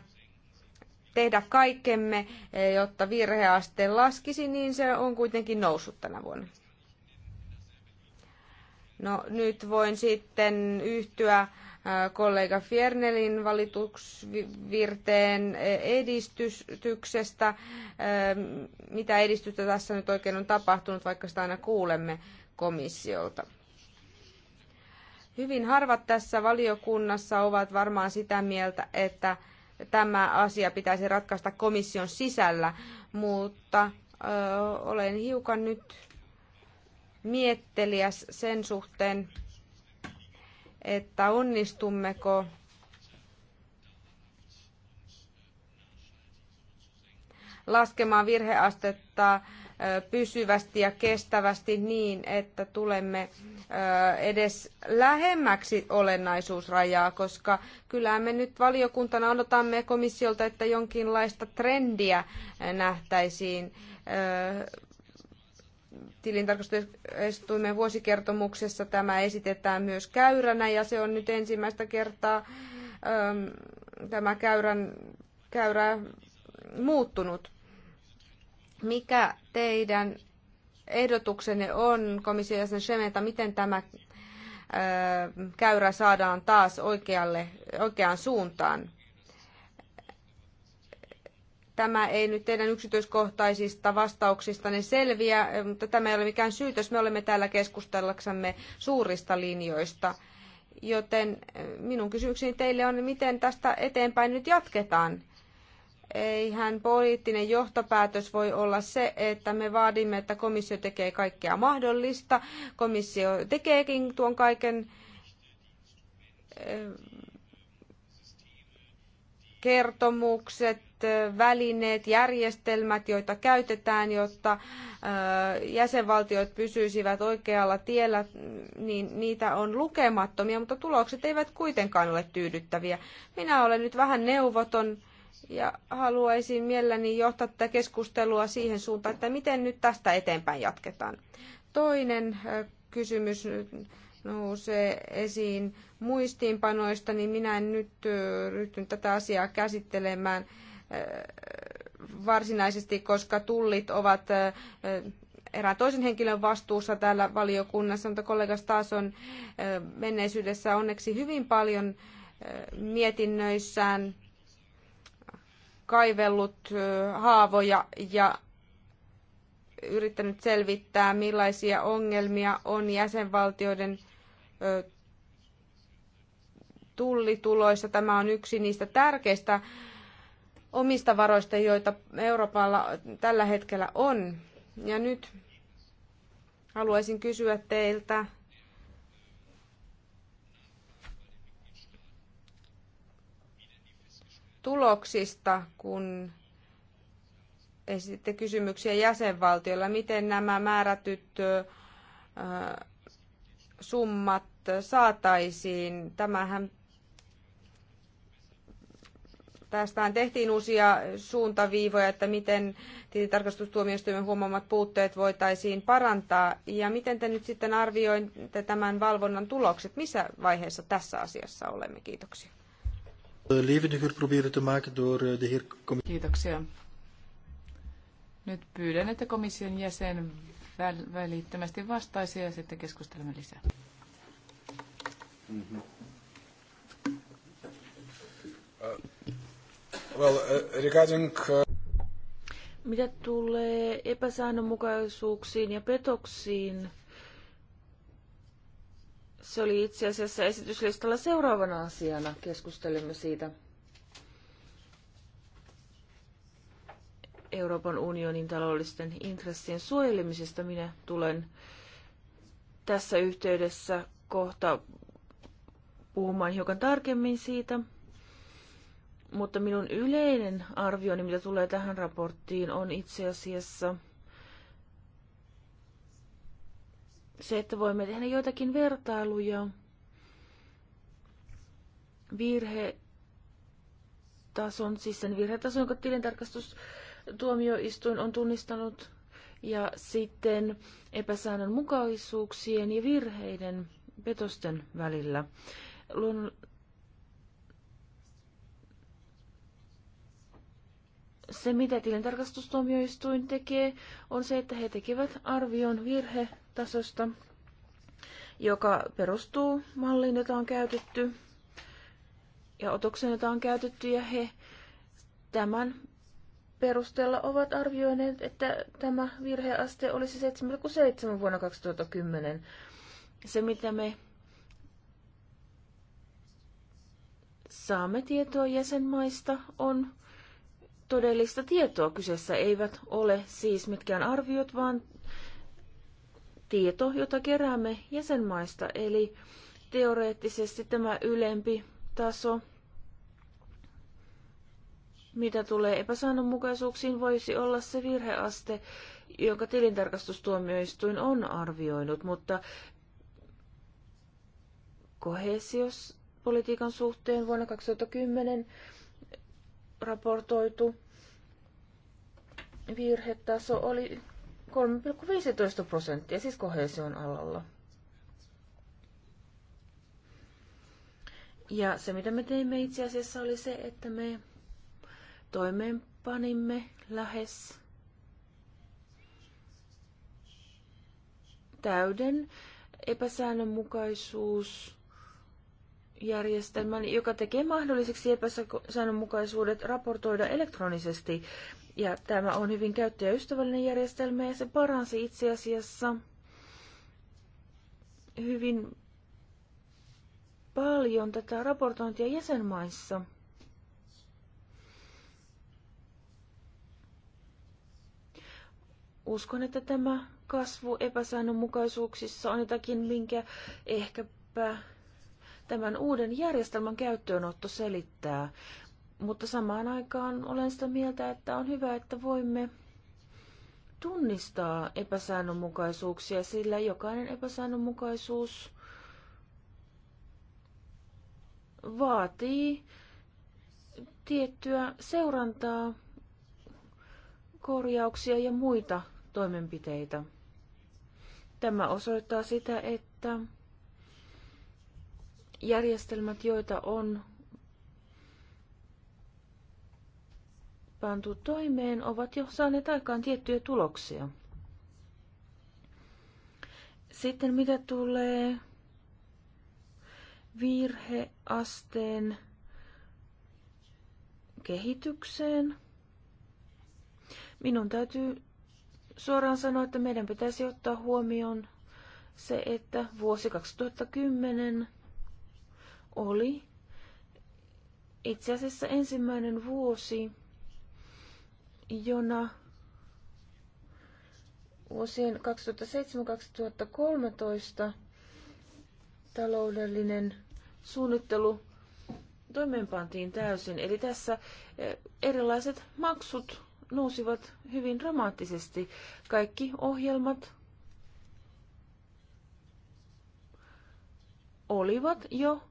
tehdä kaikkemme, eh, jotta virheaste laskisi, niin se on kuitenkin noussut tänä vuonna. No nyt voin sitten yhtyä Äh, kollega Fiernelin valitusvirteen äh, edistyksestä. Ähm, mitä edistystä tässä nyt oikein on tapahtunut, vaikka sitä aina kuulemme komissiolta? Hyvin harvat tässä valiokunnassa ovat varmaan sitä mieltä, että tämä asia pitäisi ratkaista komission sisällä, mutta ö, äh, olen hiukan nyt mietteliäs sen suhteen, että onnistummeko laskemaan virheastetta pysyvästi ja kestävästi niin, että tulemme edes lähemmäksi olennaisuusrajaa, koska kyllä me nyt valiokuntana odotamme komissiolta, että jonkinlaista trendiä nähtäisiin tilintarkastustuomioistuimen vuosikertomuksessa tämä esitetään myös käyränä ja se on nyt ensimmäistä kertaa ähm, tämä käyrän, käyrä muuttunut. Mikä teidän ehdotuksenne on komission jäsen Shemeta, miten tämä äh, käyrä saadaan taas oikealle, oikeaan suuntaan? Tämä ei nyt teidän yksityiskohtaisista vastauksistanne selviä, mutta tämä ei ole mikään syytös. Me olemme täällä keskustellaksemme suurista linjoista. Joten eh, minun kysymykseni teille on, miten tästä eteenpäin nyt jatketaan? Eihän poliittinen johtopäätös voi olla se, että me vaadimme, että komissio tekee kaikkea mahdollista. Komissio tekeekin tuon kaiken eh, kertomukset, välineet, järjestelmät, joita käytetään, jotta jäsenvaltiot pysyisivät oikealla tiellä, niin niitä on lukemattomia, mutta tulokset eivät kuitenkaan ole tyydyttäviä. Minä olen nyt vähän neuvoton ja haluaisin mielelläni johtaa tätä keskustelua siihen suuntaan, että miten nyt tästä eteenpäin jatketaan. Toinen kysymys nousee esiin muistiinpanoista, niin minä en nyt ryhtynyt tätä asiaa käsittelemään varsinaisesti, koska tullit ovat erään toisen henkilön vastuussa täällä valiokunnassa, mutta kollegas taas on menneisyydessä onneksi hyvin paljon mietinnöissään kaivellut haavoja ja yrittänyt selvittää, millaisia ongelmia on jäsenvaltioiden tullituloissa. Tämä on yksi niistä tärkeistä omista varoista, joita Euroopalla tällä hetkellä on. Ja nyt haluaisin kysyä teiltä, tuloksista, kun esitte kysymyksiä jäsenvaltioilla, miten nämä määrätyt summat saataisiin. Tämähän tästähän tehtiin uusia suuntaviivoja, että miten tilintarkastustuomioistuimen huomaamat puutteet voitaisiin parantaa. Ja miten te nyt sitten arvioitte tämän valvonnan tulokset? Missä vaiheessa tässä asiassa olemme? Kiitoksia. Kiitoksia. Nyt pyydän, että komission jäsen välittömästi vastaisi ja sitten keskustelemme lisää. Mm-hmm. Uh, well, uh, regarding... Uh... Mitä tulee epäsäännönmukaisuuksiin ja petoksiin, se oli itse asiassa esityslistalla seuraavana asiana. keskustelemme siitä Euroopan unionin taloudellisten intressien suojelemisesta. Minä tulen tässä yhteydessä kohta puhumaan hiukan tarkemmin siitä. Mutta minun yleinen arvioni, mitä tulee tähän raporttiin, on itse asiassa se, että voimme tehdä joitakin vertailuja tason, siis sen virhetason, jonka tilintarkastustuomioistuin on tunnistanut, ja sitten mukaisuuksien ja virheiden petosten välillä luon... Se, mitä tilintarkastustuomioistuin tekee, on se, että he tekevät arvion virhetasosta, joka perustuu malliin, jota on käytetty, ja otoksen, jota on käytetty, ja he tämän perusteella ovat arvioineet, että tämä virheaste olisi 7,7 vuonna 2010. Se, mitä me saamme tietoa jäsenmaista, on todellista tietoa. Kyseessä eivät ole siis mitkään arviot, vaan tieto, jota keräämme jäsenmaista. Eli teoreettisesti tämä ylempi taso, mitä tulee epäsäännönmukaisuuksiin, voisi olla se virheaste, jonka tilintarkastustuomioistuin on arvioinut, mutta kohesios politiikan suhteen vuonna 2010 raportoitu virhetaso oli 3,15 prosenttia, siis kohesion alalla. Ja se, mitä me teimme itse asiassa, oli se, että me toimeenpanimme lähes täyden epäsäännönmukaisuus järjestelmän, joka tekee mahdolliseksi epäsäännönmukaisuudet raportoida elektronisesti. Ja tämä on hyvin käyttäjäystävällinen järjestelmä ja se paransi itse asiassa hyvin paljon tätä raportointia jäsenmaissa. Uskon, että tämä kasvu epäsäännönmukaisuuksissa on jotakin, minkä ehkäpä tämän uuden järjestelmän käyttöönotto selittää. Mutta samaan aikaan olen sitä mieltä, että on hyvä, että voimme tunnistaa epäsäännönmukaisuuksia, sillä jokainen epäsäännönmukaisuus vaatii tiettyä seurantaa, korjauksia ja muita toimenpiteitä. Tämä osoittaa sitä, että järjestelmät, joita on pantu toimeen, ovat jo saaneet aikaan tiettyjä tuloksia. Sitten mitä tulee virheasteen kehitykseen, minun täytyy suoraan sanoa, että meidän pitäisi ottaa huomioon se, että vuosi 2010 oli itse asiassa ensimmäinen vuosi, jona vuosien 2007-2013 taloudellinen suunnittelu toimeenpantiin täysin. Eli tässä eh, erilaiset maksut nousivat hyvin dramaattisesti. Kaikki ohjelmat olivat jo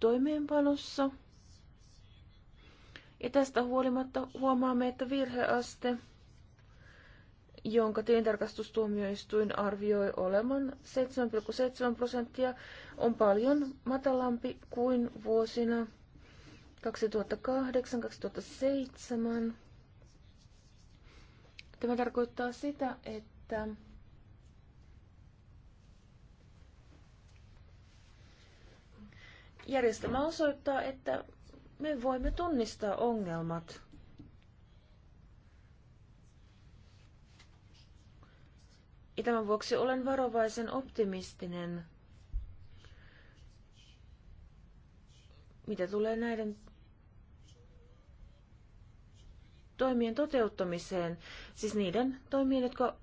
toimeenpanossa. Ja tästä huolimatta huomaamme, että virheaste, jonka tilintarkastustuomioistuin arvioi oleman 7,7 prosenttia, on paljon matalampi kuin vuosina 2008-2007. Tämä tarkoittaa sitä, että Järjestelmä osoittaa, että me voimme tunnistaa ongelmat. Ja tämän vuoksi olen varovaisen optimistinen, mitä tulee näiden toimien toteuttamiseen, siis niiden toimien, jotka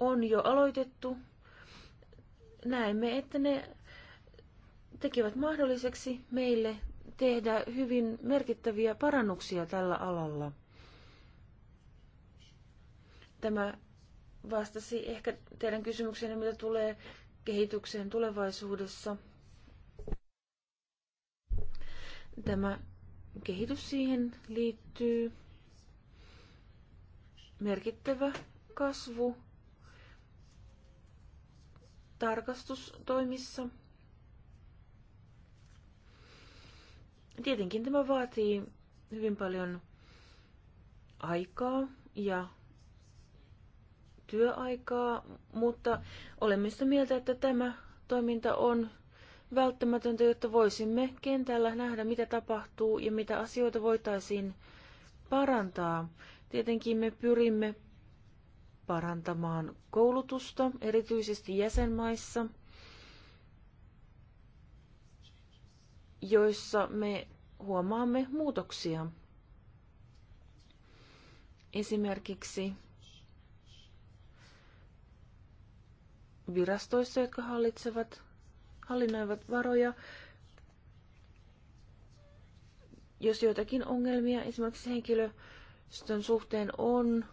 on jo aloitettu, näemme, että ne tekevät mahdolliseksi meille tehdä hyvin merkittäviä parannuksia tällä alalla. Tämä vastasi ehkä teidän kysymykseen, mitä tulee kehitykseen tulevaisuudessa. Tämä kehitys siihen liittyy merkittävä kasvu tarkastustoimissa – Tietenkin tämä vaatii hyvin paljon aikaa ja työaikaa, mutta olemme sitä mieltä, että tämä toiminta on välttämätöntä, jotta voisimme kentällä nähdä, mitä tapahtuu ja mitä asioita voitaisiin parantaa. Tietenkin me pyrimme parantamaan koulutusta, erityisesti jäsenmaissa – joissa me huomaamme muutoksia. Esimerkiksi virastoissa, jotka hallitsevat, hallinnoivat varoja, jos joitakin ongelmia esimerkiksi henkilöstön suhteen on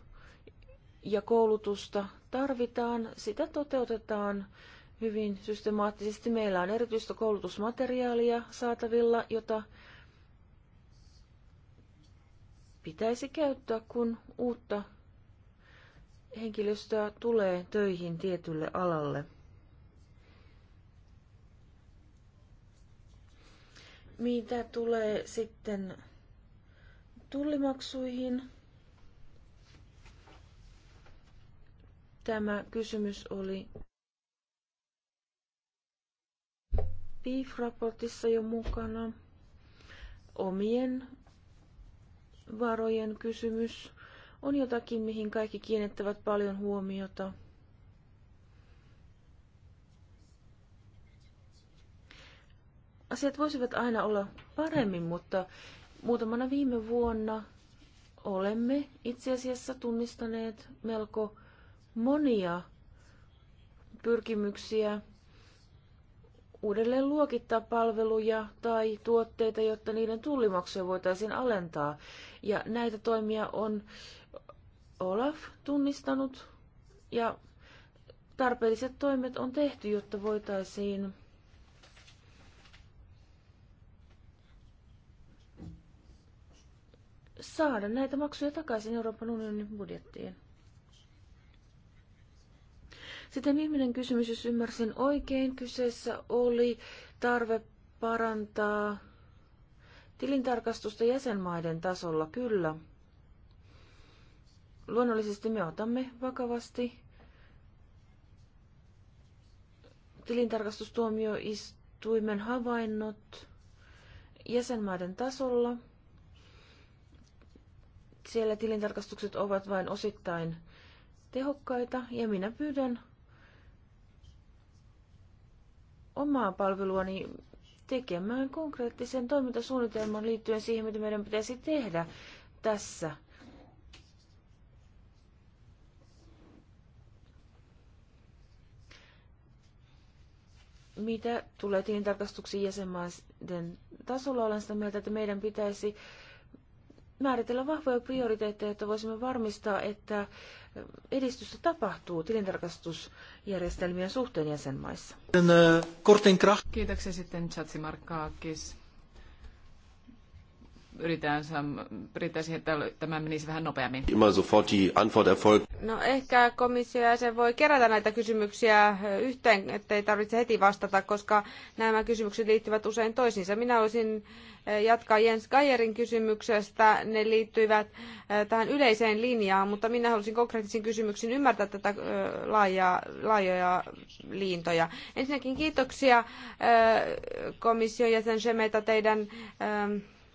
ja koulutusta tarvitaan, sitä toteutetaan hyvin systemaattisesti. Meillä on erityistä koulutusmateriaalia saatavilla, jota pitäisi käyttää, kun uutta henkilöstöä tulee töihin tietylle alalle. Mitä tulee sitten tullimaksuihin? Tämä kysymys oli PIF-raportissa jo mukana. Omien varojen kysymys on jotakin, mihin kaikki kiinnittävät paljon huomiota. Asiat voisivat aina olla paremmin, mutta muutamana viime vuonna olemme itse asiassa tunnistaneet melko monia pyrkimyksiä uudelleen luokittaa palveluja tai tuotteita, jotta niiden tullimaksuja voitaisiin alentaa. Ja näitä toimia on Olaf tunnistanut ja tarpeelliset toimet on tehty, jotta voitaisiin saada näitä maksuja takaisin Euroopan unionin budjettiin. Sitten viimeinen kysymys, jos ymmärsin oikein, kyseessä oli tarve parantaa tilintarkastusta jäsenmaiden tasolla, kyllä. Luonnollisesti me otamme vakavasti tilintarkastustuomioistuimen havainnot jäsenmaiden tasolla. Siellä tilintarkastukset ovat vain osittain tehokkaita ja minä pyydän omaa palveluani tekemään konkreettisen toimintasuunnitelman liittyen siihen, mitä meidän pitäisi tehdä tässä. Mitä tulee tilintarkastuksiin jäsenmaiden tasolla, olen sitä mieltä, että meidän pitäisi määritellä vahvoja prioriteetteja, että voisimme varmistaa, että edistystä tapahtuu tilintarkastusjärjestelmien suhteen jäsenmaissa. Äh, Kiitoksia sitten Chatsimarkkaakis yritän, pyritään siihen, että tämä menisi vähän nopeammin. No ehkä komissio ja sen voi kerätä näitä kysymyksiä yhteen, ettei tarvitse heti vastata, koska nämä kysymykset liittyvät usein toisiinsa. Minä olisin jatkaa Jens Geierin kysymyksestä. Ne liittyvät tähän yleiseen linjaan, mutta minä haluaisin konkreettisin kysymyksiin ymmärtää tätä laajaa, laajoja liintoja. Ensinnäkin kiitoksia komission jäsen Semeta teidän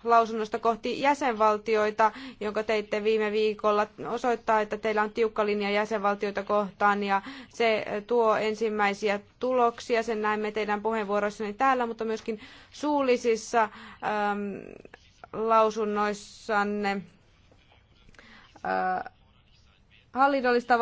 lausunnosta kohti jäsenvaltioita, jonka teitte viime viikolla, osoittaa, että teillä on tiukka linja jäsenvaltioita kohtaan ja se tuo ensimmäisiä tuloksia. Sen näemme teidän puheenvuorossanne täällä, mutta myöskin suullisissa äm, lausunnoissanne. Äh, hallinnollista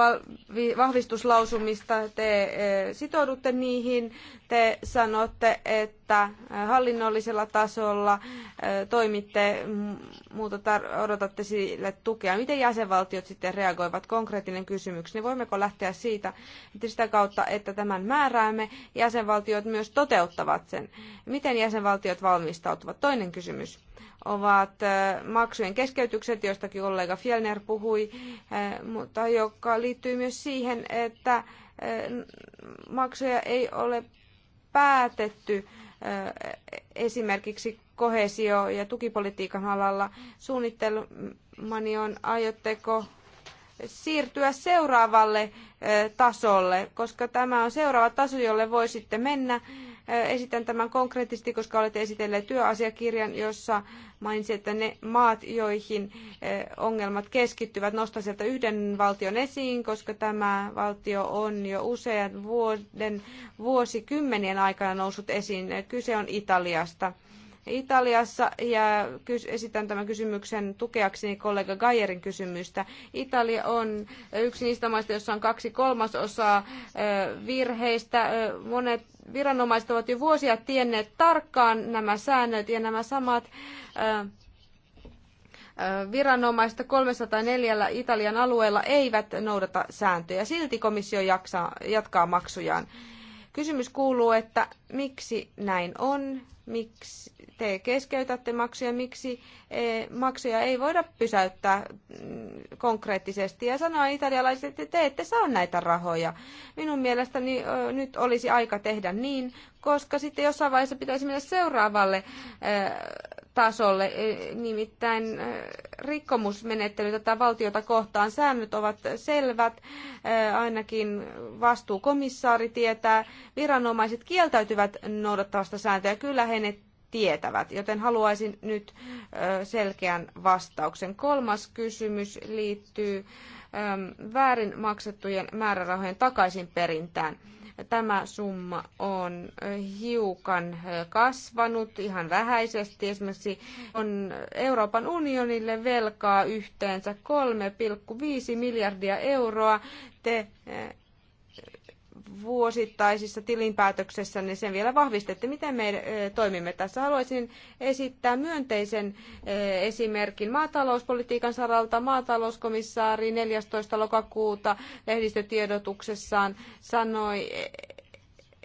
vahvistuslausumista, te eh, sitoudutte niihin, te sanotte, että eh, hallinnollisella tasolla eh, toimitte, mm, muuta odotatte sille tukea. Miten jäsenvaltiot sitten reagoivat? Konkreettinen kysymys. Niin voimmeko lähteä siitä, että sitä kautta, että tämän määräämme, jäsenvaltiot myös toteuttavat sen? Miten jäsenvaltiot valmistautuvat? Toinen kysymys ovat äh, maksujen keskeytykset, joistakin kollega Fjellner puhui, äh, mutta joka liittyy myös siihen, että äh, maksuja ei ole päätetty esimerkiksi kohesio- ja tukipolitiikan alalla. Suunnitelmani on, aiotteko siirtyä seuraavalle tasolle, koska tämä on seuraava taso, jolle voi sitten mennä Esitän tämän konkreettisesti, koska olette esitelleet työasiakirjan, jossa mainitsin, että ne maat, joihin ongelmat keskittyvät, nostan sieltä yhden valtion esiin, koska tämä valtio on jo usean vuoden, vuosikymmenien aikana noussut esiin. Kyse on Italiasta. Italiassa, ja esitän tämän kysymyksen tukeakseni kollega Gajerin kysymystä. Italia on yksi niistä maista, jossa on kaksi kolmasosaa virheistä. Monet viranomaiset ovat jo vuosia tienneet tarkkaan nämä säännöt ja nämä samat viranomaista 304 Italian alueella eivät noudata sääntöjä. Silti komissio jaksaa, jatkaa maksujaan. Kysymys kuuluu, että miksi näin on, miksi te keskeytätte maksuja, miksi e, maksuja ei voida pysäyttää mm, konkreettisesti ja sanoa italialaisille, että te ette saa näitä rahoja. Minun mielestäni nyt olisi aika tehdä niin, koska sitten jossain vaiheessa pitäisi mennä seuraavalle tasolle, e, nimittäin rikkomusmenettely tätä valtiota kohtaan. Säännöt ovat selvät, e, ainakin vastuukomissaari tietää. Viranomaiset kieltäytyvät noudattavasta sääntöä. Kyllä he ne tietävät, joten haluaisin nyt selkeän vastauksen. Kolmas kysymys liittyy väärin maksettujen määrärahojen takaisinperintään. Tämä summa on hiukan kasvanut ihan vähäisesti. Esimerkiksi on Euroopan unionille velkaa yhteensä 3,5 miljardia euroa. Te vuosittaisissa tilinpäätöksessä, niin sen vielä vahvistette, miten me toimimme tässä. Haluaisin esittää myönteisen esimerkin maatalouspolitiikan saralta. Maatalouskomissaari 14. lokakuuta lehdistötiedotuksessaan sanoi,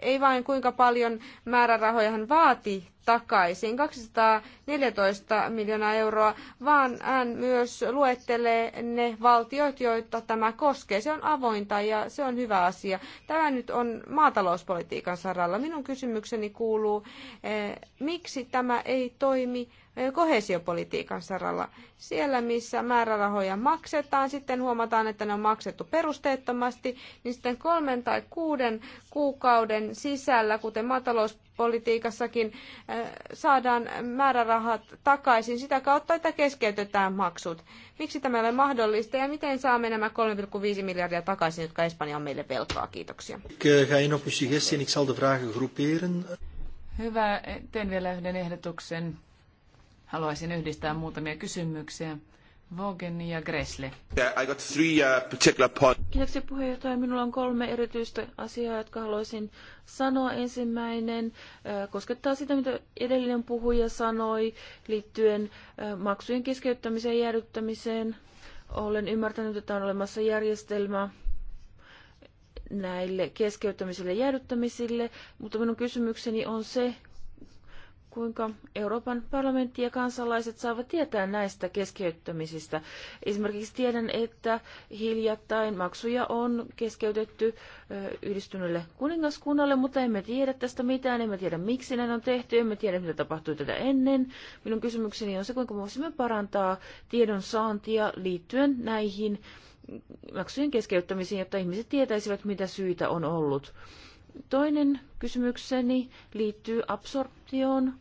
ei vain kuinka paljon määrärahoja hän vaati takaisin, 214 miljoonaa euroa, vaan hän myös luettelee ne valtiot, joita tämä koskee. Se on avointa ja se on hyvä asia. Tämä nyt on maatalouspolitiikan saralla. Minun kysymykseni kuuluu, eh, miksi tämä ei toimi Eh, kohesiopolitiikan saralla. Siellä, missä määrärahoja maksetaan, sitten huomataan, että ne on maksettu perusteettomasti, niin sitten kolmen tai kuuden kuukauden sisällä, kuten maatalouspolitiikassakin, eh, saadaan määrärahat takaisin sitä kautta, että keskeytetään maksut. Miksi tämä ei ole mahdollista ja miten saamme nämä 3,5 miljardia takaisin, jotka Espanja on meille velkaa? Kiitoksia. Eh, en Hyvä, teen vielä yhden ehdotuksen Haluaisin yhdistää muutamia kysymyksiä. Vogen ja Gressle. Yeah, I got three, uh, particular point. Kiitoksia puheenjohtaja. Minulla on kolme erityistä asiaa, jotka haluaisin sanoa. Ensimmäinen uh, koskettaa sitä, mitä edellinen puhuja sanoi liittyen uh, maksujen keskeyttämiseen ja jäädyttämiseen. Olen ymmärtänyt, että on olemassa järjestelmä näille keskeyttämisille ja jäädyttämisille, mutta minun kysymykseni on se, kuinka Euroopan parlamentti ja kansalaiset saavat tietää näistä keskeyttämisistä. Esimerkiksi tiedän, että hiljattain maksuja on keskeytetty yhdistyneelle kuningaskunnalle, mutta emme tiedä tästä mitään, emme tiedä miksi näin on tehty, emme tiedä mitä tapahtui tätä ennen. Minun kysymykseni on se, kuinka voisimme parantaa tiedon saantia liittyen näihin maksujen keskeyttämisiin, jotta ihmiset tietäisivät, mitä syitä on ollut. Toinen kysymykseni liittyy absorptioon,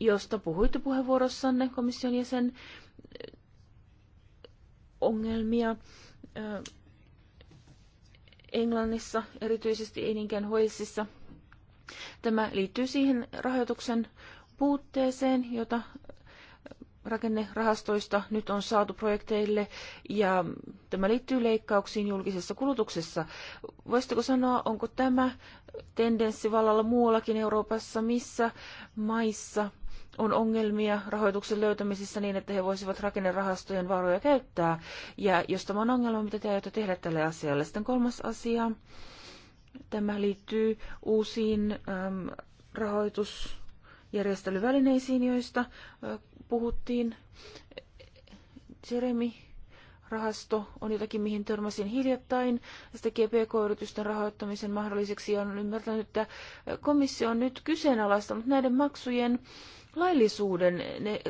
josta puhuitte puheenvuorossanne komission jäsen ongelmia. Englannissa, erityisesti ei niinkään Walesissa. Tämä liittyy siihen rahoituksen puutteeseen, jota rakennerahastoista nyt on saatu projekteille ja tämä liittyy leikkauksiin julkisessa kulutuksessa. Voisitko sanoa, onko tämä tendenssi vallalla muuallakin Euroopassa, missä maissa on ongelmia rahoituksen löytämisessä niin, että he voisivat rakennerahastojen varoja käyttää. Ja jos tämä on ongelma, mitä te aiotte tehdä tälle asialle? Sitten kolmas asia. Tämä liittyy uusiin äm, rahoitus järjestelyvälineisiin, joista puhuttiin. Jeremy rahasto on jotakin, mihin törmäsin hiljattain. Se tekee PK-yritysten rahoittamisen mahdolliseksi ja on ymmärtänyt, että komissio on nyt kyseenalaistanut näiden maksujen laillisuuden. Ne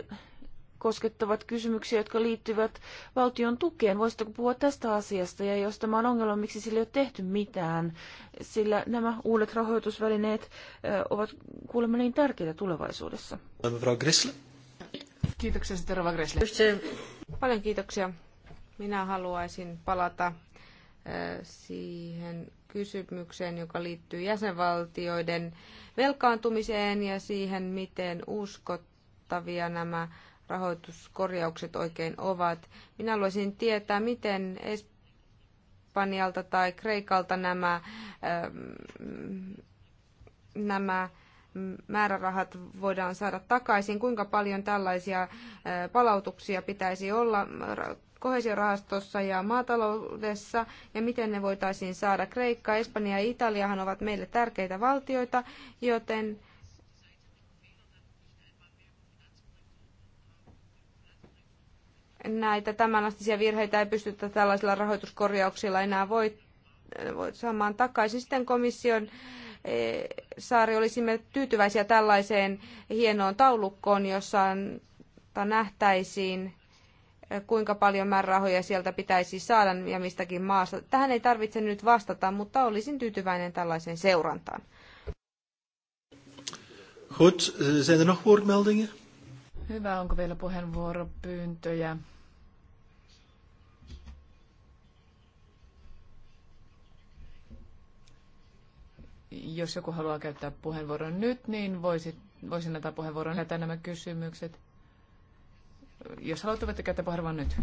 koskettavat kysymyksiä, jotka liittyvät valtion tukeen. Voisitko puhua tästä asiasta ja jos tämä on ongelma, miksi sille ei ole tehty mitään? Sillä nämä uudet rahoitusvälineet ovat kuulemma niin tärkeitä tulevaisuudessa. Kiitoksia, Terva Gressle. Paljon kiitoksia. Minä haluaisin palata siihen kysymykseen, joka liittyy jäsenvaltioiden velkaantumiseen ja siihen, miten uskottavia nämä rahoituskorjaukset oikein ovat. Minä haluaisin tietää, miten Espanjalta tai Kreikalta nämä, ähm, nämä määrärahat voidaan saada takaisin, kuinka paljon tällaisia äh, palautuksia pitäisi olla kohesiorahastossa ja maataloudessa ja miten ne voitaisiin saada. Kreikka, Espanja ja Italiahan ovat meille tärkeitä valtioita, joten näitä tämänastisia virheitä ei pystytä tällaisilla rahoituskorjauksilla enää voi, voi saamaan takaisin. Sitten komission eh, saari olisimme tyytyväisiä tällaiseen hienoon taulukkoon, jossa nähtäisiin eh, kuinka paljon määrärahoja sieltä pitäisi saada ja mistäkin maasta. Tähän ei tarvitse nyt vastata, mutta olisin tyytyväinen tällaiseen seurantaan. Goed, eh, zijn er nog woordmeldingen? Hyvä, onko vielä puheenvuoropyyntöjä? jos joku haluaa käyttää puheenvuoron nyt, niin voisit, voisin antaa puheenvuoron jätä nämä kysymykset. Jos haluatte, voitte käyttää puheenvuoron nyt.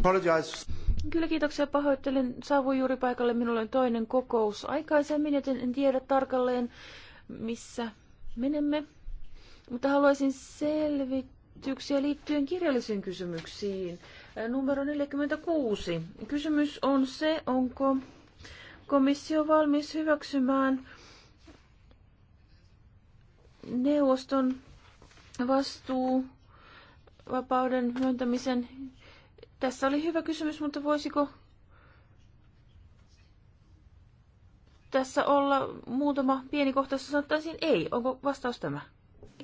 Kyllä kiitoksia, pahoittelen. Saavuin juuri paikalle, minulla on toinen kokous aikaisemmin, joten en tiedä tarkalleen, missä menemme. Mutta haluaisin selvityksiä liittyen kirjallisiin kysymyksiin. Numero 46. Kysymys on se, onko komissio valmis hyväksymään neuvoston vastuu vapauden myöntämisen. Tässä oli hyvä kysymys, mutta voisiko tässä olla muutama pieni kohta, jossa sanottaisiin ei? Onko vastaus tämä?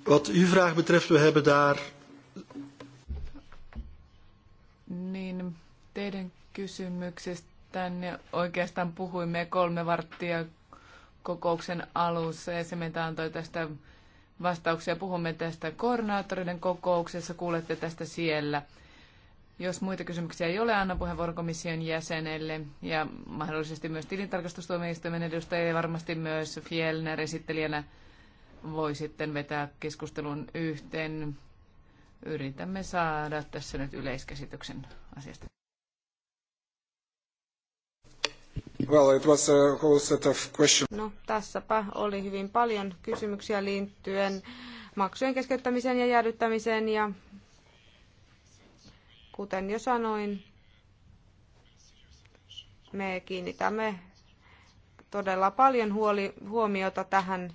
Wat uw vraag betreft, we hebben daar... Niin, teidän kysymyksestänne oikeastaan puhuimme kolme varttia kokouksen alussa ja Sementa antoi tästä vastauksia. Puhumme tästä koordinaattoriden kokouksessa, kuulette tästä siellä. Jos muita kysymyksiä ei ole, anna puheenvuoron komission jäsenelle ja mahdollisesti myös tilintarkastustuomioistuimen edustaja ja varmasti myös Fjellner esittelijänä voi sitten vetää keskustelun yhteen. Yritämme saada tässä nyt yleiskäsityksen asiasta. Well, it was a uh, whole set of questions. No, tässäpä oli hyvin paljon kysymyksiä liittyen maksujen keskeyttämiseen ja jäädyttämiseen ja kuten jo sanoin, me kiinnitämme todella paljon huoli, huomiota tähän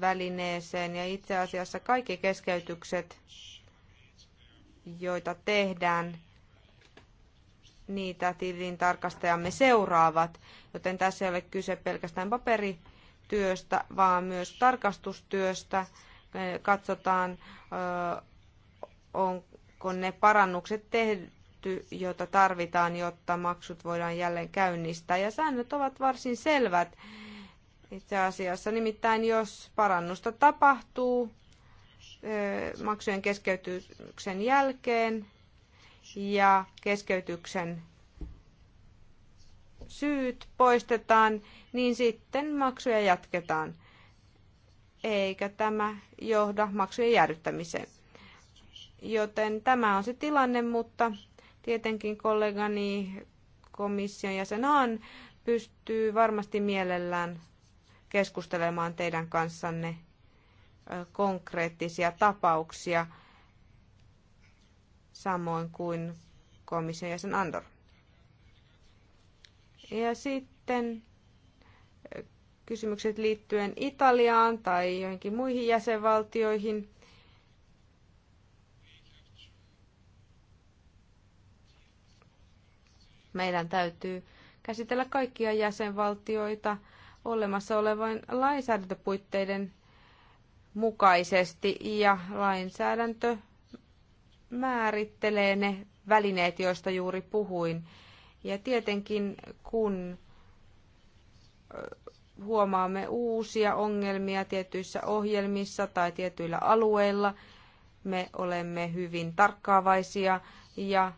välineeseen ja itse asiassa kaikki keskeytykset, joita tehdään, niitä tilintarkastajamme seuraavat, joten tässä ei ole kyse pelkästään paperityöstä, vaan myös tarkastustyöstä. Katsotaan, onko ne parannukset tehty, joita tarvitaan, jotta maksut voidaan jälleen käynnistää. Ja säännöt ovat varsin selvät itse asiassa. Nimittäin jos parannusta tapahtuu maksujen keskeytyksen jälkeen, ja keskeytyksen syyt poistetaan, niin sitten maksuja jatketaan, eikä tämä johda maksujen jäädyttämiseen. Joten tämä on se tilanne, mutta tietenkin kollegani komission jäsen Haan pystyy varmasti mielellään keskustelemaan teidän kanssanne konkreettisia tapauksia samoin kuin komission jäsen Andor. Ja sitten kysymykset liittyen Italiaan tai joihinkin muihin jäsenvaltioihin. Meidän täytyy käsitellä kaikkia jäsenvaltioita olemassa olevan lainsäädäntöpuitteiden mukaisesti ja lainsäädäntö määrittelee ne välineet, joista juuri puhuin. Ja tietenkin kun huomaamme uusia ongelmia tietyissä ohjelmissa tai tietyillä alueilla, me olemme hyvin tarkkaavaisia ja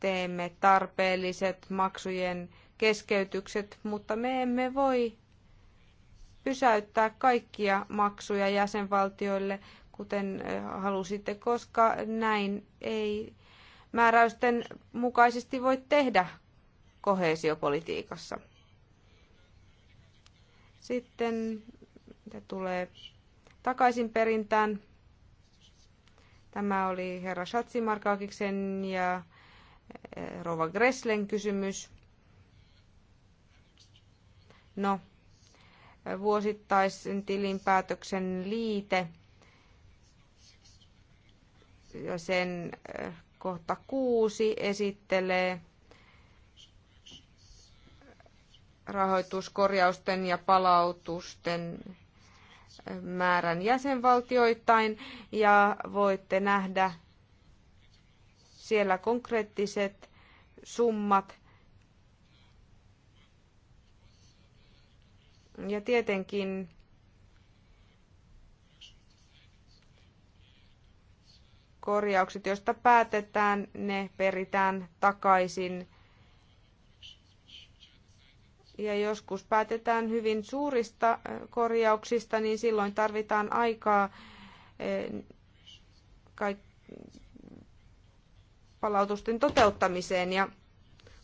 teemme tarpeelliset maksujen keskeytykset, mutta me emme voi pysäyttää kaikkia maksuja jäsenvaltioille, kuten halusitte, koska näin ei määräysten mukaisesti voi tehdä kohesiopolitiikassa. Sitten mitä tulee takaisin perintään. Tämä oli herra Shatsimarkaakiksen ja rouva Gresslen kysymys. No, vuosittaisen tilinpäätöksen liite ja sen eh, kohta kuusi esittelee rahoituskorjausten ja palautusten eh, määrän jäsenvaltioittain ja voitte nähdä siellä konkreettiset summat Ja tietenkin korjaukset, joista päätetään, ne peritään takaisin. Ja joskus päätetään hyvin suurista eh, korjauksista, niin silloin tarvitaan aikaa eh, palautusten toteuttamiseen. Ja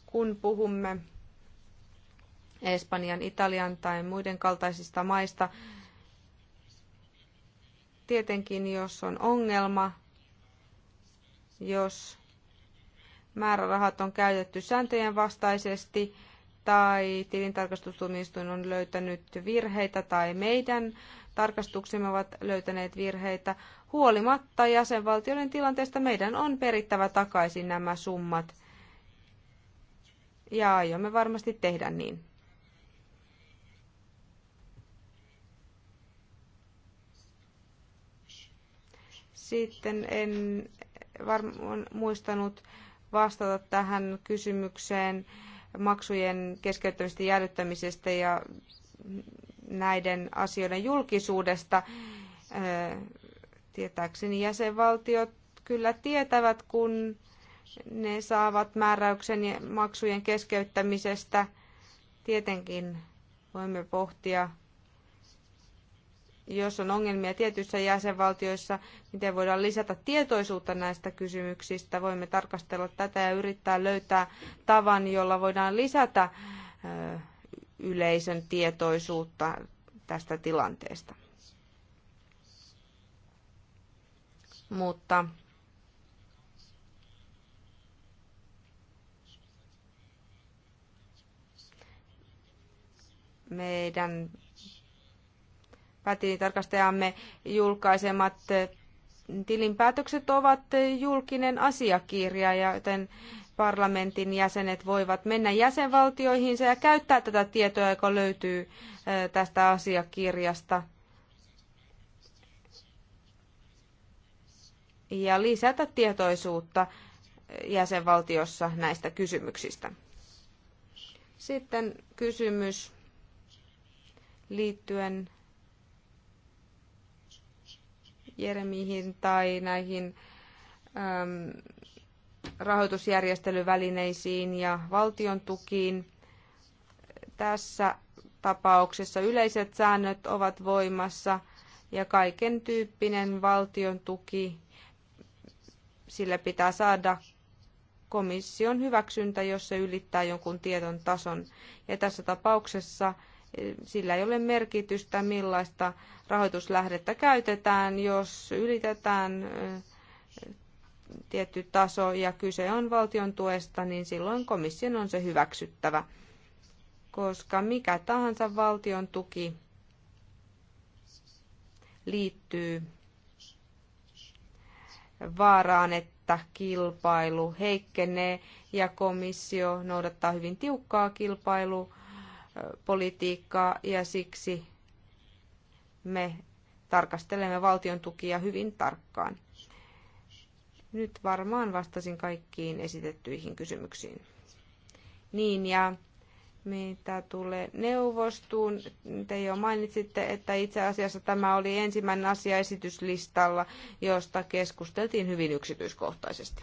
kun puhumme Espanjan, Italian tai muiden kaltaisista maista. Tietenkin, jos on ongelma, jos määrärahat on käytetty sääntöjen vastaisesti tai tilintarkastustuomioistuin on löytänyt virheitä tai meidän tarkastuksemme ovat löytäneet virheitä. Huolimatta jäsenvaltioiden tilanteesta meidän on perittävä takaisin nämä summat. Ja aiomme varmasti tehdä niin. Sitten en varmaan muistanut vastata tähän kysymykseen maksujen keskeyttämisestä jäädyttämisestä ja näiden asioiden julkisuudesta. Äh, tietääkseni jäsenvaltiot kyllä tietävät, kun ne saavat määräyksen maksujen keskeyttämisestä. Tietenkin voimme pohtia jos on ongelmia tietyissä jäsenvaltioissa, miten niin voidaan lisätä tietoisuutta näistä kysymyksistä. Voimme tarkastella tätä ja yrittää löytää tavan, jolla voidaan lisätä yleisön tietoisuutta tästä tilanteesta. Mutta meidän päätilintarkastajamme julkaisemat eh, tilinpäätökset ovat julkinen asiakirja, joten parlamentin jäsenet voivat mennä jäsenvaltioihinsa ja käyttää tätä tietoa, joka löytyy eh, tästä asiakirjasta. Ja lisätä tietoisuutta jäsenvaltiossa näistä kysymyksistä. Sitten kysymys liittyen Jeremihin tai näihin äm, rahoitusjärjestelyvälineisiin ja valtion tukiin. Tässä tapauksessa yleiset säännöt ovat voimassa ja kaiken tyyppinen valtion tuki, sille pitää saada komission hyväksyntä, jos se ylittää jonkun tieton tason. Ja tässä tapauksessa sillä ei ole merkitystä, millaista rahoituslähdettä käytetään, jos ylitetään tietty taso ja kyse on valtion tuesta, niin silloin komission on se hyväksyttävä, koska mikä tahansa valtion tuki liittyy vaaraan, että kilpailu heikkenee ja komissio noudattaa hyvin tiukkaa kilpailu politiikkaa ja siksi me tarkastelemme valtion tukia hyvin tarkkaan. Nyt varmaan vastasin kaikkiin esitettyihin kysymyksiin. Niin ja mitä tulee neuvostoon, te jo mainitsitte, että itse asiassa tämä oli ensimmäinen asia esityslistalla, josta keskusteltiin hyvin yksityiskohtaisesti.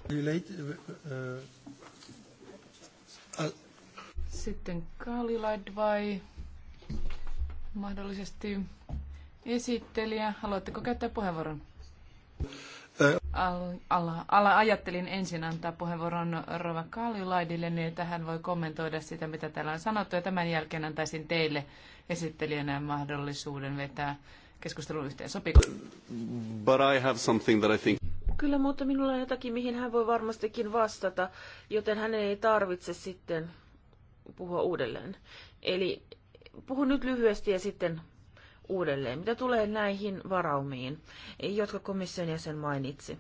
Sitten Kalilaid vai mahdollisesti esittelijä. Haluatteko käyttää puheenvuoron? Alla, alla, ajattelin ensin antaa puheenvuoron Rova Kalilaidille, niin että hän voi kommentoida sitä, mitä täällä on sanottu, ja tämän jälkeen antaisin teille esittelijänä mahdollisuuden vetää keskustelun yhteen. Sopiko? But I have something that I think... Kyllä, mutta minulla on jotakin, mihin hän voi varmastikin vastata, joten hänen ei tarvitse sitten puhua uudelleen. Eli puhun nyt lyhyesti ja sitten uudelleen. Mitä tulee näihin varaumiin, jotka komission jäsen mainitsi?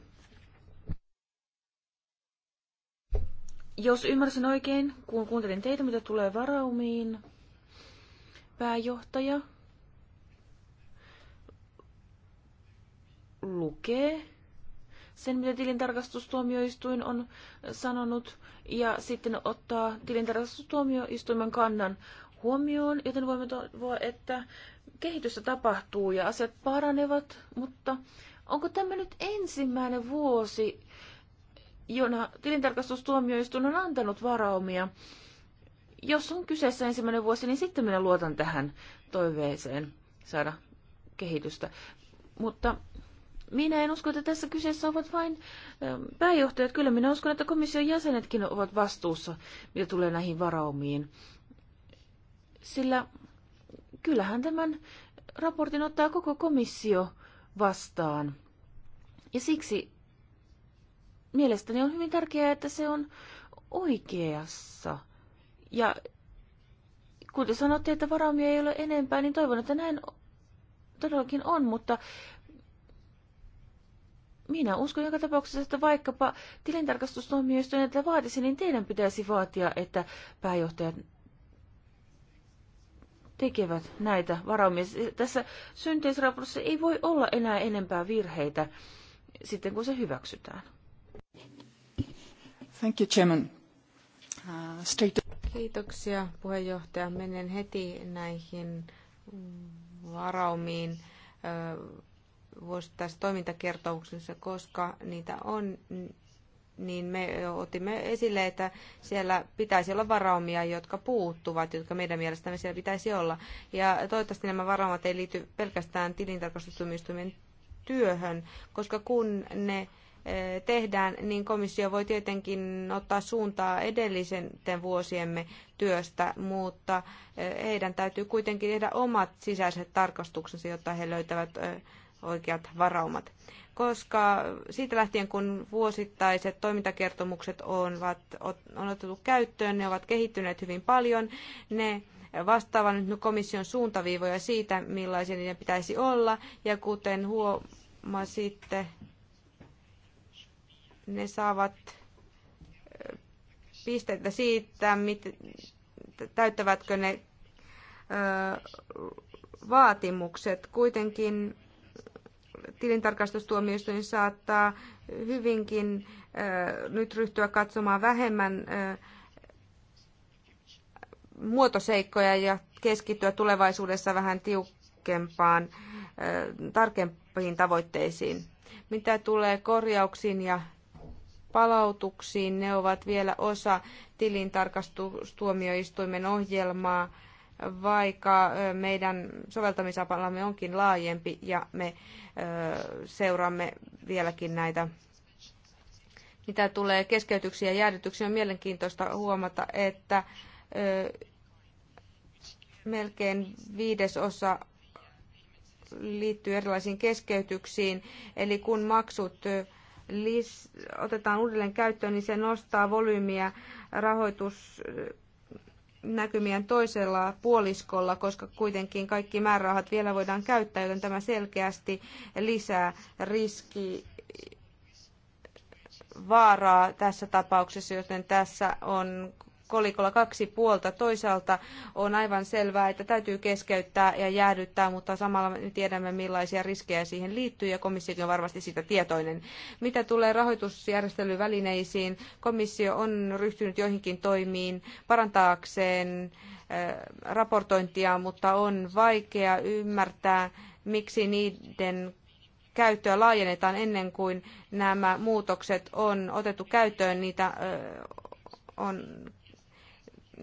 Jos ymmärsin oikein, kun kuuntelin teitä, mitä tulee varaumiin, pääjohtaja lukee sen, mitä tilintarkastustuomioistuin on sanonut, ja sitten ottaa tilintarkastustuomioistuimen kannan huomioon, joten voimme toivoa, että kehitystä tapahtuu ja asiat paranevat, mutta onko tämä nyt ensimmäinen vuosi, jona tilintarkastustuomioistuin on antanut varaumia? Jos on kyseessä ensimmäinen vuosi, niin sitten minä luotan tähän toiveeseen saada kehitystä. Mutta minä en usko, että tässä kyseessä ovat vain ähm, pääjohtajat. Kyllä minä uskon, että komission jäsenetkin ovat vastuussa, mitä tulee näihin varaumiin. Sillä kyllähän tämän raportin ottaa koko komissio vastaan. Ja siksi mielestäni on hyvin tärkeää, että se on oikeassa. Ja kun te sanotte, että varaumia ei ole enempää, niin toivon, että näin todellakin on, mutta minä uskon joka tapauksessa, että vaikkapa tilintarkastustuomioistuin että vaatisi, niin teidän pitäisi vaatia, että pääjohtajat tekevät näitä varaumia. Tässä synteisraportissa ei voi olla enää enempää virheitä sitten, kun se hyväksytään. Thank you, Chairman. Uh, straight... Kiitoksia puheenjohtaja. Menen heti näihin varaumiin. Uh, tässä toimintakertomuksessa, koska niitä on, niin me otimme esille, että siellä pitäisi olla varaumia, jotka puuttuvat, jotka meidän mielestämme siellä pitäisi olla. Ja toivottavasti nämä varaumat ei liity pelkästään tilintarkastustuomioistuimen työhön, koska kun ne eh, tehdään, niin komissio voi tietenkin ottaa suuntaa edellisten vuosiemme työstä, mutta eh, heidän täytyy kuitenkin tehdä omat sisäiset tarkastuksensa, jotta he löytävät eh, oikeat varaumat. Koska siitä lähtien, kun vuosittaiset toimintakertomukset on, on otettu käyttöön, ne ovat kehittyneet hyvin paljon. Ne vastaavat nyt komission suuntaviivoja siitä, millaisia niiden pitäisi olla. Ja kuten huomasitte, ne saavat pisteitä siitä, mit, täyttävätkö ne ö, vaatimukset. Kuitenkin tilintarkastustuomioistuin saattaa hyvinkin nyt ryhtyä katsomaan vähemmän muotoseikkoja ja keskittyä tulevaisuudessa vähän tiukempaan, tarkempiin tavoitteisiin. Mitä tulee korjauksiin ja palautuksiin, ne ovat vielä osa tilintarkastustuomioistuimen ohjelmaa vaikka meidän soveltamisapalamme onkin laajempi ja me seuraamme vieläkin näitä mitä tulee keskeytyksiä ja jäädytyksiä, on mielenkiintoista huomata, että melkein viidesosa liittyy erilaisiin keskeytyksiin. Eli kun maksut otetaan uudelleen käyttöön, niin se nostaa volyymiä rahoitus näkymien toisella puoliskolla, koska kuitenkin kaikki määrärahat vielä voidaan käyttää, joten tämä selkeästi lisää riski vaaraa tässä tapauksessa, joten tässä on kolikolla kaksi puolta. Toisaalta on aivan selvää, että täytyy keskeyttää ja jäädyttää, mutta samalla me tiedämme millaisia riskejä siihen liittyy ja komissiokin on varmasti siitä tietoinen. Mitä tulee rahoitusjärjestelyvälineisiin, komissio on ryhtynyt joihinkin toimiin parantaakseen eh, raportointia, mutta on vaikea ymmärtää, miksi niiden käyttöä laajennetaan ennen kuin nämä muutokset on otettu käyttöön. Niitä eh, on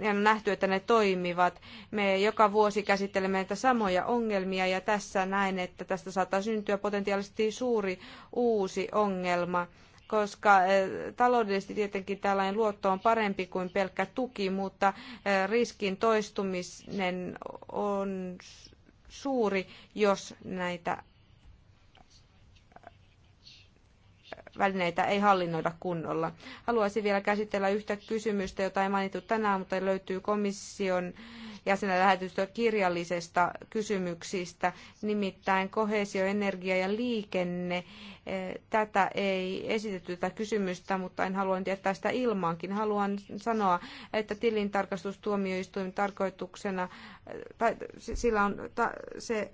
on nähty, että ne toimivat. Me joka vuosi käsittelemme näitä samoja ongelmia ja tässä näen, että tästä saattaa syntyä potentiaalisesti suuri uusi ongelma koska eh, taloudellisesti tietenkin tällainen luotto on parempi kuin pelkkä tuki, mutta eh, riskin toistuminen on suuri, jos näitä välineitä ei hallinnoida kunnolla. Haluaisin vielä käsitellä yhtä kysymystä, jota ei mainittu tänään, mutta löytyy komission jäsenen lähetystä kirjallisesta kysymyksistä, nimittäin kohesio, energia ja liikenne. Eh, tätä ei esitetty tätä kysymystä, mutta en halua jättää sitä ilmaankin. Haluan sanoa, että tilintarkastustuomioistuin tarkoituksena, eh, tai sillä on, se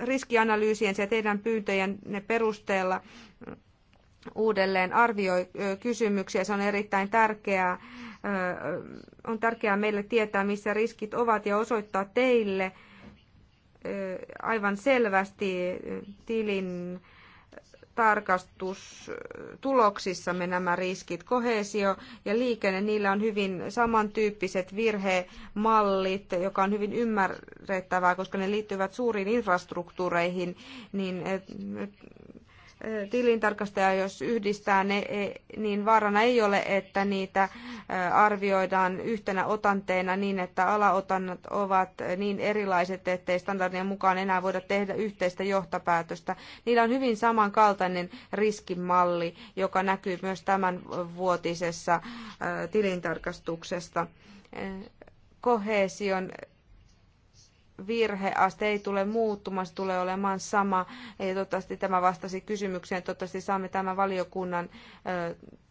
riskianalyysiensä ja teidän pyyntöjenne perusteella uudelleen arvioi kysymyksiä. Se on erittäin tärkeää. On tärkeää meille tietää, missä riskit ovat ja osoittaa teille aivan selvästi tilin tarkastustuloksissamme nämä riskit. Kohesio ja liikenne, niillä on hyvin samantyyppiset virhemallit, joka on hyvin ymmärrettävää, koska ne liittyvät suuriin infrastruktuureihin, niin eh, tilintarkastaja, jos yhdistää ne, e, niin vaarana ei ole, että niitä arvioidaan yhtenä otanteena niin, että alaotannat ovat niin erilaiset, ettei standardien mukaan enää voida tehdä yhteistä johtopäätöstä. Niillä on hyvin samankaltainen riskimalli, joka näkyy myös tämän vuotisessa tilintarkastuksesta. Kohesion virheaste ei tule muuttumaan, se tulee olemaan sama. Ja toivottavasti tämä vastasi kysymykseen. Toivottavasti saamme tämän valiokunnan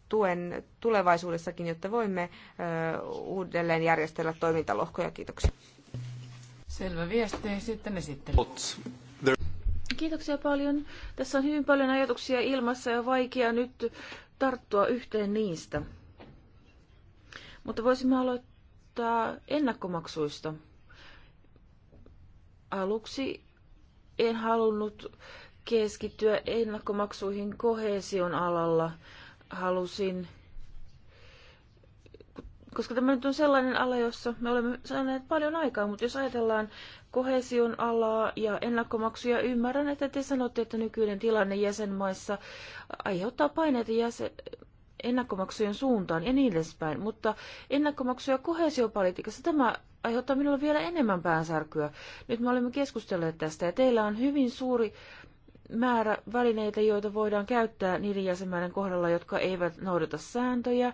tuen tulevaisuudessakin, jotta voimme uudelleen järjestellä toimintalohkoja. Kiitoksia. Selvä viesti. Sitten esittely. Kiitoksia paljon. Tässä on hyvin paljon ajatuksia ilmassa ja vaikea nyt tarttua yhteen niistä. Mutta voisimme aloittaa ennakkomaksuista. Aluksi en halunnut keskittyä ennakkomaksuihin kohesion alalla. Halusin, koska tämä nyt on sellainen ala, jossa me olemme saaneet paljon aikaa, mutta jos ajatellaan kohesion alaa ja ennakkomaksuja, ymmärrän, että te sanotte, että nykyinen tilanne jäsenmaissa aiheuttaa paineita jäsen, ennakkomaksujen suuntaan ja niin edespäin, mutta ennakkomaksuja kohesiopolitiikassa tämä aiheuttaa minulle vielä enemmän päänsärkyä. Nyt me olemme keskustelleet tästä ja teillä on hyvin suuri määrä välineitä, joita voidaan käyttää niiden jäsenmäiden kohdalla, jotka eivät noudata sääntöjä.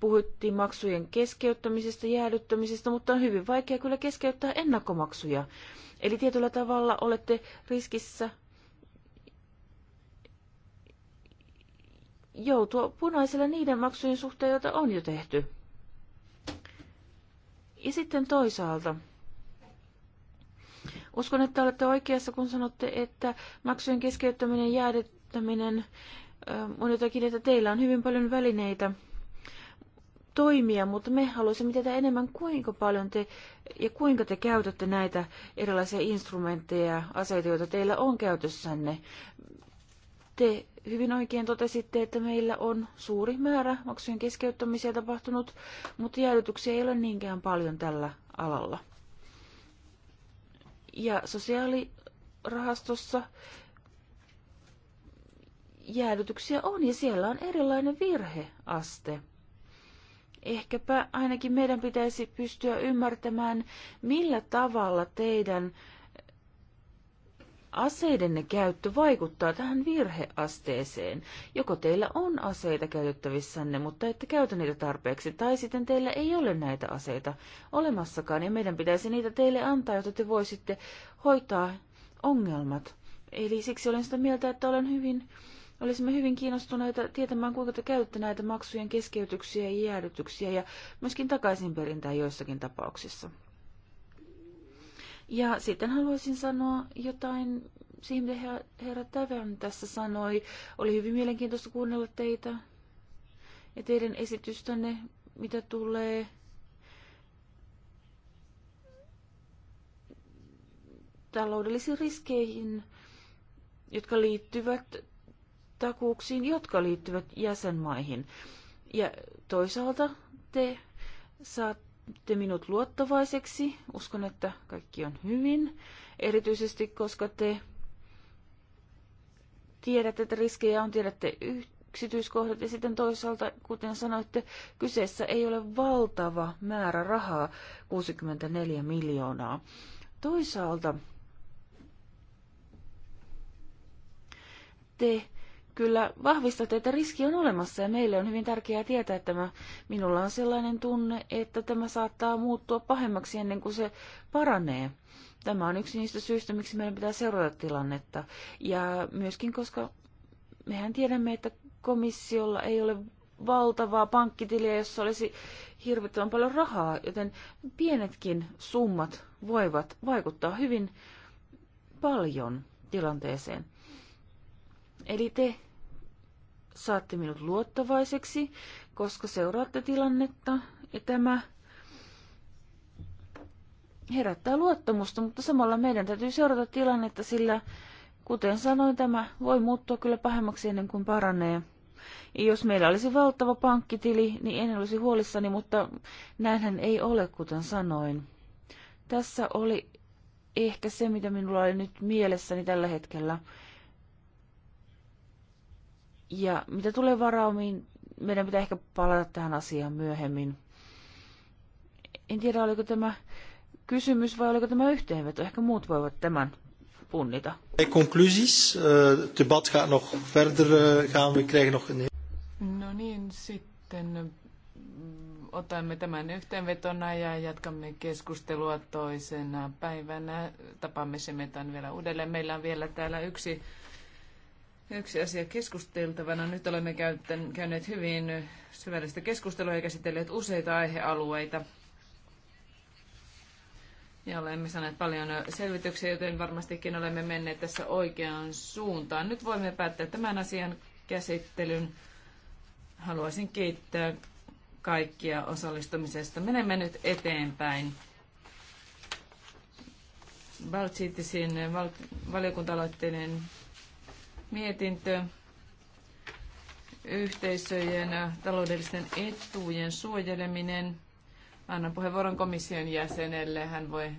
Puhuttiin maksujen keskeyttämisestä, jäädyttämisestä, mutta on hyvin vaikea kyllä keskeyttää ennakkomaksuja. Eli tietyllä tavalla olette riskissä joutua punaisella niiden maksujen suhteen, joita on jo tehty. Ja sitten toisaalta, uskon, että olette oikeassa, kun sanotte, että maksujen keskeyttäminen ja jäädyttäminen on jotakin, että teillä on hyvin paljon välineitä toimia, mutta me haluaisimme tietää enemmän, kuinka paljon te ja kuinka te käytätte näitä erilaisia instrumentteja ja aseita, joita teillä on käytössänne. Te hyvin oikein totesitte, että meillä on suuri määrä maksujen keskeyttämisiä tapahtunut, mutta jäädytyksiä ei ole niinkään paljon tällä alalla. Ja sosiaalirahastossa jäädytyksiä on ja siellä on erilainen virheaste. Ehkäpä ainakin meidän pitäisi pystyä ymmärtämään, millä tavalla teidän aseidenne käyttö vaikuttaa tähän virheasteeseen. Joko teillä on aseita käytettävissänne, mutta ette käytä niitä tarpeeksi, tai sitten teillä ei ole näitä aseita olemassakaan, ja meidän pitäisi niitä teille antaa, jotta te voisitte hoitaa ongelmat. Eli siksi olen sitä mieltä, että olen hyvin, olisimme hyvin kiinnostuneita tietämään, kuinka te käytätte näitä maksujen keskeytyksiä ja jäädytyksiä ja myöskin takaisinperintää joissakin tapauksissa. Ja sitten haluaisin sanoa jotain siihen, mitä herra Tävän tässä sanoi. Oli hyvin mielenkiintoista kuunnella teitä ja teidän esitystänne, mitä tulee taloudellisiin riskeihin, jotka liittyvät takuuksiin, jotka liittyvät jäsenmaihin. Ja toisaalta te saatte te minut luottavaiseksi. Uskon, että kaikki on hyvin, erityisesti koska te tiedätte, että riskejä on, tiedätte yksityiskohdat ja sitten toisaalta, kuten sanoitte, kyseessä ei ole valtava määrä rahaa, 64 miljoonaa. Toisaalta te kyllä vahvistatte, että riski on olemassa ja meille on hyvin tärkeää tietää tämä. Minulla on sellainen tunne, että tämä saattaa muuttua pahemmaksi ennen kuin se paranee. Tämä on yksi niistä syistä, miksi meidän pitää seurata tilannetta. Ja myöskin, koska mehän tiedämme, että komissiolla ei ole valtavaa pankkitiliä, jossa olisi hirvittävän paljon rahaa, joten pienetkin summat voivat vaikuttaa hyvin paljon tilanteeseen. Eli te saatte minut luottavaiseksi, koska seuraatte tilannetta ja tämä herättää luottamusta, mutta samalla meidän täytyy seurata tilannetta, sillä kuten sanoin, tämä voi muuttua kyllä pahemmaksi ennen kuin paranee. Ja jos meillä olisi valtava pankkitili, niin en olisi huolissani, mutta näinhän ei ole, kuten sanoin. Tässä oli ehkä se, mitä minulla oli nyt mielessäni tällä hetkellä. Ja mitä tulee varaumiin, meidän pitää ehkä palata tähän asiaan myöhemmin. En tiedä, oliko tämä kysymys vai oliko tämä yhteenveto. Ehkä muut voivat tämän punnita. Conclusies. Eh, het debat gaat nog verder eh, gaan. We krijgen nog een... No niin, sitten mm, otamme tämän yhteenvetona ja jatkamme keskustelua toisena päivänä. Tapaamme Semetan vielä uudelleen. Meillä on vielä täällä yksi yksi asia keskusteltavana. Nyt olemme käyneet hyvin syvällistä keskustelua ja käsitelleet useita aihealueita. Ja olemme saaneet paljon selvityksiä, joten varmastikin olemme menneet tässä oikeaan suuntaan. Nyt voimme päättää tämän asian käsittelyn. Haluaisin kiittää kaikkia osallistumisesta. Menemme nyt eteenpäin. Baltsitisin val- valiokunta mietintö yhteisöjen taloudellisten etujen suojeleminen. Annan puheenvuoron komission jäsenelle. Hän voi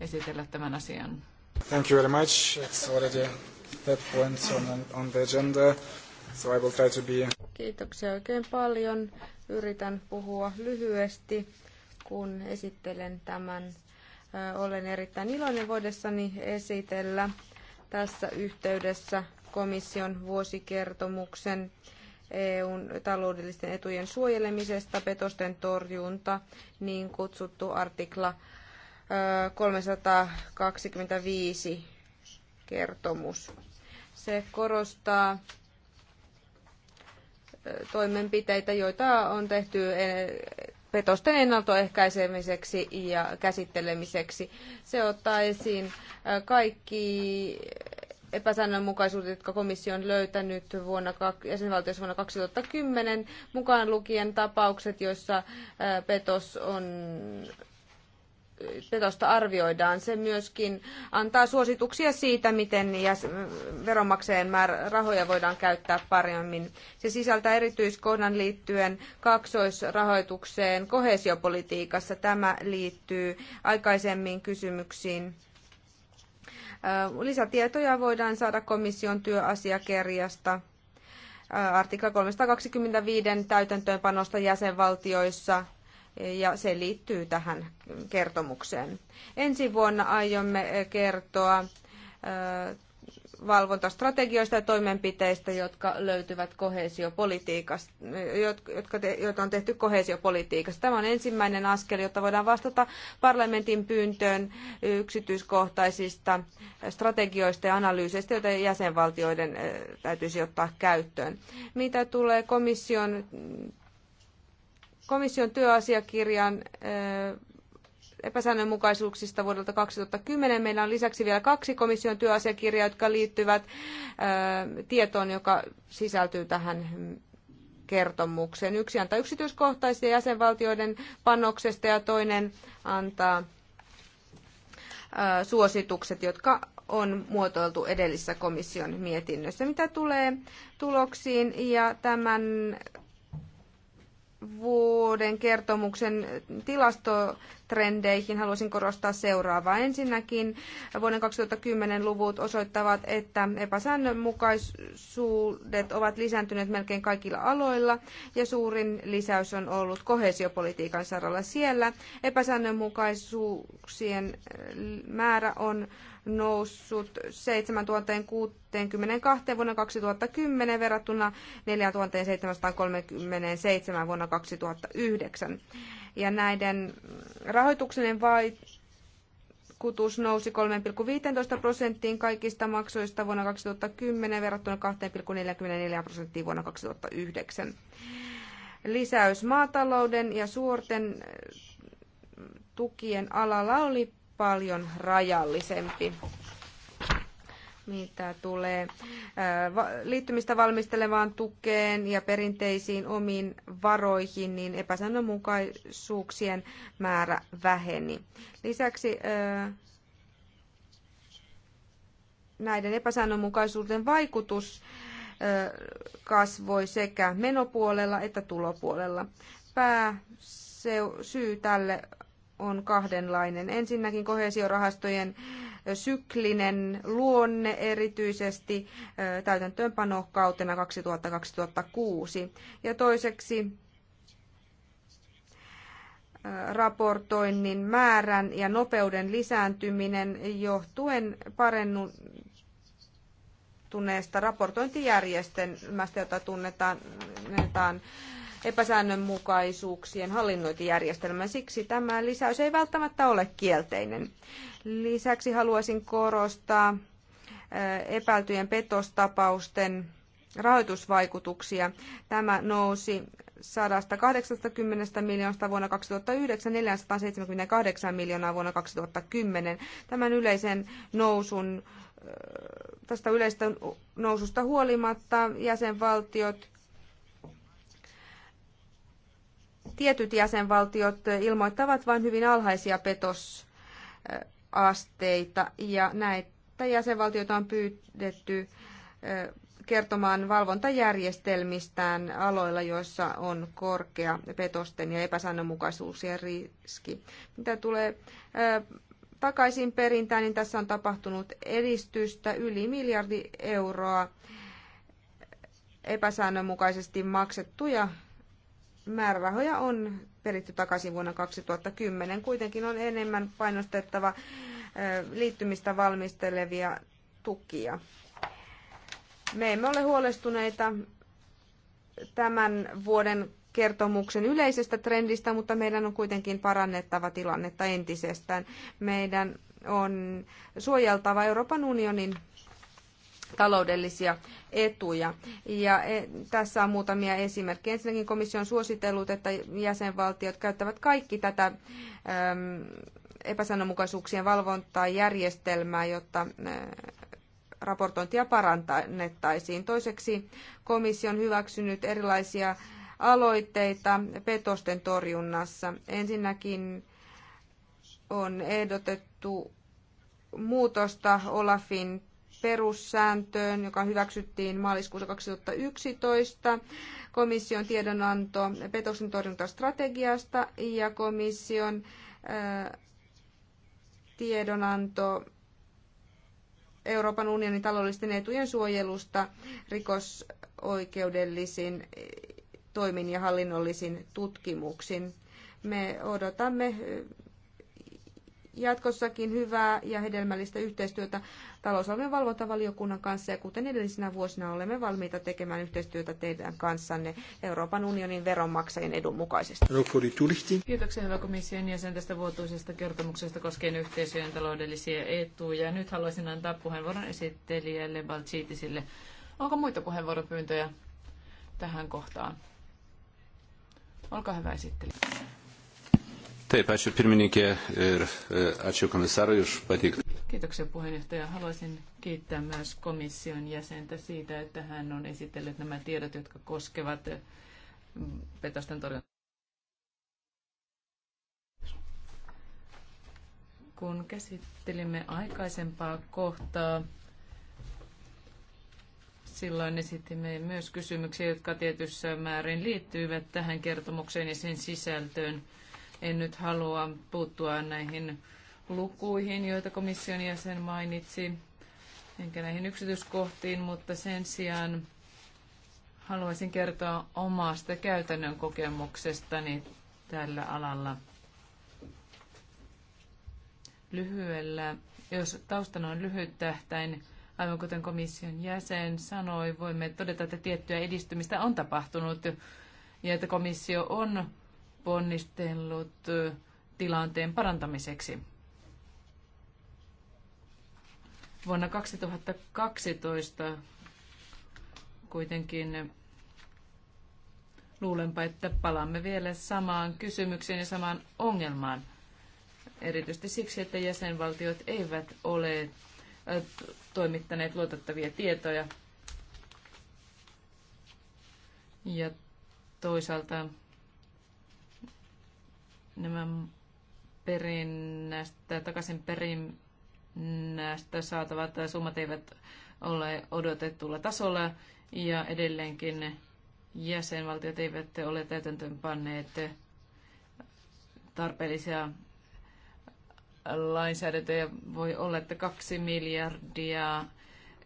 esitellä tämän asian. Thank you very much. It's already that point on, on the agenda. So I will try to be... Kiitoksia oikein paljon. Yritän puhua lyhyesti, kun esittelen tämän. Olen erittäin iloinen voidessani esitellä tässä yhteydessä komission vuosikertomuksen EUn taloudellisten etujen suojelemisesta, petosten torjunta, niin kutsuttu artikla 325 kertomus. Se korostaa toimenpiteitä, joita on tehty e, petosten ennaltoehkäisemiseksi ja käsittelemiseksi. Se ottaa esiin kaikki epäsäännönmukaisuudet, jotka komissio on löytänyt vuonna, jäsenvaltioissa vuonna 2010, mukaan lukien tapaukset, joissa petos on petosta arvioidaan. Se myöskin antaa suosituksia siitä, miten veronmaksajien määrä, rahoja voidaan käyttää paremmin. Se sisältää erityiskohdan liittyen kaksoisrahoitukseen kohesiopolitiikassa. Tämä liittyy aikaisemmin kysymyksiin. Lisätietoja voidaan saada komission työasiakirjasta artikla 325 täytäntöönpanosta jäsenvaltioissa – ja se liittyy tähän kertomukseen. Ensi vuonna aiomme kertoa valvontastrategioista ja toimenpiteistä, jotka löytyvät kohesiopolitiikasta, jotka joita on tehty kohesiopolitiikasta. Tämä on ensimmäinen askel, jotta voidaan vastata parlamentin pyyntöön yksityiskohtaisista strategioista ja analyyseistä, joita jäsenvaltioiden täytyisi ottaa käyttöön. Mitä tulee komission komission työasiakirjan eh, epäsäännönmukaisuuksista vuodelta 2010. Meillä on lisäksi vielä kaksi komission työasiakirjaa, jotka liittyvät eh, tietoon, joka sisältyy tähän kertomukseen. Yksi antaa yksityiskohtaisia jäsenvaltioiden panoksesta ja toinen antaa eh, suositukset, jotka on muotoiltu edellisessä komission mietinnössä. Mitä tulee tuloksiin ja tämän vuoden kertomuksen tilastotrendeihin haluaisin korostaa seuraavaa. Ensinnäkin vuoden 2010 luvut osoittavat, että epäsäännönmukaisuudet ovat lisääntyneet melkein kaikilla aloilla ja suurin lisäys on ollut kohesiopolitiikan saralla siellä. Epäsäännönmukaisuuksien määrä on noussut 7062 vuonna 2010 verrattuna 4737 vuonna 2009. Ja näiden rahoituksellinen vaikutus nousi 3,15 prosenttiin kaikista maksuista vuonna 2010 verrattuna 2,44 prosenttiin vuonna 2009. Lisäys maatalouden ja suorten tukien alalla oli paljon rajallisempi mitä tulee liittymistä valmistelevaan tukeen ja perinteisiin omiin varoihin, niin epäsäännönmukaisuuksien määrä väheni. Lisäksi näiden epäsäännönmukaisuuden vaikutus kasvoi sekä menopuolella että tulopuolella. Pääsyy tälle on kahdenlainen. Ensinnäkin kohesiorahastojen syklinen luonne erityisesti täytäntöönpanokautena 2000-2006 ja toiseksi raportoinnin määrän ja nopeuden lisääntyminen johtuen parennutuneesta raportointijärjestelmästä, jota tunnetaan epäsäännönmukaisuuksien hallinnointijärjestelmän. Siksi tämä lisäys ei välttämättä ole kielteinen. Lisäksi haluaisin korostaa eh, epäiltyjen petostapausten rahoitusvaikutuksia. Tämä nousi 180 miljoonasta vuonna 2009 478 miljoonaa vuonna 2010. Tämän yleisen nousun, eh, tästä yleisestä noususta huolimatta jäsenvaltiot tietyt jäsenvaltiot ilmoittavat vain hyvin alhaisia petosasteita ja näitä jäsenvaltioita on pyydetty kertomaan valvontajärjestelmistään aloilla, joissa on korkea petosten ja epäsäännönmukaisuuksien riski. Mitä tulee takaisin perintään, niin tässä on tapahtunut edistystä yli miljardi euroa epäsäännönmukaisesti maksettuja määrärahoja on peritty takaisin vuonna 2010. Kuitenkin on enemmän painostettava liittymistä valmistelevia tukia. Me emme ole huolestuneita tämän vuoden kertomuksen yleisestä trendistä, mutta meidän on kuitenkin parannettava tilannetta entisestään. Meidän on suojeltava Euroopan unionin taloudellisia etuja. Ja e, tässä on muutamia esimerkkejä. Ensinnäkin komissio on suositellut, että jäsenvaltiot käyttävät kaikki tätä epäsanomukaisuuksien valvontaa järjestelmää, jotta raportointia parantanettaisiin. Toiseksi komissio on hyväksynyt erilaisia aloitteita petosten torjunnassa. Ensinnäkin on ehdotettu muutosta Olafin perussääntöön, joka hyväksyttiin maaliskuussa 2011, komission tiedonanto petoksen torjuntastrategiasta ja komission äh, tiedonanto Euroopan unionin taloudellisten etujen suojelusta rikosoikeudellisin äh, toimin ja hallinnollisin tutkimuksin. Me odotamme äh, jatkossakin hyvää ja hedelmällistä yhteistyötä talousalueen valvontavaliokunnan kanssa ja kuten edellisinä vuosina olemme valmiita tekemään yhteistyötä teidän kanssanne Euroopan unionin veronmaksajien edun mukaisesti. Kiitoksia hyvä komission jäsen tästä vuotuisesta kertomuksesta koskien yhteisöjen taloudellisia etuja. Nyt haluaisin antaa puheenvuoron esittelijälle Balchitisille. Onko muita puheenvuoropyyntöjä tähän kohtaan? Olkaa hyvä esittelijä. Taip, ačiū pirmininkė ir e, ačiū komisarui už pateiktą. Kiitoksia puheenjohtaja. Haluaisin kiittää myös komission jäsentä siitä, että hän on esitellyt nämä tiedot, jotka koskevat e, petosten torjuntaa. Kun käsittelimme aikaisempaa kohtaa, silloin esitimme myös kysymyksiä, jotka tietyssä määrin liittyivät tähän kertomukseen ja sen sisältöön en nyt halua puuttua näihin lukuihin, joita komission jäsen mainitsi, enkä näihin yksityiskohtiin, mutta sen sijaan haluaisin kertoa omasta käytännön kokemuksestani tällä alalla. Lyhyellä, jos taustana on lyhyt tähtäin, aivan kuten komission jäsen sanoi, voimme todeta, että tiettyä edistymistä on tapahtunut ja että komissio on ponnistellut tilanteen parantamiseksi. Vuonna 2012 kuitenkin luulenpa, että palaamme vielä samaan kysymykseen ja samaan ongelmaan. Erityisesti siksi, että jäsenvaltiot eivät ole toimittaneet luotettavia tietoja. Ja toisaalta nämä perinnästä, takaisin perinnästä saatavat summat eivät ole odotetulla tasolla ja edelleenkin jäsenvaltiot eivät ole täytäntöönpanneet tarpeellisia lainsäädäntöjä. Voi olla, että kaksi miljardia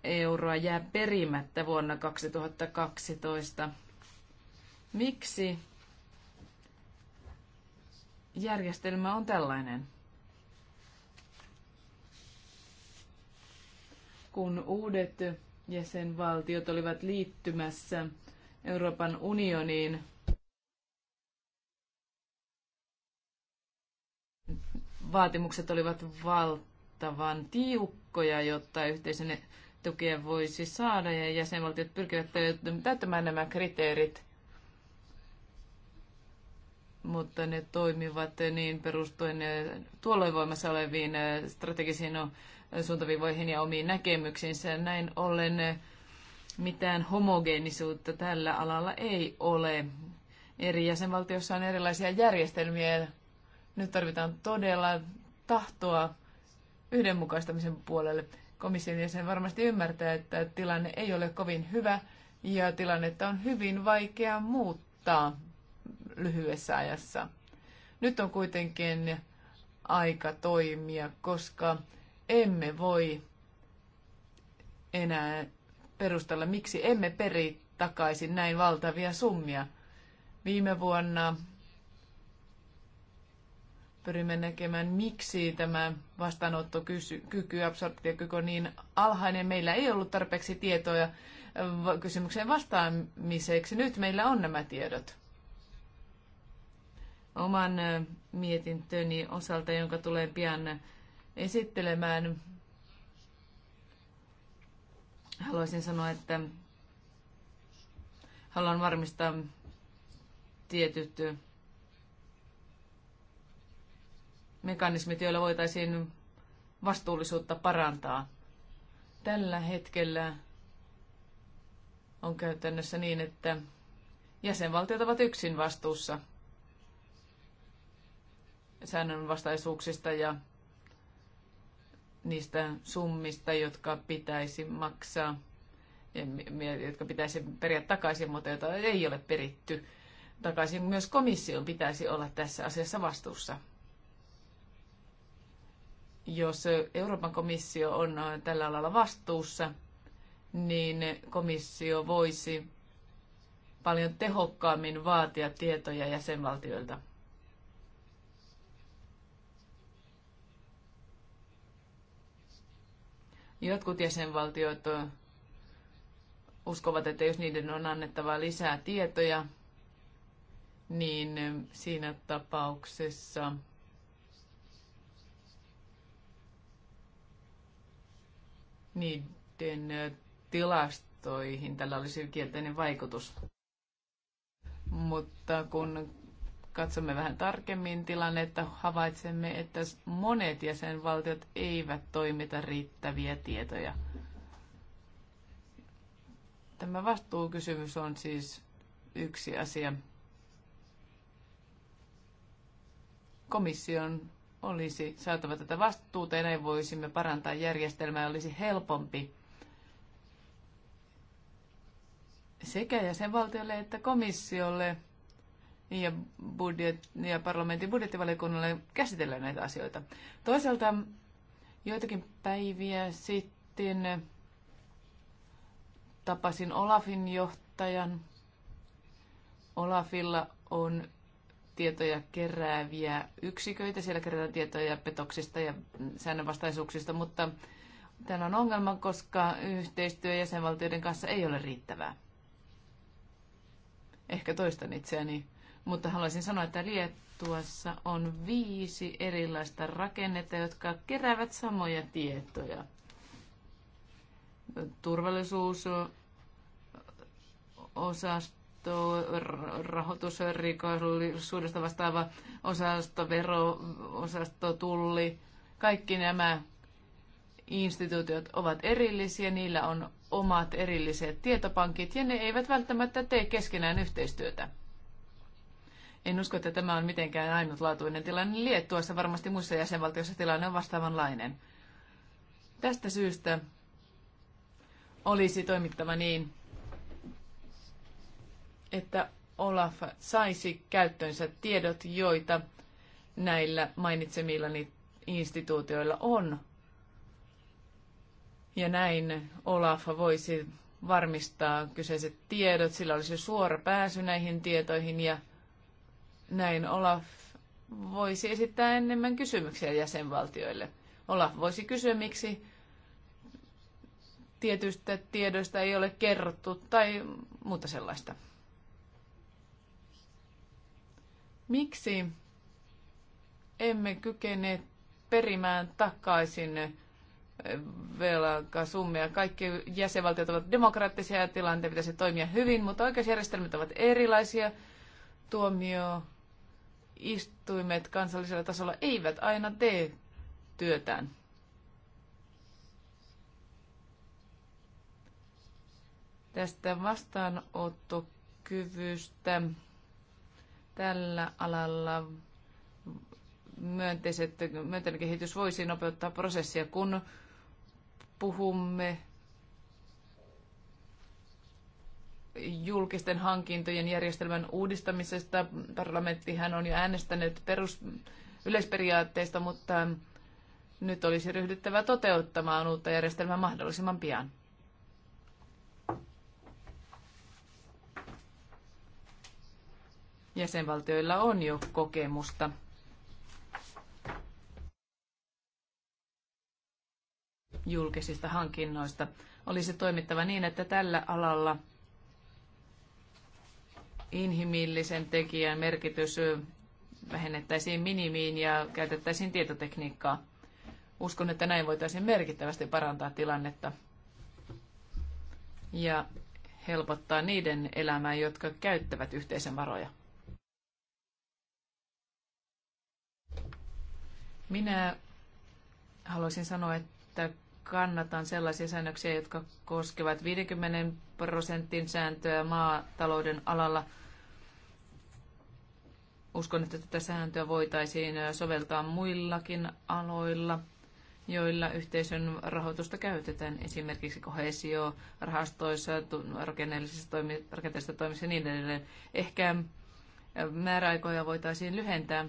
euroa jää perimättä vuonna 2012. Miksi järjestelmä on tällainen. Kun uudet jäsenvaltiot olivat liittymässä Euroopan unioniin, vaatimukset olivat valtavan tiukkoja, jotta yhteisen tukea voisi saada ja jäsenvaltiot pyrkivät täyttämään nämä kriteerit – mutta ne toimivat niin perustuen eh, tuolloin voimassa oleviin eh, strategisiin no, suuntaviivoihin ja omiin näkemyksiinsä. Näin ollen eh, mitään homogeenisuutta tällä alalla ei ole. Eri jäsenvaltioissa on erilaisia järjestelmiä. Nyt tarvitaan todella tahtoa yhdenmukaistamisen puolelle. Komission jäsen varmasti ymmärtää, että tilanne ei ole kovin hyvä ja tilannetta on hyvin vaikea muuttaa lyhyessä ajassa. Nyt on kuitenkin aika toimia, koska emme voi enää perustella, miksi emme peri takaisin näin valtavia summia. Viime vuonna pyrimme näkemään, miksi tämä vastaanottokyky, absorptiokyky on niin alhainen. Meillä ei ollut tarpeeksi tietoja kysymykseen vastaamiseksi. Nyt meillä on nämä tiedot oman mietintöni osalta, jonka tulee pian esittelemään. Haluaisin sanoa, että haluan varmistaa tietyt mekanismit, joilla voitaisiin vastuullisuutta parantaa. Tällä hetkellä on käytännössä niin, että jäsenvaltiot ovat yksin vastuussa – säännönvastaisuuksista ja niistä summista, jotka pitäisi maksaa, jotka pitäisi periä takaisin, mutta joita ei ole peritty takaisin. Myös komission pitäisi olla tässä asiassa vastuussa. Jos Euroopan komissio on tällä alalla vastuussa, niin komissio voisi paljon tehokkaammin vaatia tietoja jäsenvaltioilta. Jotkut jäsenvaltiot uskovat, että jos niiden on annettava lisää tietoja, niin siinä tapauksessa niiden tilastoihin tällä olisi kielteinen vaikutus. Mutta kun katsomme vähän tarkemmin tilannetta, havaitsemme, että monet jäsenvaltiot eivät toimita riittäviä tietoja. Tämä vastuukysymys on siis yksi asia. Komission olisi saatava tätä vastuuta ja näin voisimme parantaa järjestelmää, olisi helpompi sekä jäsenvaltiolle että komissiolle – ja, budjet, ja parlamentin budjettivaliokunnalle käsitellä näitä asioita. Toisaalta joitakin päiviä sitten tapasin Olafin johtajan. Olafilla on tietoja kerääviä yksiköitä. Siellä kerätään tietoja petoksista ja säännönvastaisuuksista, mutta tämä on ongelma, koska yhteistyö jäsenvaltioiden kanssa ei ole riittävää. Ehkä toistan itseäni mutta haluaisin sanoa, että Liettuassa on viisi erilaista rakennetta, jotka keräävät samoja tietoja. Turvallisuus, osasto, rahoitusrikollisuudesta vastaava osasto, vero, osasto, tulli. Kaikki nämä instituutiot ovat erillisiä, niillä on omat erilliset tietopankit ja ne eivät välttämättä tee keskenään yhteistyötä. En usko, että tämä on mitenkään ainutlaatuinen tilanne. Liettuassa varmasti muissa jäsenvaltioissa tilanne on vastaavanlainen. Tästä syystä olisi toimittava niin, että Olaf saisi käyttöönsä tiedot, joita näillä mainitsemillani instituutioilla on. Ja näin Olaf voisi varmistaa kyseiset tiedot, sillä olisi suora pääsy näihin tietoihin ja näin Olaf voisi esittää enemmän kysymyksiä jäsenvaltioille. Olaf voisi kysyä, miksi tietystä tiedoista ei ole kerrottu tai muuta sellaista. Miksi emme kykene perimään takaisin eh, velkasummia. Kaikki jäsenvaltiot ovat demokraattisia ja tilanteen pitäisi toimia hyvin, mutta oikeusjärjestelmät ovat erilaisia. Tuomio istuimet kansallisella tasolla eivät aina tee työtään. Tästä vastaanottokyvystä tällä alalla myönteinen kehitys voisi nopeuttaa prosessia, kun puhumme julkisten hankintojen järjestelmän uudistamisesta. Parlamenttihan on jo äänestänyt perus yleisperiaatteista, mutta nyt olisi ryhdyttävä toteuttamaan uutta järjestelmää mahdollisimman pian. Jäsenvaltioilla on jo kokemusta. julkisista hankinnoista. Olisi toimittava niin, että tällä alalla – inhimillisen tekijän merkitys vähennettäisiin minimiin ja käytettäisiin tietotekniikkaa. Uskon, että näin voitaisiin merkittävästi parantaa tilannetta ja helpottaa niiden elämää, jotka käyttävät yhteisen varoja. Minä haluaisin sanoa, että kannatan sellaisia säännöksiä, jotka koskevat 50 prosentin sääntöä maatalouden alalla – Uskon, että tätä sääntöä voitaisiin soveltaa muillakin aloilla, joilla yhteisön rahoitusta käytetään, esimerkiksi kohesio, rahastoissa, rakenteellisissa toimi, toimissa ja niin edelleen. Ehkä määräaikoja voitaisiin lyhentää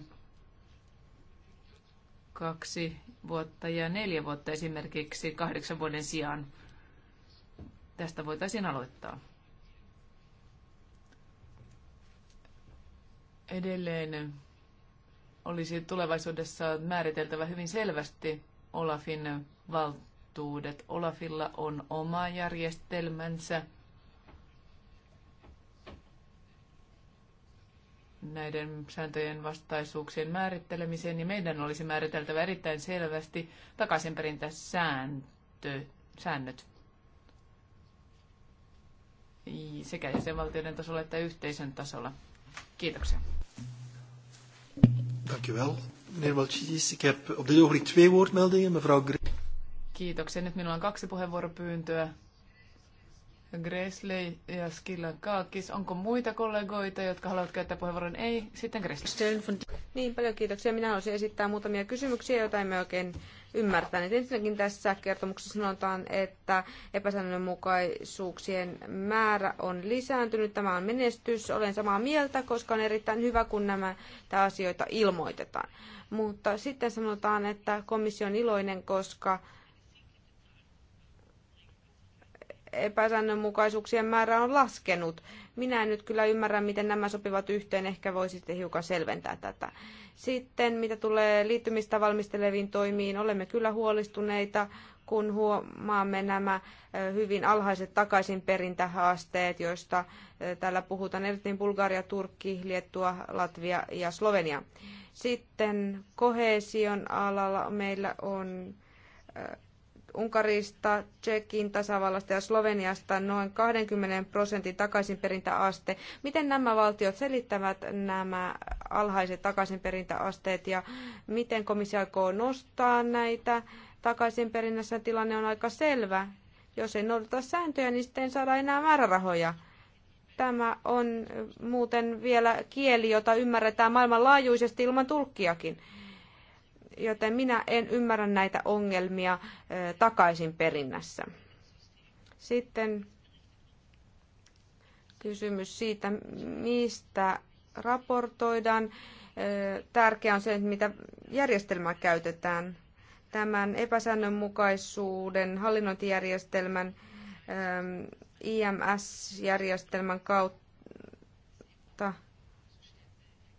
kaksi vuotta ja neljä vuotta esimerkiksi kahdeksan vuoden sijaan. Tästä voitaisiin aloittaa. Edelleen olisi tulevaisuudessa määriteltävä hyvin selvästi Olafin valtuudet. Olafilla on oma järjestelmänsä näiden sääntöjen vastaisuuksien määrittelemiseen, niin meidän olisi määriteltävä erittäin selvästi takaisinperintäsääntö, säännöt sekä jäsenvaltioiden tasolla että yhteisön tasolla. Kiitoksia. Dank u wel. Meneer Malchidis, ik heb op dit ogenblik twee woordmeldingen. Mevrouw Gre- Kiitoksia. Nyt minulla on kaksi puheenvuoropyyntöä. Gresley ja Skilla Kaakis. Onko muita kollegoita, jotka haluavat käyttää puheenvuoron? Ei. Sitten Gresley. Niin, paljon kiitoksia. Minä haluaisin esittää muutamia kysymyksiä, joita emme oikein ymmärtäneet. Ensinnäkin tässä kertomuksessa sanotaan, että epäsäännönmukaisuuksien määrä on lisääntynyt. Tämä on menestys. Olen samaa mieltä, koska on erittäin hyvä, kun nämä asioita ilmoitetaan. Mutta sitten sanotaan, että komissio on iloinen, koska epäsäännönmukaisuuksien määrä on laskenut. Minä en nyt kyllä ymmärrä, miten nämä sopivat yhteen. Ehkä voisitte hiukan selventää tätä. Sitten mitä tulee liittymistä valmisteleviin toimiin, olemme kyllä huolestuneita, kun huomaamme nämä hyvin alhaiset takaisinperintähaasteet, joista täällä puhutaan erityisesti Bulgaria, Turkki, Liettua, Latvia ja Slovenia. Sitten kohesion alalla meillä on Unkarista, Tsekin tasavallasta ja Sloveniasta noin 20 prosentin takaisinperintäaste. Miten nämä valtiot selittävät nämä alhaiset takaisinperintäasteet ja miten komissio aikoo nostaa näitä? Takaisinperinnässä tilanne on aika selvä. Jos ei noudata sääntöjä, niin sitten ei saada enää määrärahoja. Tämä on muuten vielä kieli, jota ymmärretään maailmanlaajuisesti ilman tulkkiakin joten minä en ymmärrä näitä ongelmia takaisin perinnässä. Sitten kysymys siitä, mistä raportoidaan. Tärkeää on se, että mitä järjestelmää käytetään. Tämän epäsäännönmukaisuuden hallinnointijärjestelmän IMS-järjestelmän kautta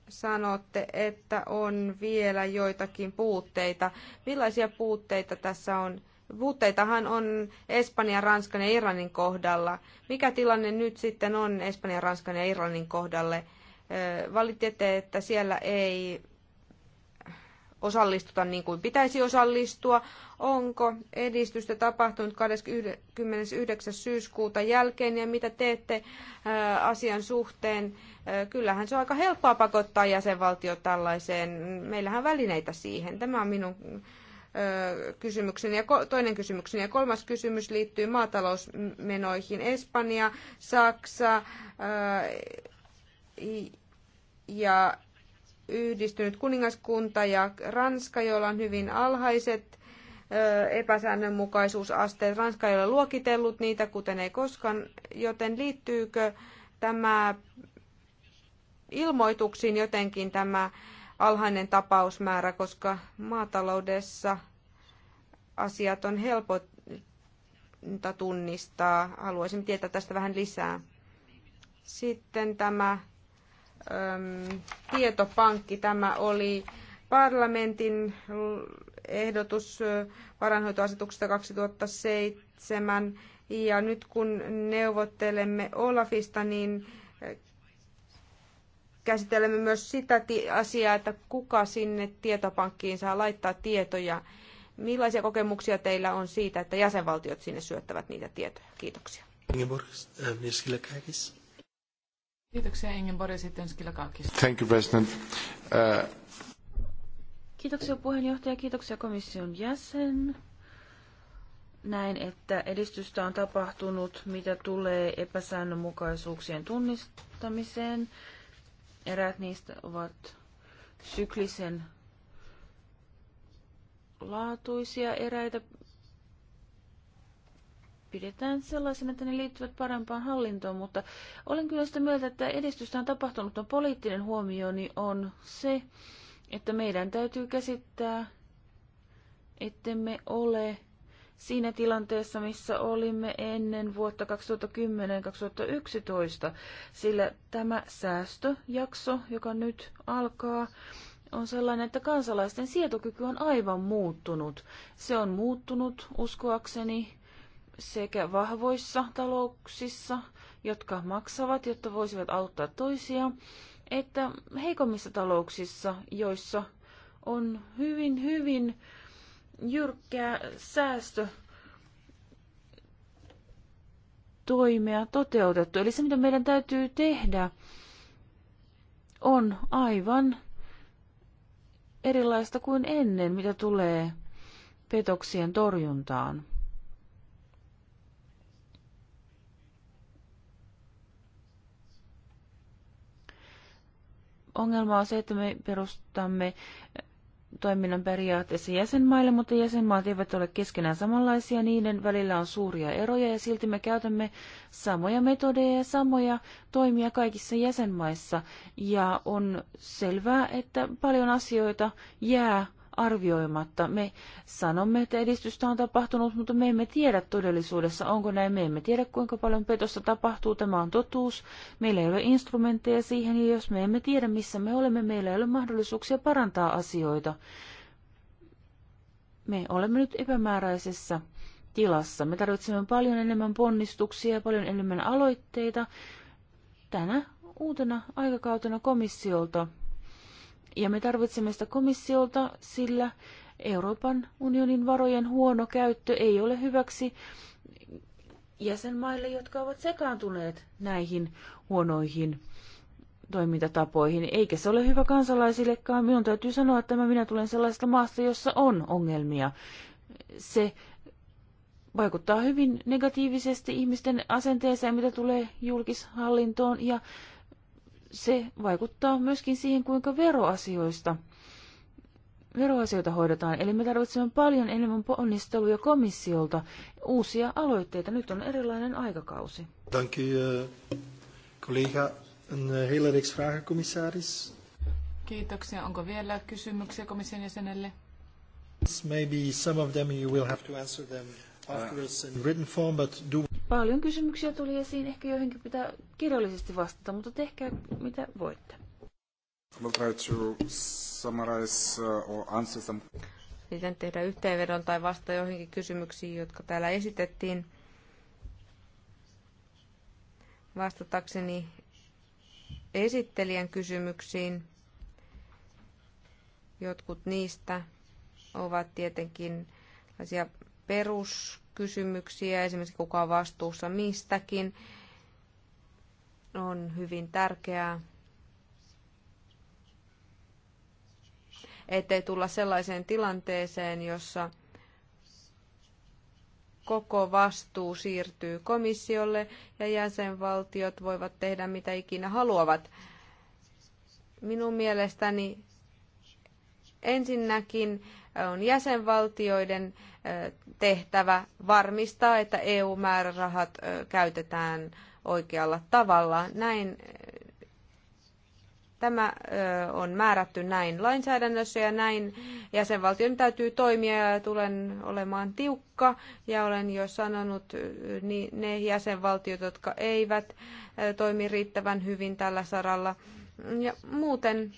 sanotte, että on vielä joitakin puutteita. Millaisia puutteita tässä on? Puutteitahan on Espanjan, Ranskan ja Irlannin kohdalla. Mikä tilanne nyt sitten on Espanjan, Ranskan ja Irlannin kohdalle? Valitette, että siellä ei osallistuta niin kuin pitäisi osallistua. Onko edistystä tapahtunut 29. syyskuuta jälkeen ja mitä teette äh, asian suhteen? Äh, kyllähän se on aika helppoa pakottaa jäsenvaltio tällaiseen. Meillähän on välineitä siihen. Tämä on minun äh, kysymykseni ja toinen kysymykseni. Ja kolmas kysymys liittyy maatalousmenoihin. Espanja, Saksa ja yhdistynyt kuningaskunta ja Ranska, joilla on hyvin alhaiset epäsäännönmukaisuusasteet. Ranska ei ole luokitellut niitä, kuten ei koskaan, joten liittyykö tämä ilmoituksiin jotenkin tämä alhainen tapausmäärä, koska maataloudessa asiat on helpointa tunnistaa. Haluaisin tietää tästä vähän lisää. Sitten tämä tietopankki. Tämä oli parlamentin ehdotus varanhoitoasetuksesta 2007. Ja nyt kun neuvottelemme Olafista, niin äh, käsittelemme myös sitä asiaa, että kuka sinne tietopankkiin saa laittaa tietoja. Millaisia kokemuksia teillä on siitä, että jäsenvaltiot sinne syöttävät niitä tietoja? Kiitoksia. Ingeborg niskilä äh, Kiitoksia Ingeborg sitten Skilakakis. Thank you, President. Uh, kiitoksia puheenjohtaja, kiitoksia komission jäsen. Näin, että edistystä on tapahtunut, mitä tulee epäsäännönmukaisuuksien tunnistamiseen. Eräät niistä ovat syklisen laatuisia, eräitä pidetään sellaisena, että ne liittyvät parempaan hallintoon, mutta olen kyllä sitä mieltä, että edistystä on tapahtunut. mutta poliittinen huomioni on se, että meidän täytyy käsittää, ettemme ole siinä tilanteessa, missä olimme ennen vuotta 2010-2011, sillä tämä säästöjakso, joka nyt alkaa, on sellainen, että kansalaisten sietokyky on aivan muuttunut. Se on muuttunut uskoakseni sekä vahvoissa talouksissa, jotka maksavat, jotta voisivat auttaa toisia, että heikommissa talouksissa, joissa on hyvin, hyvin jyrkkää säästö toimea toteutettu. Eli se, mitä meidän täytyy tehdä, on aivan erilaista kuin ennen, mitä tulee petoksien torjuntaan. Ongelma on se, että me perustamme toiminnan periaatteessa jäsenmaille, mutta jäsenmaat eivät ole keskenään samanlaisia, niiden välillä on suuria eroja ja silti me käytämme samoja metodeja ja samoja toimia kaikissa jäsenmaissa. Ja on selvää, että paljon asioita jää arvioimatta. Me sanomme, että edistystä on tapahtunut, mutta me emme tiedä todellisuudessa, onko näin. Me emme tiedä, kuinka paljon petosta tapahtuu. Tämä on totuus. Meillä ei ole instrumentteja siihen, ja jos me emme tiedä, missä me olemme, meillä ei ole mahdollisuuksia parantaa asioita. Me olemme nyt epämääräisessä tilassa. Me tarvitsemme paljon enemmän ponnistuksia ja paljon enemmän aloitteita tänä uutena aikakautena komissiolta ja me tarvitsemme sitä komissiolta, sillä Euroopan unionin varojen huono käyttö ei ole hyväksi jäsenmaille, jotka ovat sekaantuneet näihin huonoihin toimintatapoihin, eikä se ole hyvä kansalaisillekaan. Minun täytyy sanoa, että minä tulen sellaisesta maasta, jossa on ongelmia. Se vaikuttaa hyvin negatiivisesti ihmisten asenteeseen, mitä tulee julkishallintoon ja se vaikuttaa myöskin siihen, kuinka veroasioista veroasioita hoidetaan. Eli me tarvitsemme paljon enemmän ponnisteluja komissiolta, uusia aloitteita. Nyt on erilainen aikakausi. Dank kollega. Eh, collega. Een eh, Kiitoksia. Onko vielä kysymyksiä komission jäsenelle? Maybe some of them you will have to answer them afterwards in written form, but do Paljon kysymyksiä tuli esiin, ehkä joihinkin pitää kirjallisesti vastata, mutta tehkää mitä voitte. Uh, Yritän tehdä yhteenvedon tai vasta joihinkin kysymyksiin, jotka täällä esitettiin. Vastatakseni esittelijän kysymyksiin. Jotkut niistä ovat tietenkin perus kysymyksiä, esimerkiksi kuka on vastuussa mistäkin, on hyvin tärkeää, ettei tulla sellaiseen tilanteeseen, jossa koko vastuu siirtyy komissiolle ja jäsenvaltiot voivat tehdä mitä ikinä haluavat. Minun mielestäni ensinnäkin on jäsenvaltioiden tehtävä varmistaa, että EU-määrärahat käytetään oikealla tavalla. Näin tämä on määrätty näin lainsäädännössä ja näin jäsenvaltion täytyy toimia ja tulen olemaan tiukka ja olen jo sanonut niin ne jäsenvaltiot, jotka eivät toimi riittävän hyvin tällä saralla. Ja muuten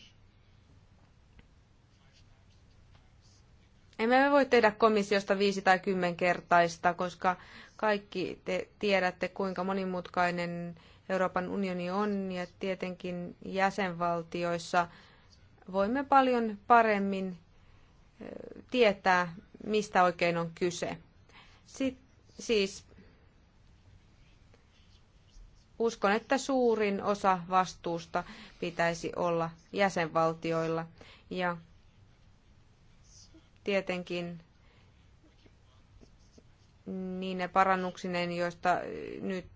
Emme me voi tehdä komissiosta viisi tai kymmenkertaista, koska kaikki te tiedätte, kuinka monimutkainen Euroopan unioni on ja tietenkin jäsenvaltioissa voimme paljon paremmin tietää, mistä oikein on kyse. Sitten, siis uskon, että suurin osa vastuusta pitäisi olla jäsenvaltioilla. Ja tietenkin niin ne parannuksineen, joista nyt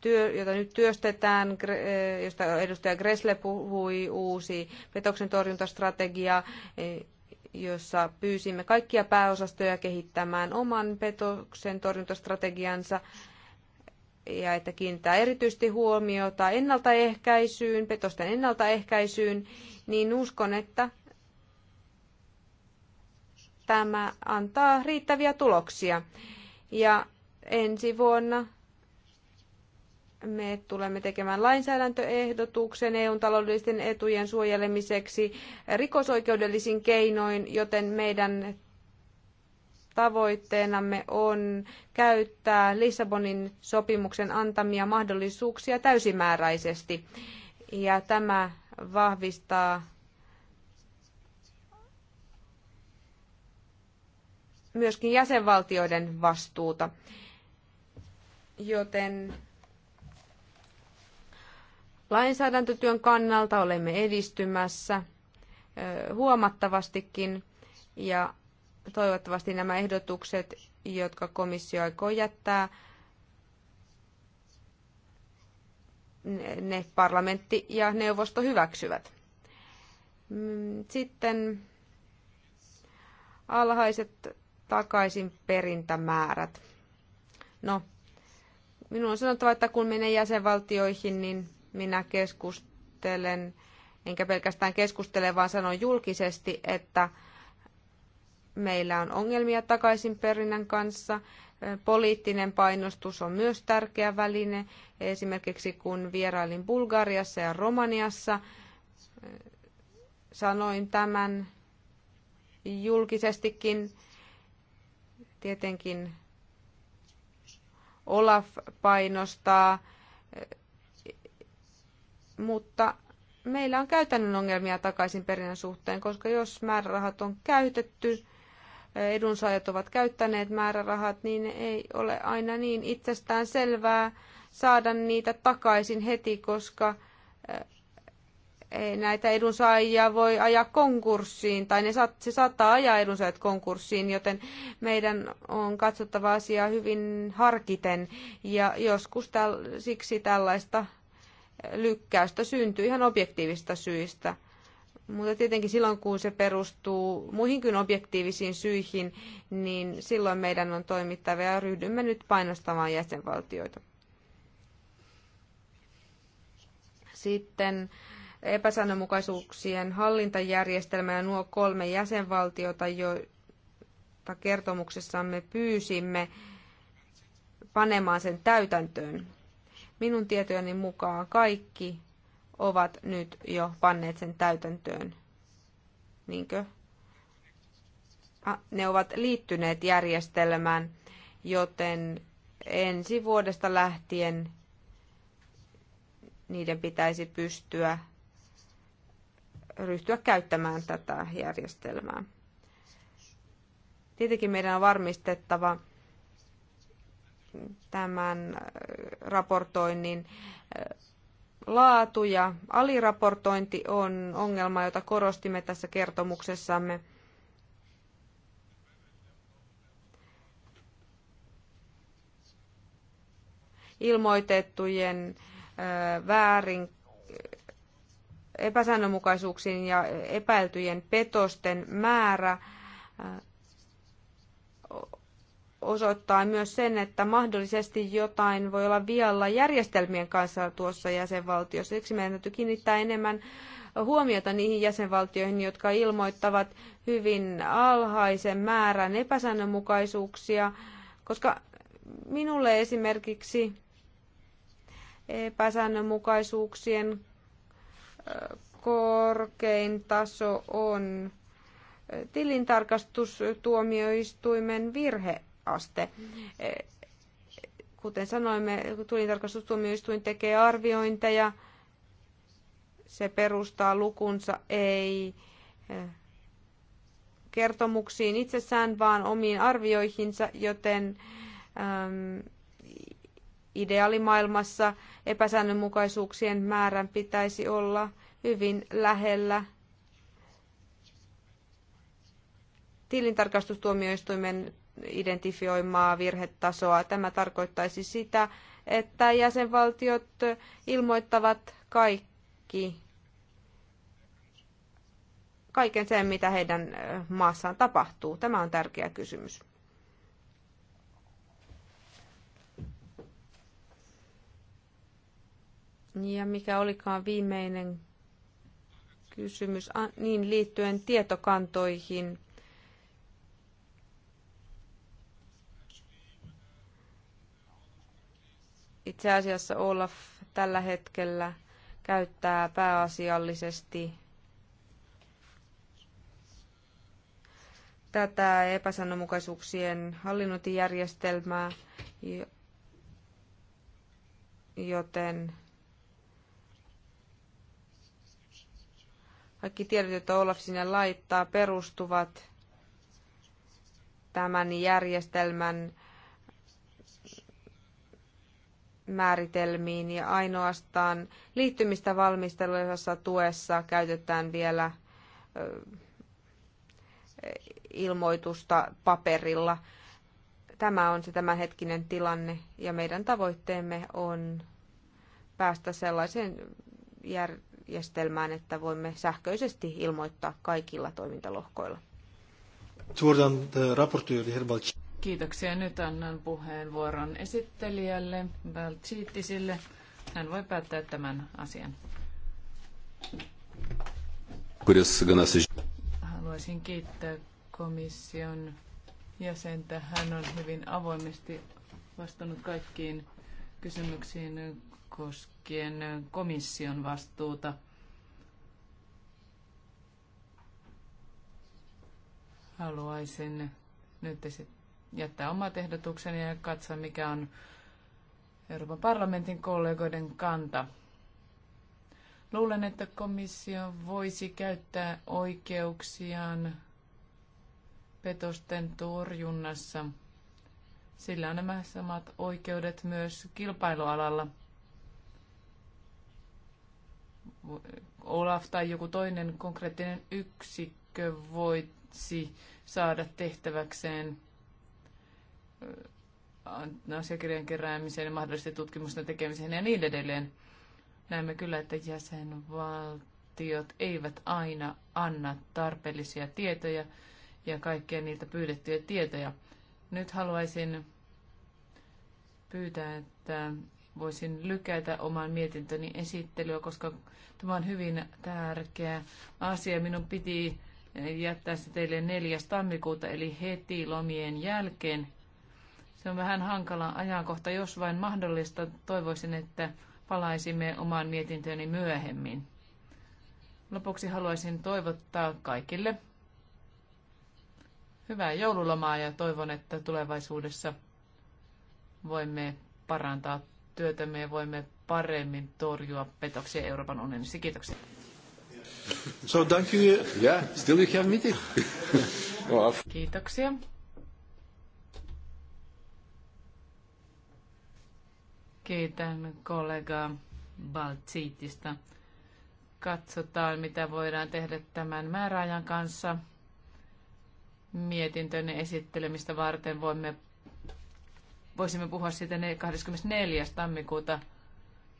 työ, jota nyt työstetään, eh, josta edustaja Gressle puhui, uusi petoksen torjuntastrategia, eh, jossa pyysimme kaikkia pääosastoja kehittämään oman petoksen torjuntastrategiansa ja että kiinnittää erityisesti huomiota ennaltaehkäisyyn, petosten ennaltaehkäisyyn, niin uskon, että tämä antaa riittäviä tuloksia. Ja ensi vuonna me tulemme tekemään lainsäädäntöehdotuksen EUn taloudellisten etujen suojelemiseksi rikosoikeudellisin keinoin, joten meidän tavoitteenamme on käyttää Lissabonin sopimuksen antamia mahdollisuuksia täysimääräisesti. Ja tämä vahvistaa myöskin jäsenvaltioiden vastuuta. Joten lainsäädäntötyön kannalta olemme edistymässä huomattavastikin ja toivottavasti nämä ehdotukset, jotka komissio aikoo jättää, ne parlamentti ja neuvosto hyväksyvät. Mm, sitten alhaiset takaisin perintämäärät. No, minun on sanottava, että kun menen jäsenvaltioihin, niin minä keskustelen, enkä pelkästään keskustele, vaan sanon julkisesti, että meillä on ongelmia takaisin perinnän kanssa. Poliittinen painostus on myös tärkeä väline. Esimerkiksi kun vierailin Bulgariassa ja Romaniassa, sanoin tämän julkisestikin Tietenkin Olaf painostaa, mutta meillä on käytännön ongelmia takaisin perinnän suhteen, koska jos määrärahat on käytetty, edunsaajat ovat käyttäneet määrärahat, niin ei ole aina niin itsestään selvää saada niitä takaisin heti, koska ei näitä edunsaajia voi ajaa konkurssiin, tai ne saat, se saattaa ajaa edunsaajat konkurssiin, joten meidän on katsottava asiaa hyvin harkiten, ja joskus täl, siksi tällaista lykkäystä syntyy ihan objektiivista syistä. Mutta tietenkin silloin, kun se perustuu muihinkin objektiivisiin syihin, niin silloin meidän on toimittava ja ryhdymme nyt painostamaan jäsenvaltioita. Sitten epäsäännönmukaisuuksien hallintajärjestelmä ja nuo kolme jäsenvaltiota, joita kertomuksessamme pyysimme panemaan sen täytäntöön. Minun tietojeni mukaan kaikki ovat nyt jo panneet sen täytäntöön. Niinkö? Ne ovat liittyneet järjestelmään, joten ensi vuodesta lähtien niiden pitäisi pystyä ryhtyä käyttämään tätä järjestelmää. Tietenkin meidän on varmistettava tämän äh, raportoinnin äh, laatu ja aliraportointi on ongelma, jota korostimme tässä kertomuksessamme. Ilmoitettujen äh, väärin epäsäännönmukaisuuksiin ja epäiltyjen petosten määrä osoittaa myös sen, että mahdollisesti jotain voi olla vialla järjestelmien kanssa tuossa jäsenvaltiossa. Siksi meidän täytyy kiinnittää enemmän huomiota niihin jäsenvaltioihin, jotka ilmoittavat hyvin alhaisen määrän epäsäännönmukaisuuksia, koska minulle esimerkiksi epäsäännönmukaisuuksien korkein taso on tilintarkastustuomioistuimen virheaste. Kuten sanoimme, tilintarkastustuomioistuin tekee arviointeja, se perustaa lukunsa ei kertomuksiin itsessään, vaan omiin arvioihinsa, joten Ideaalimaailmassa epäsäännönmukaisuuksien määrän pitäisi olla hyvin lähellä tilintarkastustuomioistuimen identifioimaa virhetasoa. Tämä tarkoittaisi sitä, että jäsenvaltiot ilmoittavat kaikki kaiken sen, mitä heidän maassaan tapahtuu? Tämä on tärkeä kysymys. Ja mikä olikaan viimeinen kysymys, niin liittyen tietokantoihin. Itse asiassa Olaf tällä hetkellä käyttää pääasiallisesti tätä epäsanomukaisuuksien hallinnointijärjestelmää, joten Kaikki tiedot, joita Olaf sinne laittaa, perustuvat tämän järjestelmän määritelmiin ja ainoastaan liittymistä valmisteluissa tuessa käytetään vielä ilmoitusta paperilla. Tämä on se tämänhetkinen tilanne ja meidän tavoitteemme on päästä sellaiseen jär- järjestelmään, että voimme sähköisesti ilmoittaa kaikilla toimintalohkoilla. Kiitoksia. Nyt annan puheenvuoron esittelijälle Valtsiittisille. Hän voi päättää tämän asian. Haluaisin kiittää komission jäsentä. Hän on hyvin avoimesti vastannut kaikkiin kysymyksiin koskien komission vastuuta. Haluaisin nyt jättää omat ehdotukseni ja katsoa, mikä on Euroopan parlamentin kollegoiden kanta. Luulen, että komissio voisi käyttää oikeuksiaan petosten torjunnassa. Sillä on nämä samat oikeudet myös kilpailualalla – Olaf tai joku toinen konkreettinen yksikkö voisi saada tehtäväkseen äh, asiakirjan keräämiseen, mahdollisesti tutkimusten tekemiseen ja niin edelleen. Näemme kyllä, että jäsenvaltiot eivät aina anna tarpeellisia tietoja ja kaikkia niiltä pyydettyjä tietoja. Nyt haluaisin pyytää, että voisin lykätä oman mietintöni esittelyä, koska tämä on hyvin tärkeä asia. Minun piti jättää se teille 4. tammikuuta, eli heti lomien jälkeen. Se on vähän hankala ajankohta. Jos vain mahdollista, toivoisin, että palaisimme omaan mietintöni myöhemmin. Lopuksi haluaisin toivottaa kaikille hyvää joululomaa ja toivon, että tulevaisuudessa voimme parantaa työtä me voimme paremmin torjua petoksia Euroopan unionissa. Kiitoksia. So, thank you. Yeah, still you have meeting. Kiitoksia. Kiitän kollega Baltsiitista. Katsotaan, mitä voidaan tehdä tämän määräajan kanssa. Mietintöni esittelemistä varten voimme voisimme puhua siitä 24. tammikuuta.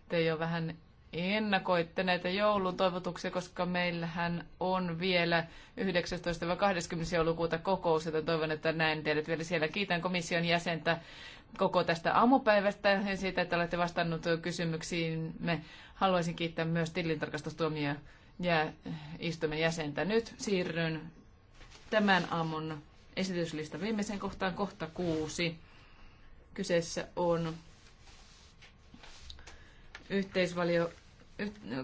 Te jo vähän ennakoitte näitä joulun toivotuksia, koska meillähän on vielä 19-20. joulukuuta kokous, joten toivon, että näin teidät vielä siellä. Kiitän komission jäsentä koko tästä aamupäivästä ja siitä, että olette vastannut kysymyksiin. Me haluaisin kiittää myös tilintarkastustuomia ja istuimen jäsentä. Nyt siirryn tämän aamun esityslistan viimeiseen kohtaan, kohta kuusi. Kyseessä on yhteisvalio,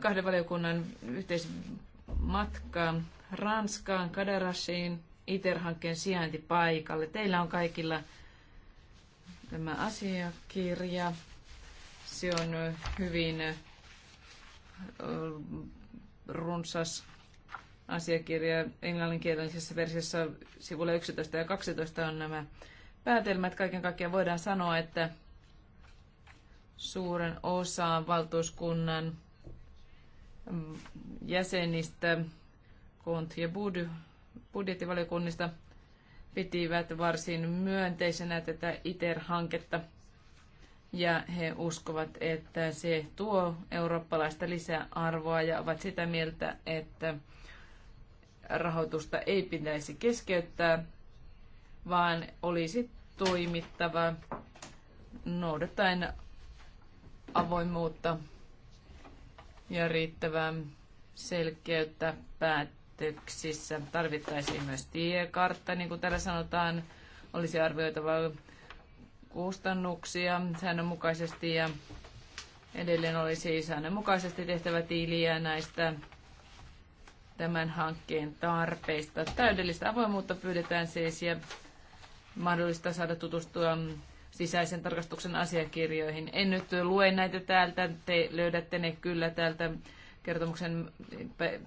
kahden valiokunnan yhteismatka Ranskaan, Kadarashiin, ITER-hankkeen sijaintipaikalle. Teillä on kaikilla tämä asiakirja. Se on hyvin runsas asiakirja englanninkielisessä versiossa sivulla 11 ja 12 on nämä päätelmät kaiken kaikkiaan voidaan sanoa, että suuren osan valtuuskunnan jäsenistä, kont- ja bud- budjettivaliokunnista pitivät varsin myönteisenä tätä ITER-hanketta. Ja he uskovat, että se tuo eurooppalaista lisäarvoa ja ovat sitä mieltä, että rahoitusta ei pitäisi keskeyttää vaan olisi toimittava noudattaen avoimuutta ja riittävää selkeyttä päätöksissä. Tarvittaisiin myös tiekartta, niin kuin täällä sanotaan, olisi arvioitava kustannuksia säännönmukaisesti ja edelleen olisi säännönmukaisesti tehtävä tiiliä näistä tämän hankkeen tarpeista. Täydellistä avoimuutta pyydetään siis ja mahdollista saada tutustua sisäisen tarkastuksen asiakirjoihin. En nyt lue näitä täältä, te löydätte ne kyllä täältä kertomuksen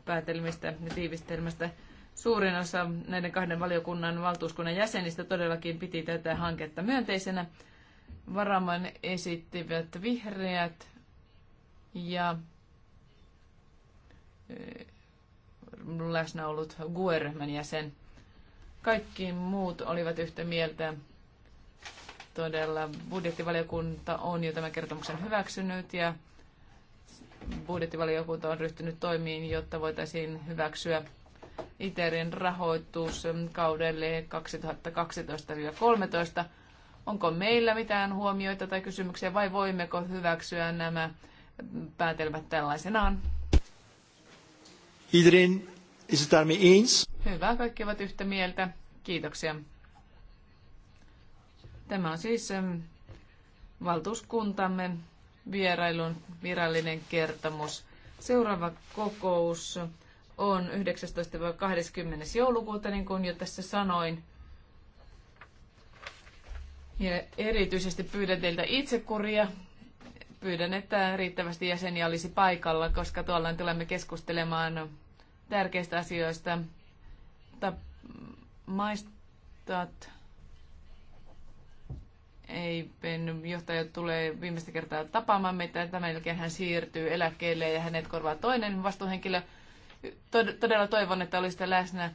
päätelmistä ja tiivistelmästä. Suurin osa näiden kahden valiokunnan valtuuskunnan jäsenistä todellakin piti tätä hanketta myönteisenä. Varaman esittivät vihreät ja eh, läsnä ollut GUE-ryhmän jäsen. Kaikki muut olivat yhtä mieltä. Todella budjettivaliokunta on jo tämän kertomuksen hyväksynyt ja budjettivaliokunta on ryhtynyt toimiin, jotta voitaisiin hyväksyä ITERin rahoitus kaudelle 2012-2013. Onko meillä mitään huomioita tai kysymyksiä vai voimmeko hyväksyä nämä päätelmät tällaisenaan? ITERin Hyvä, kaikki ovat yhtä mieltä. Kiitoksia. Tämä on siis valtuuskuntamme vierailun virallinen kertomus. Seuraava kokous on 19-20. joulukuuta, niin kuin jo tässä sanoin. Ja erityisesti pyydän teiltä itsekuria. Pyydän, että riittävästi jäseniä olisi paikalla, koska tuolloin tulemme keskustelemaan tärkeistä asioista. Maistat ei ben, johtaja tulee viimeistä kertaa tapaamaan meitä. Tämän jälkeen hän siirtyy eläkkeelle ja hänet korvaa toinen vastuuhenkilö. Todella toivon, että olisitte läsnä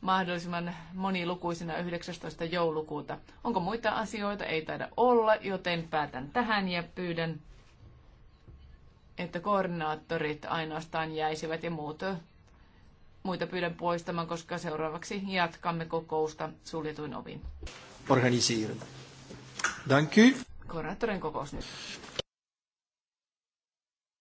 mahdollisimman monilukuisena 19. joulukuuta. Onko muita asioita? Ei taida olla, joten päätän tähän ja pyydän, että koordinaattorit ainoastaan jäisivät ja muut Muita pyydän poistamaan, koska seuraavaksi jatkamme kokousta suljetuin ovin. Organisiirrymme. Danky. Koraattorin kokous nyt.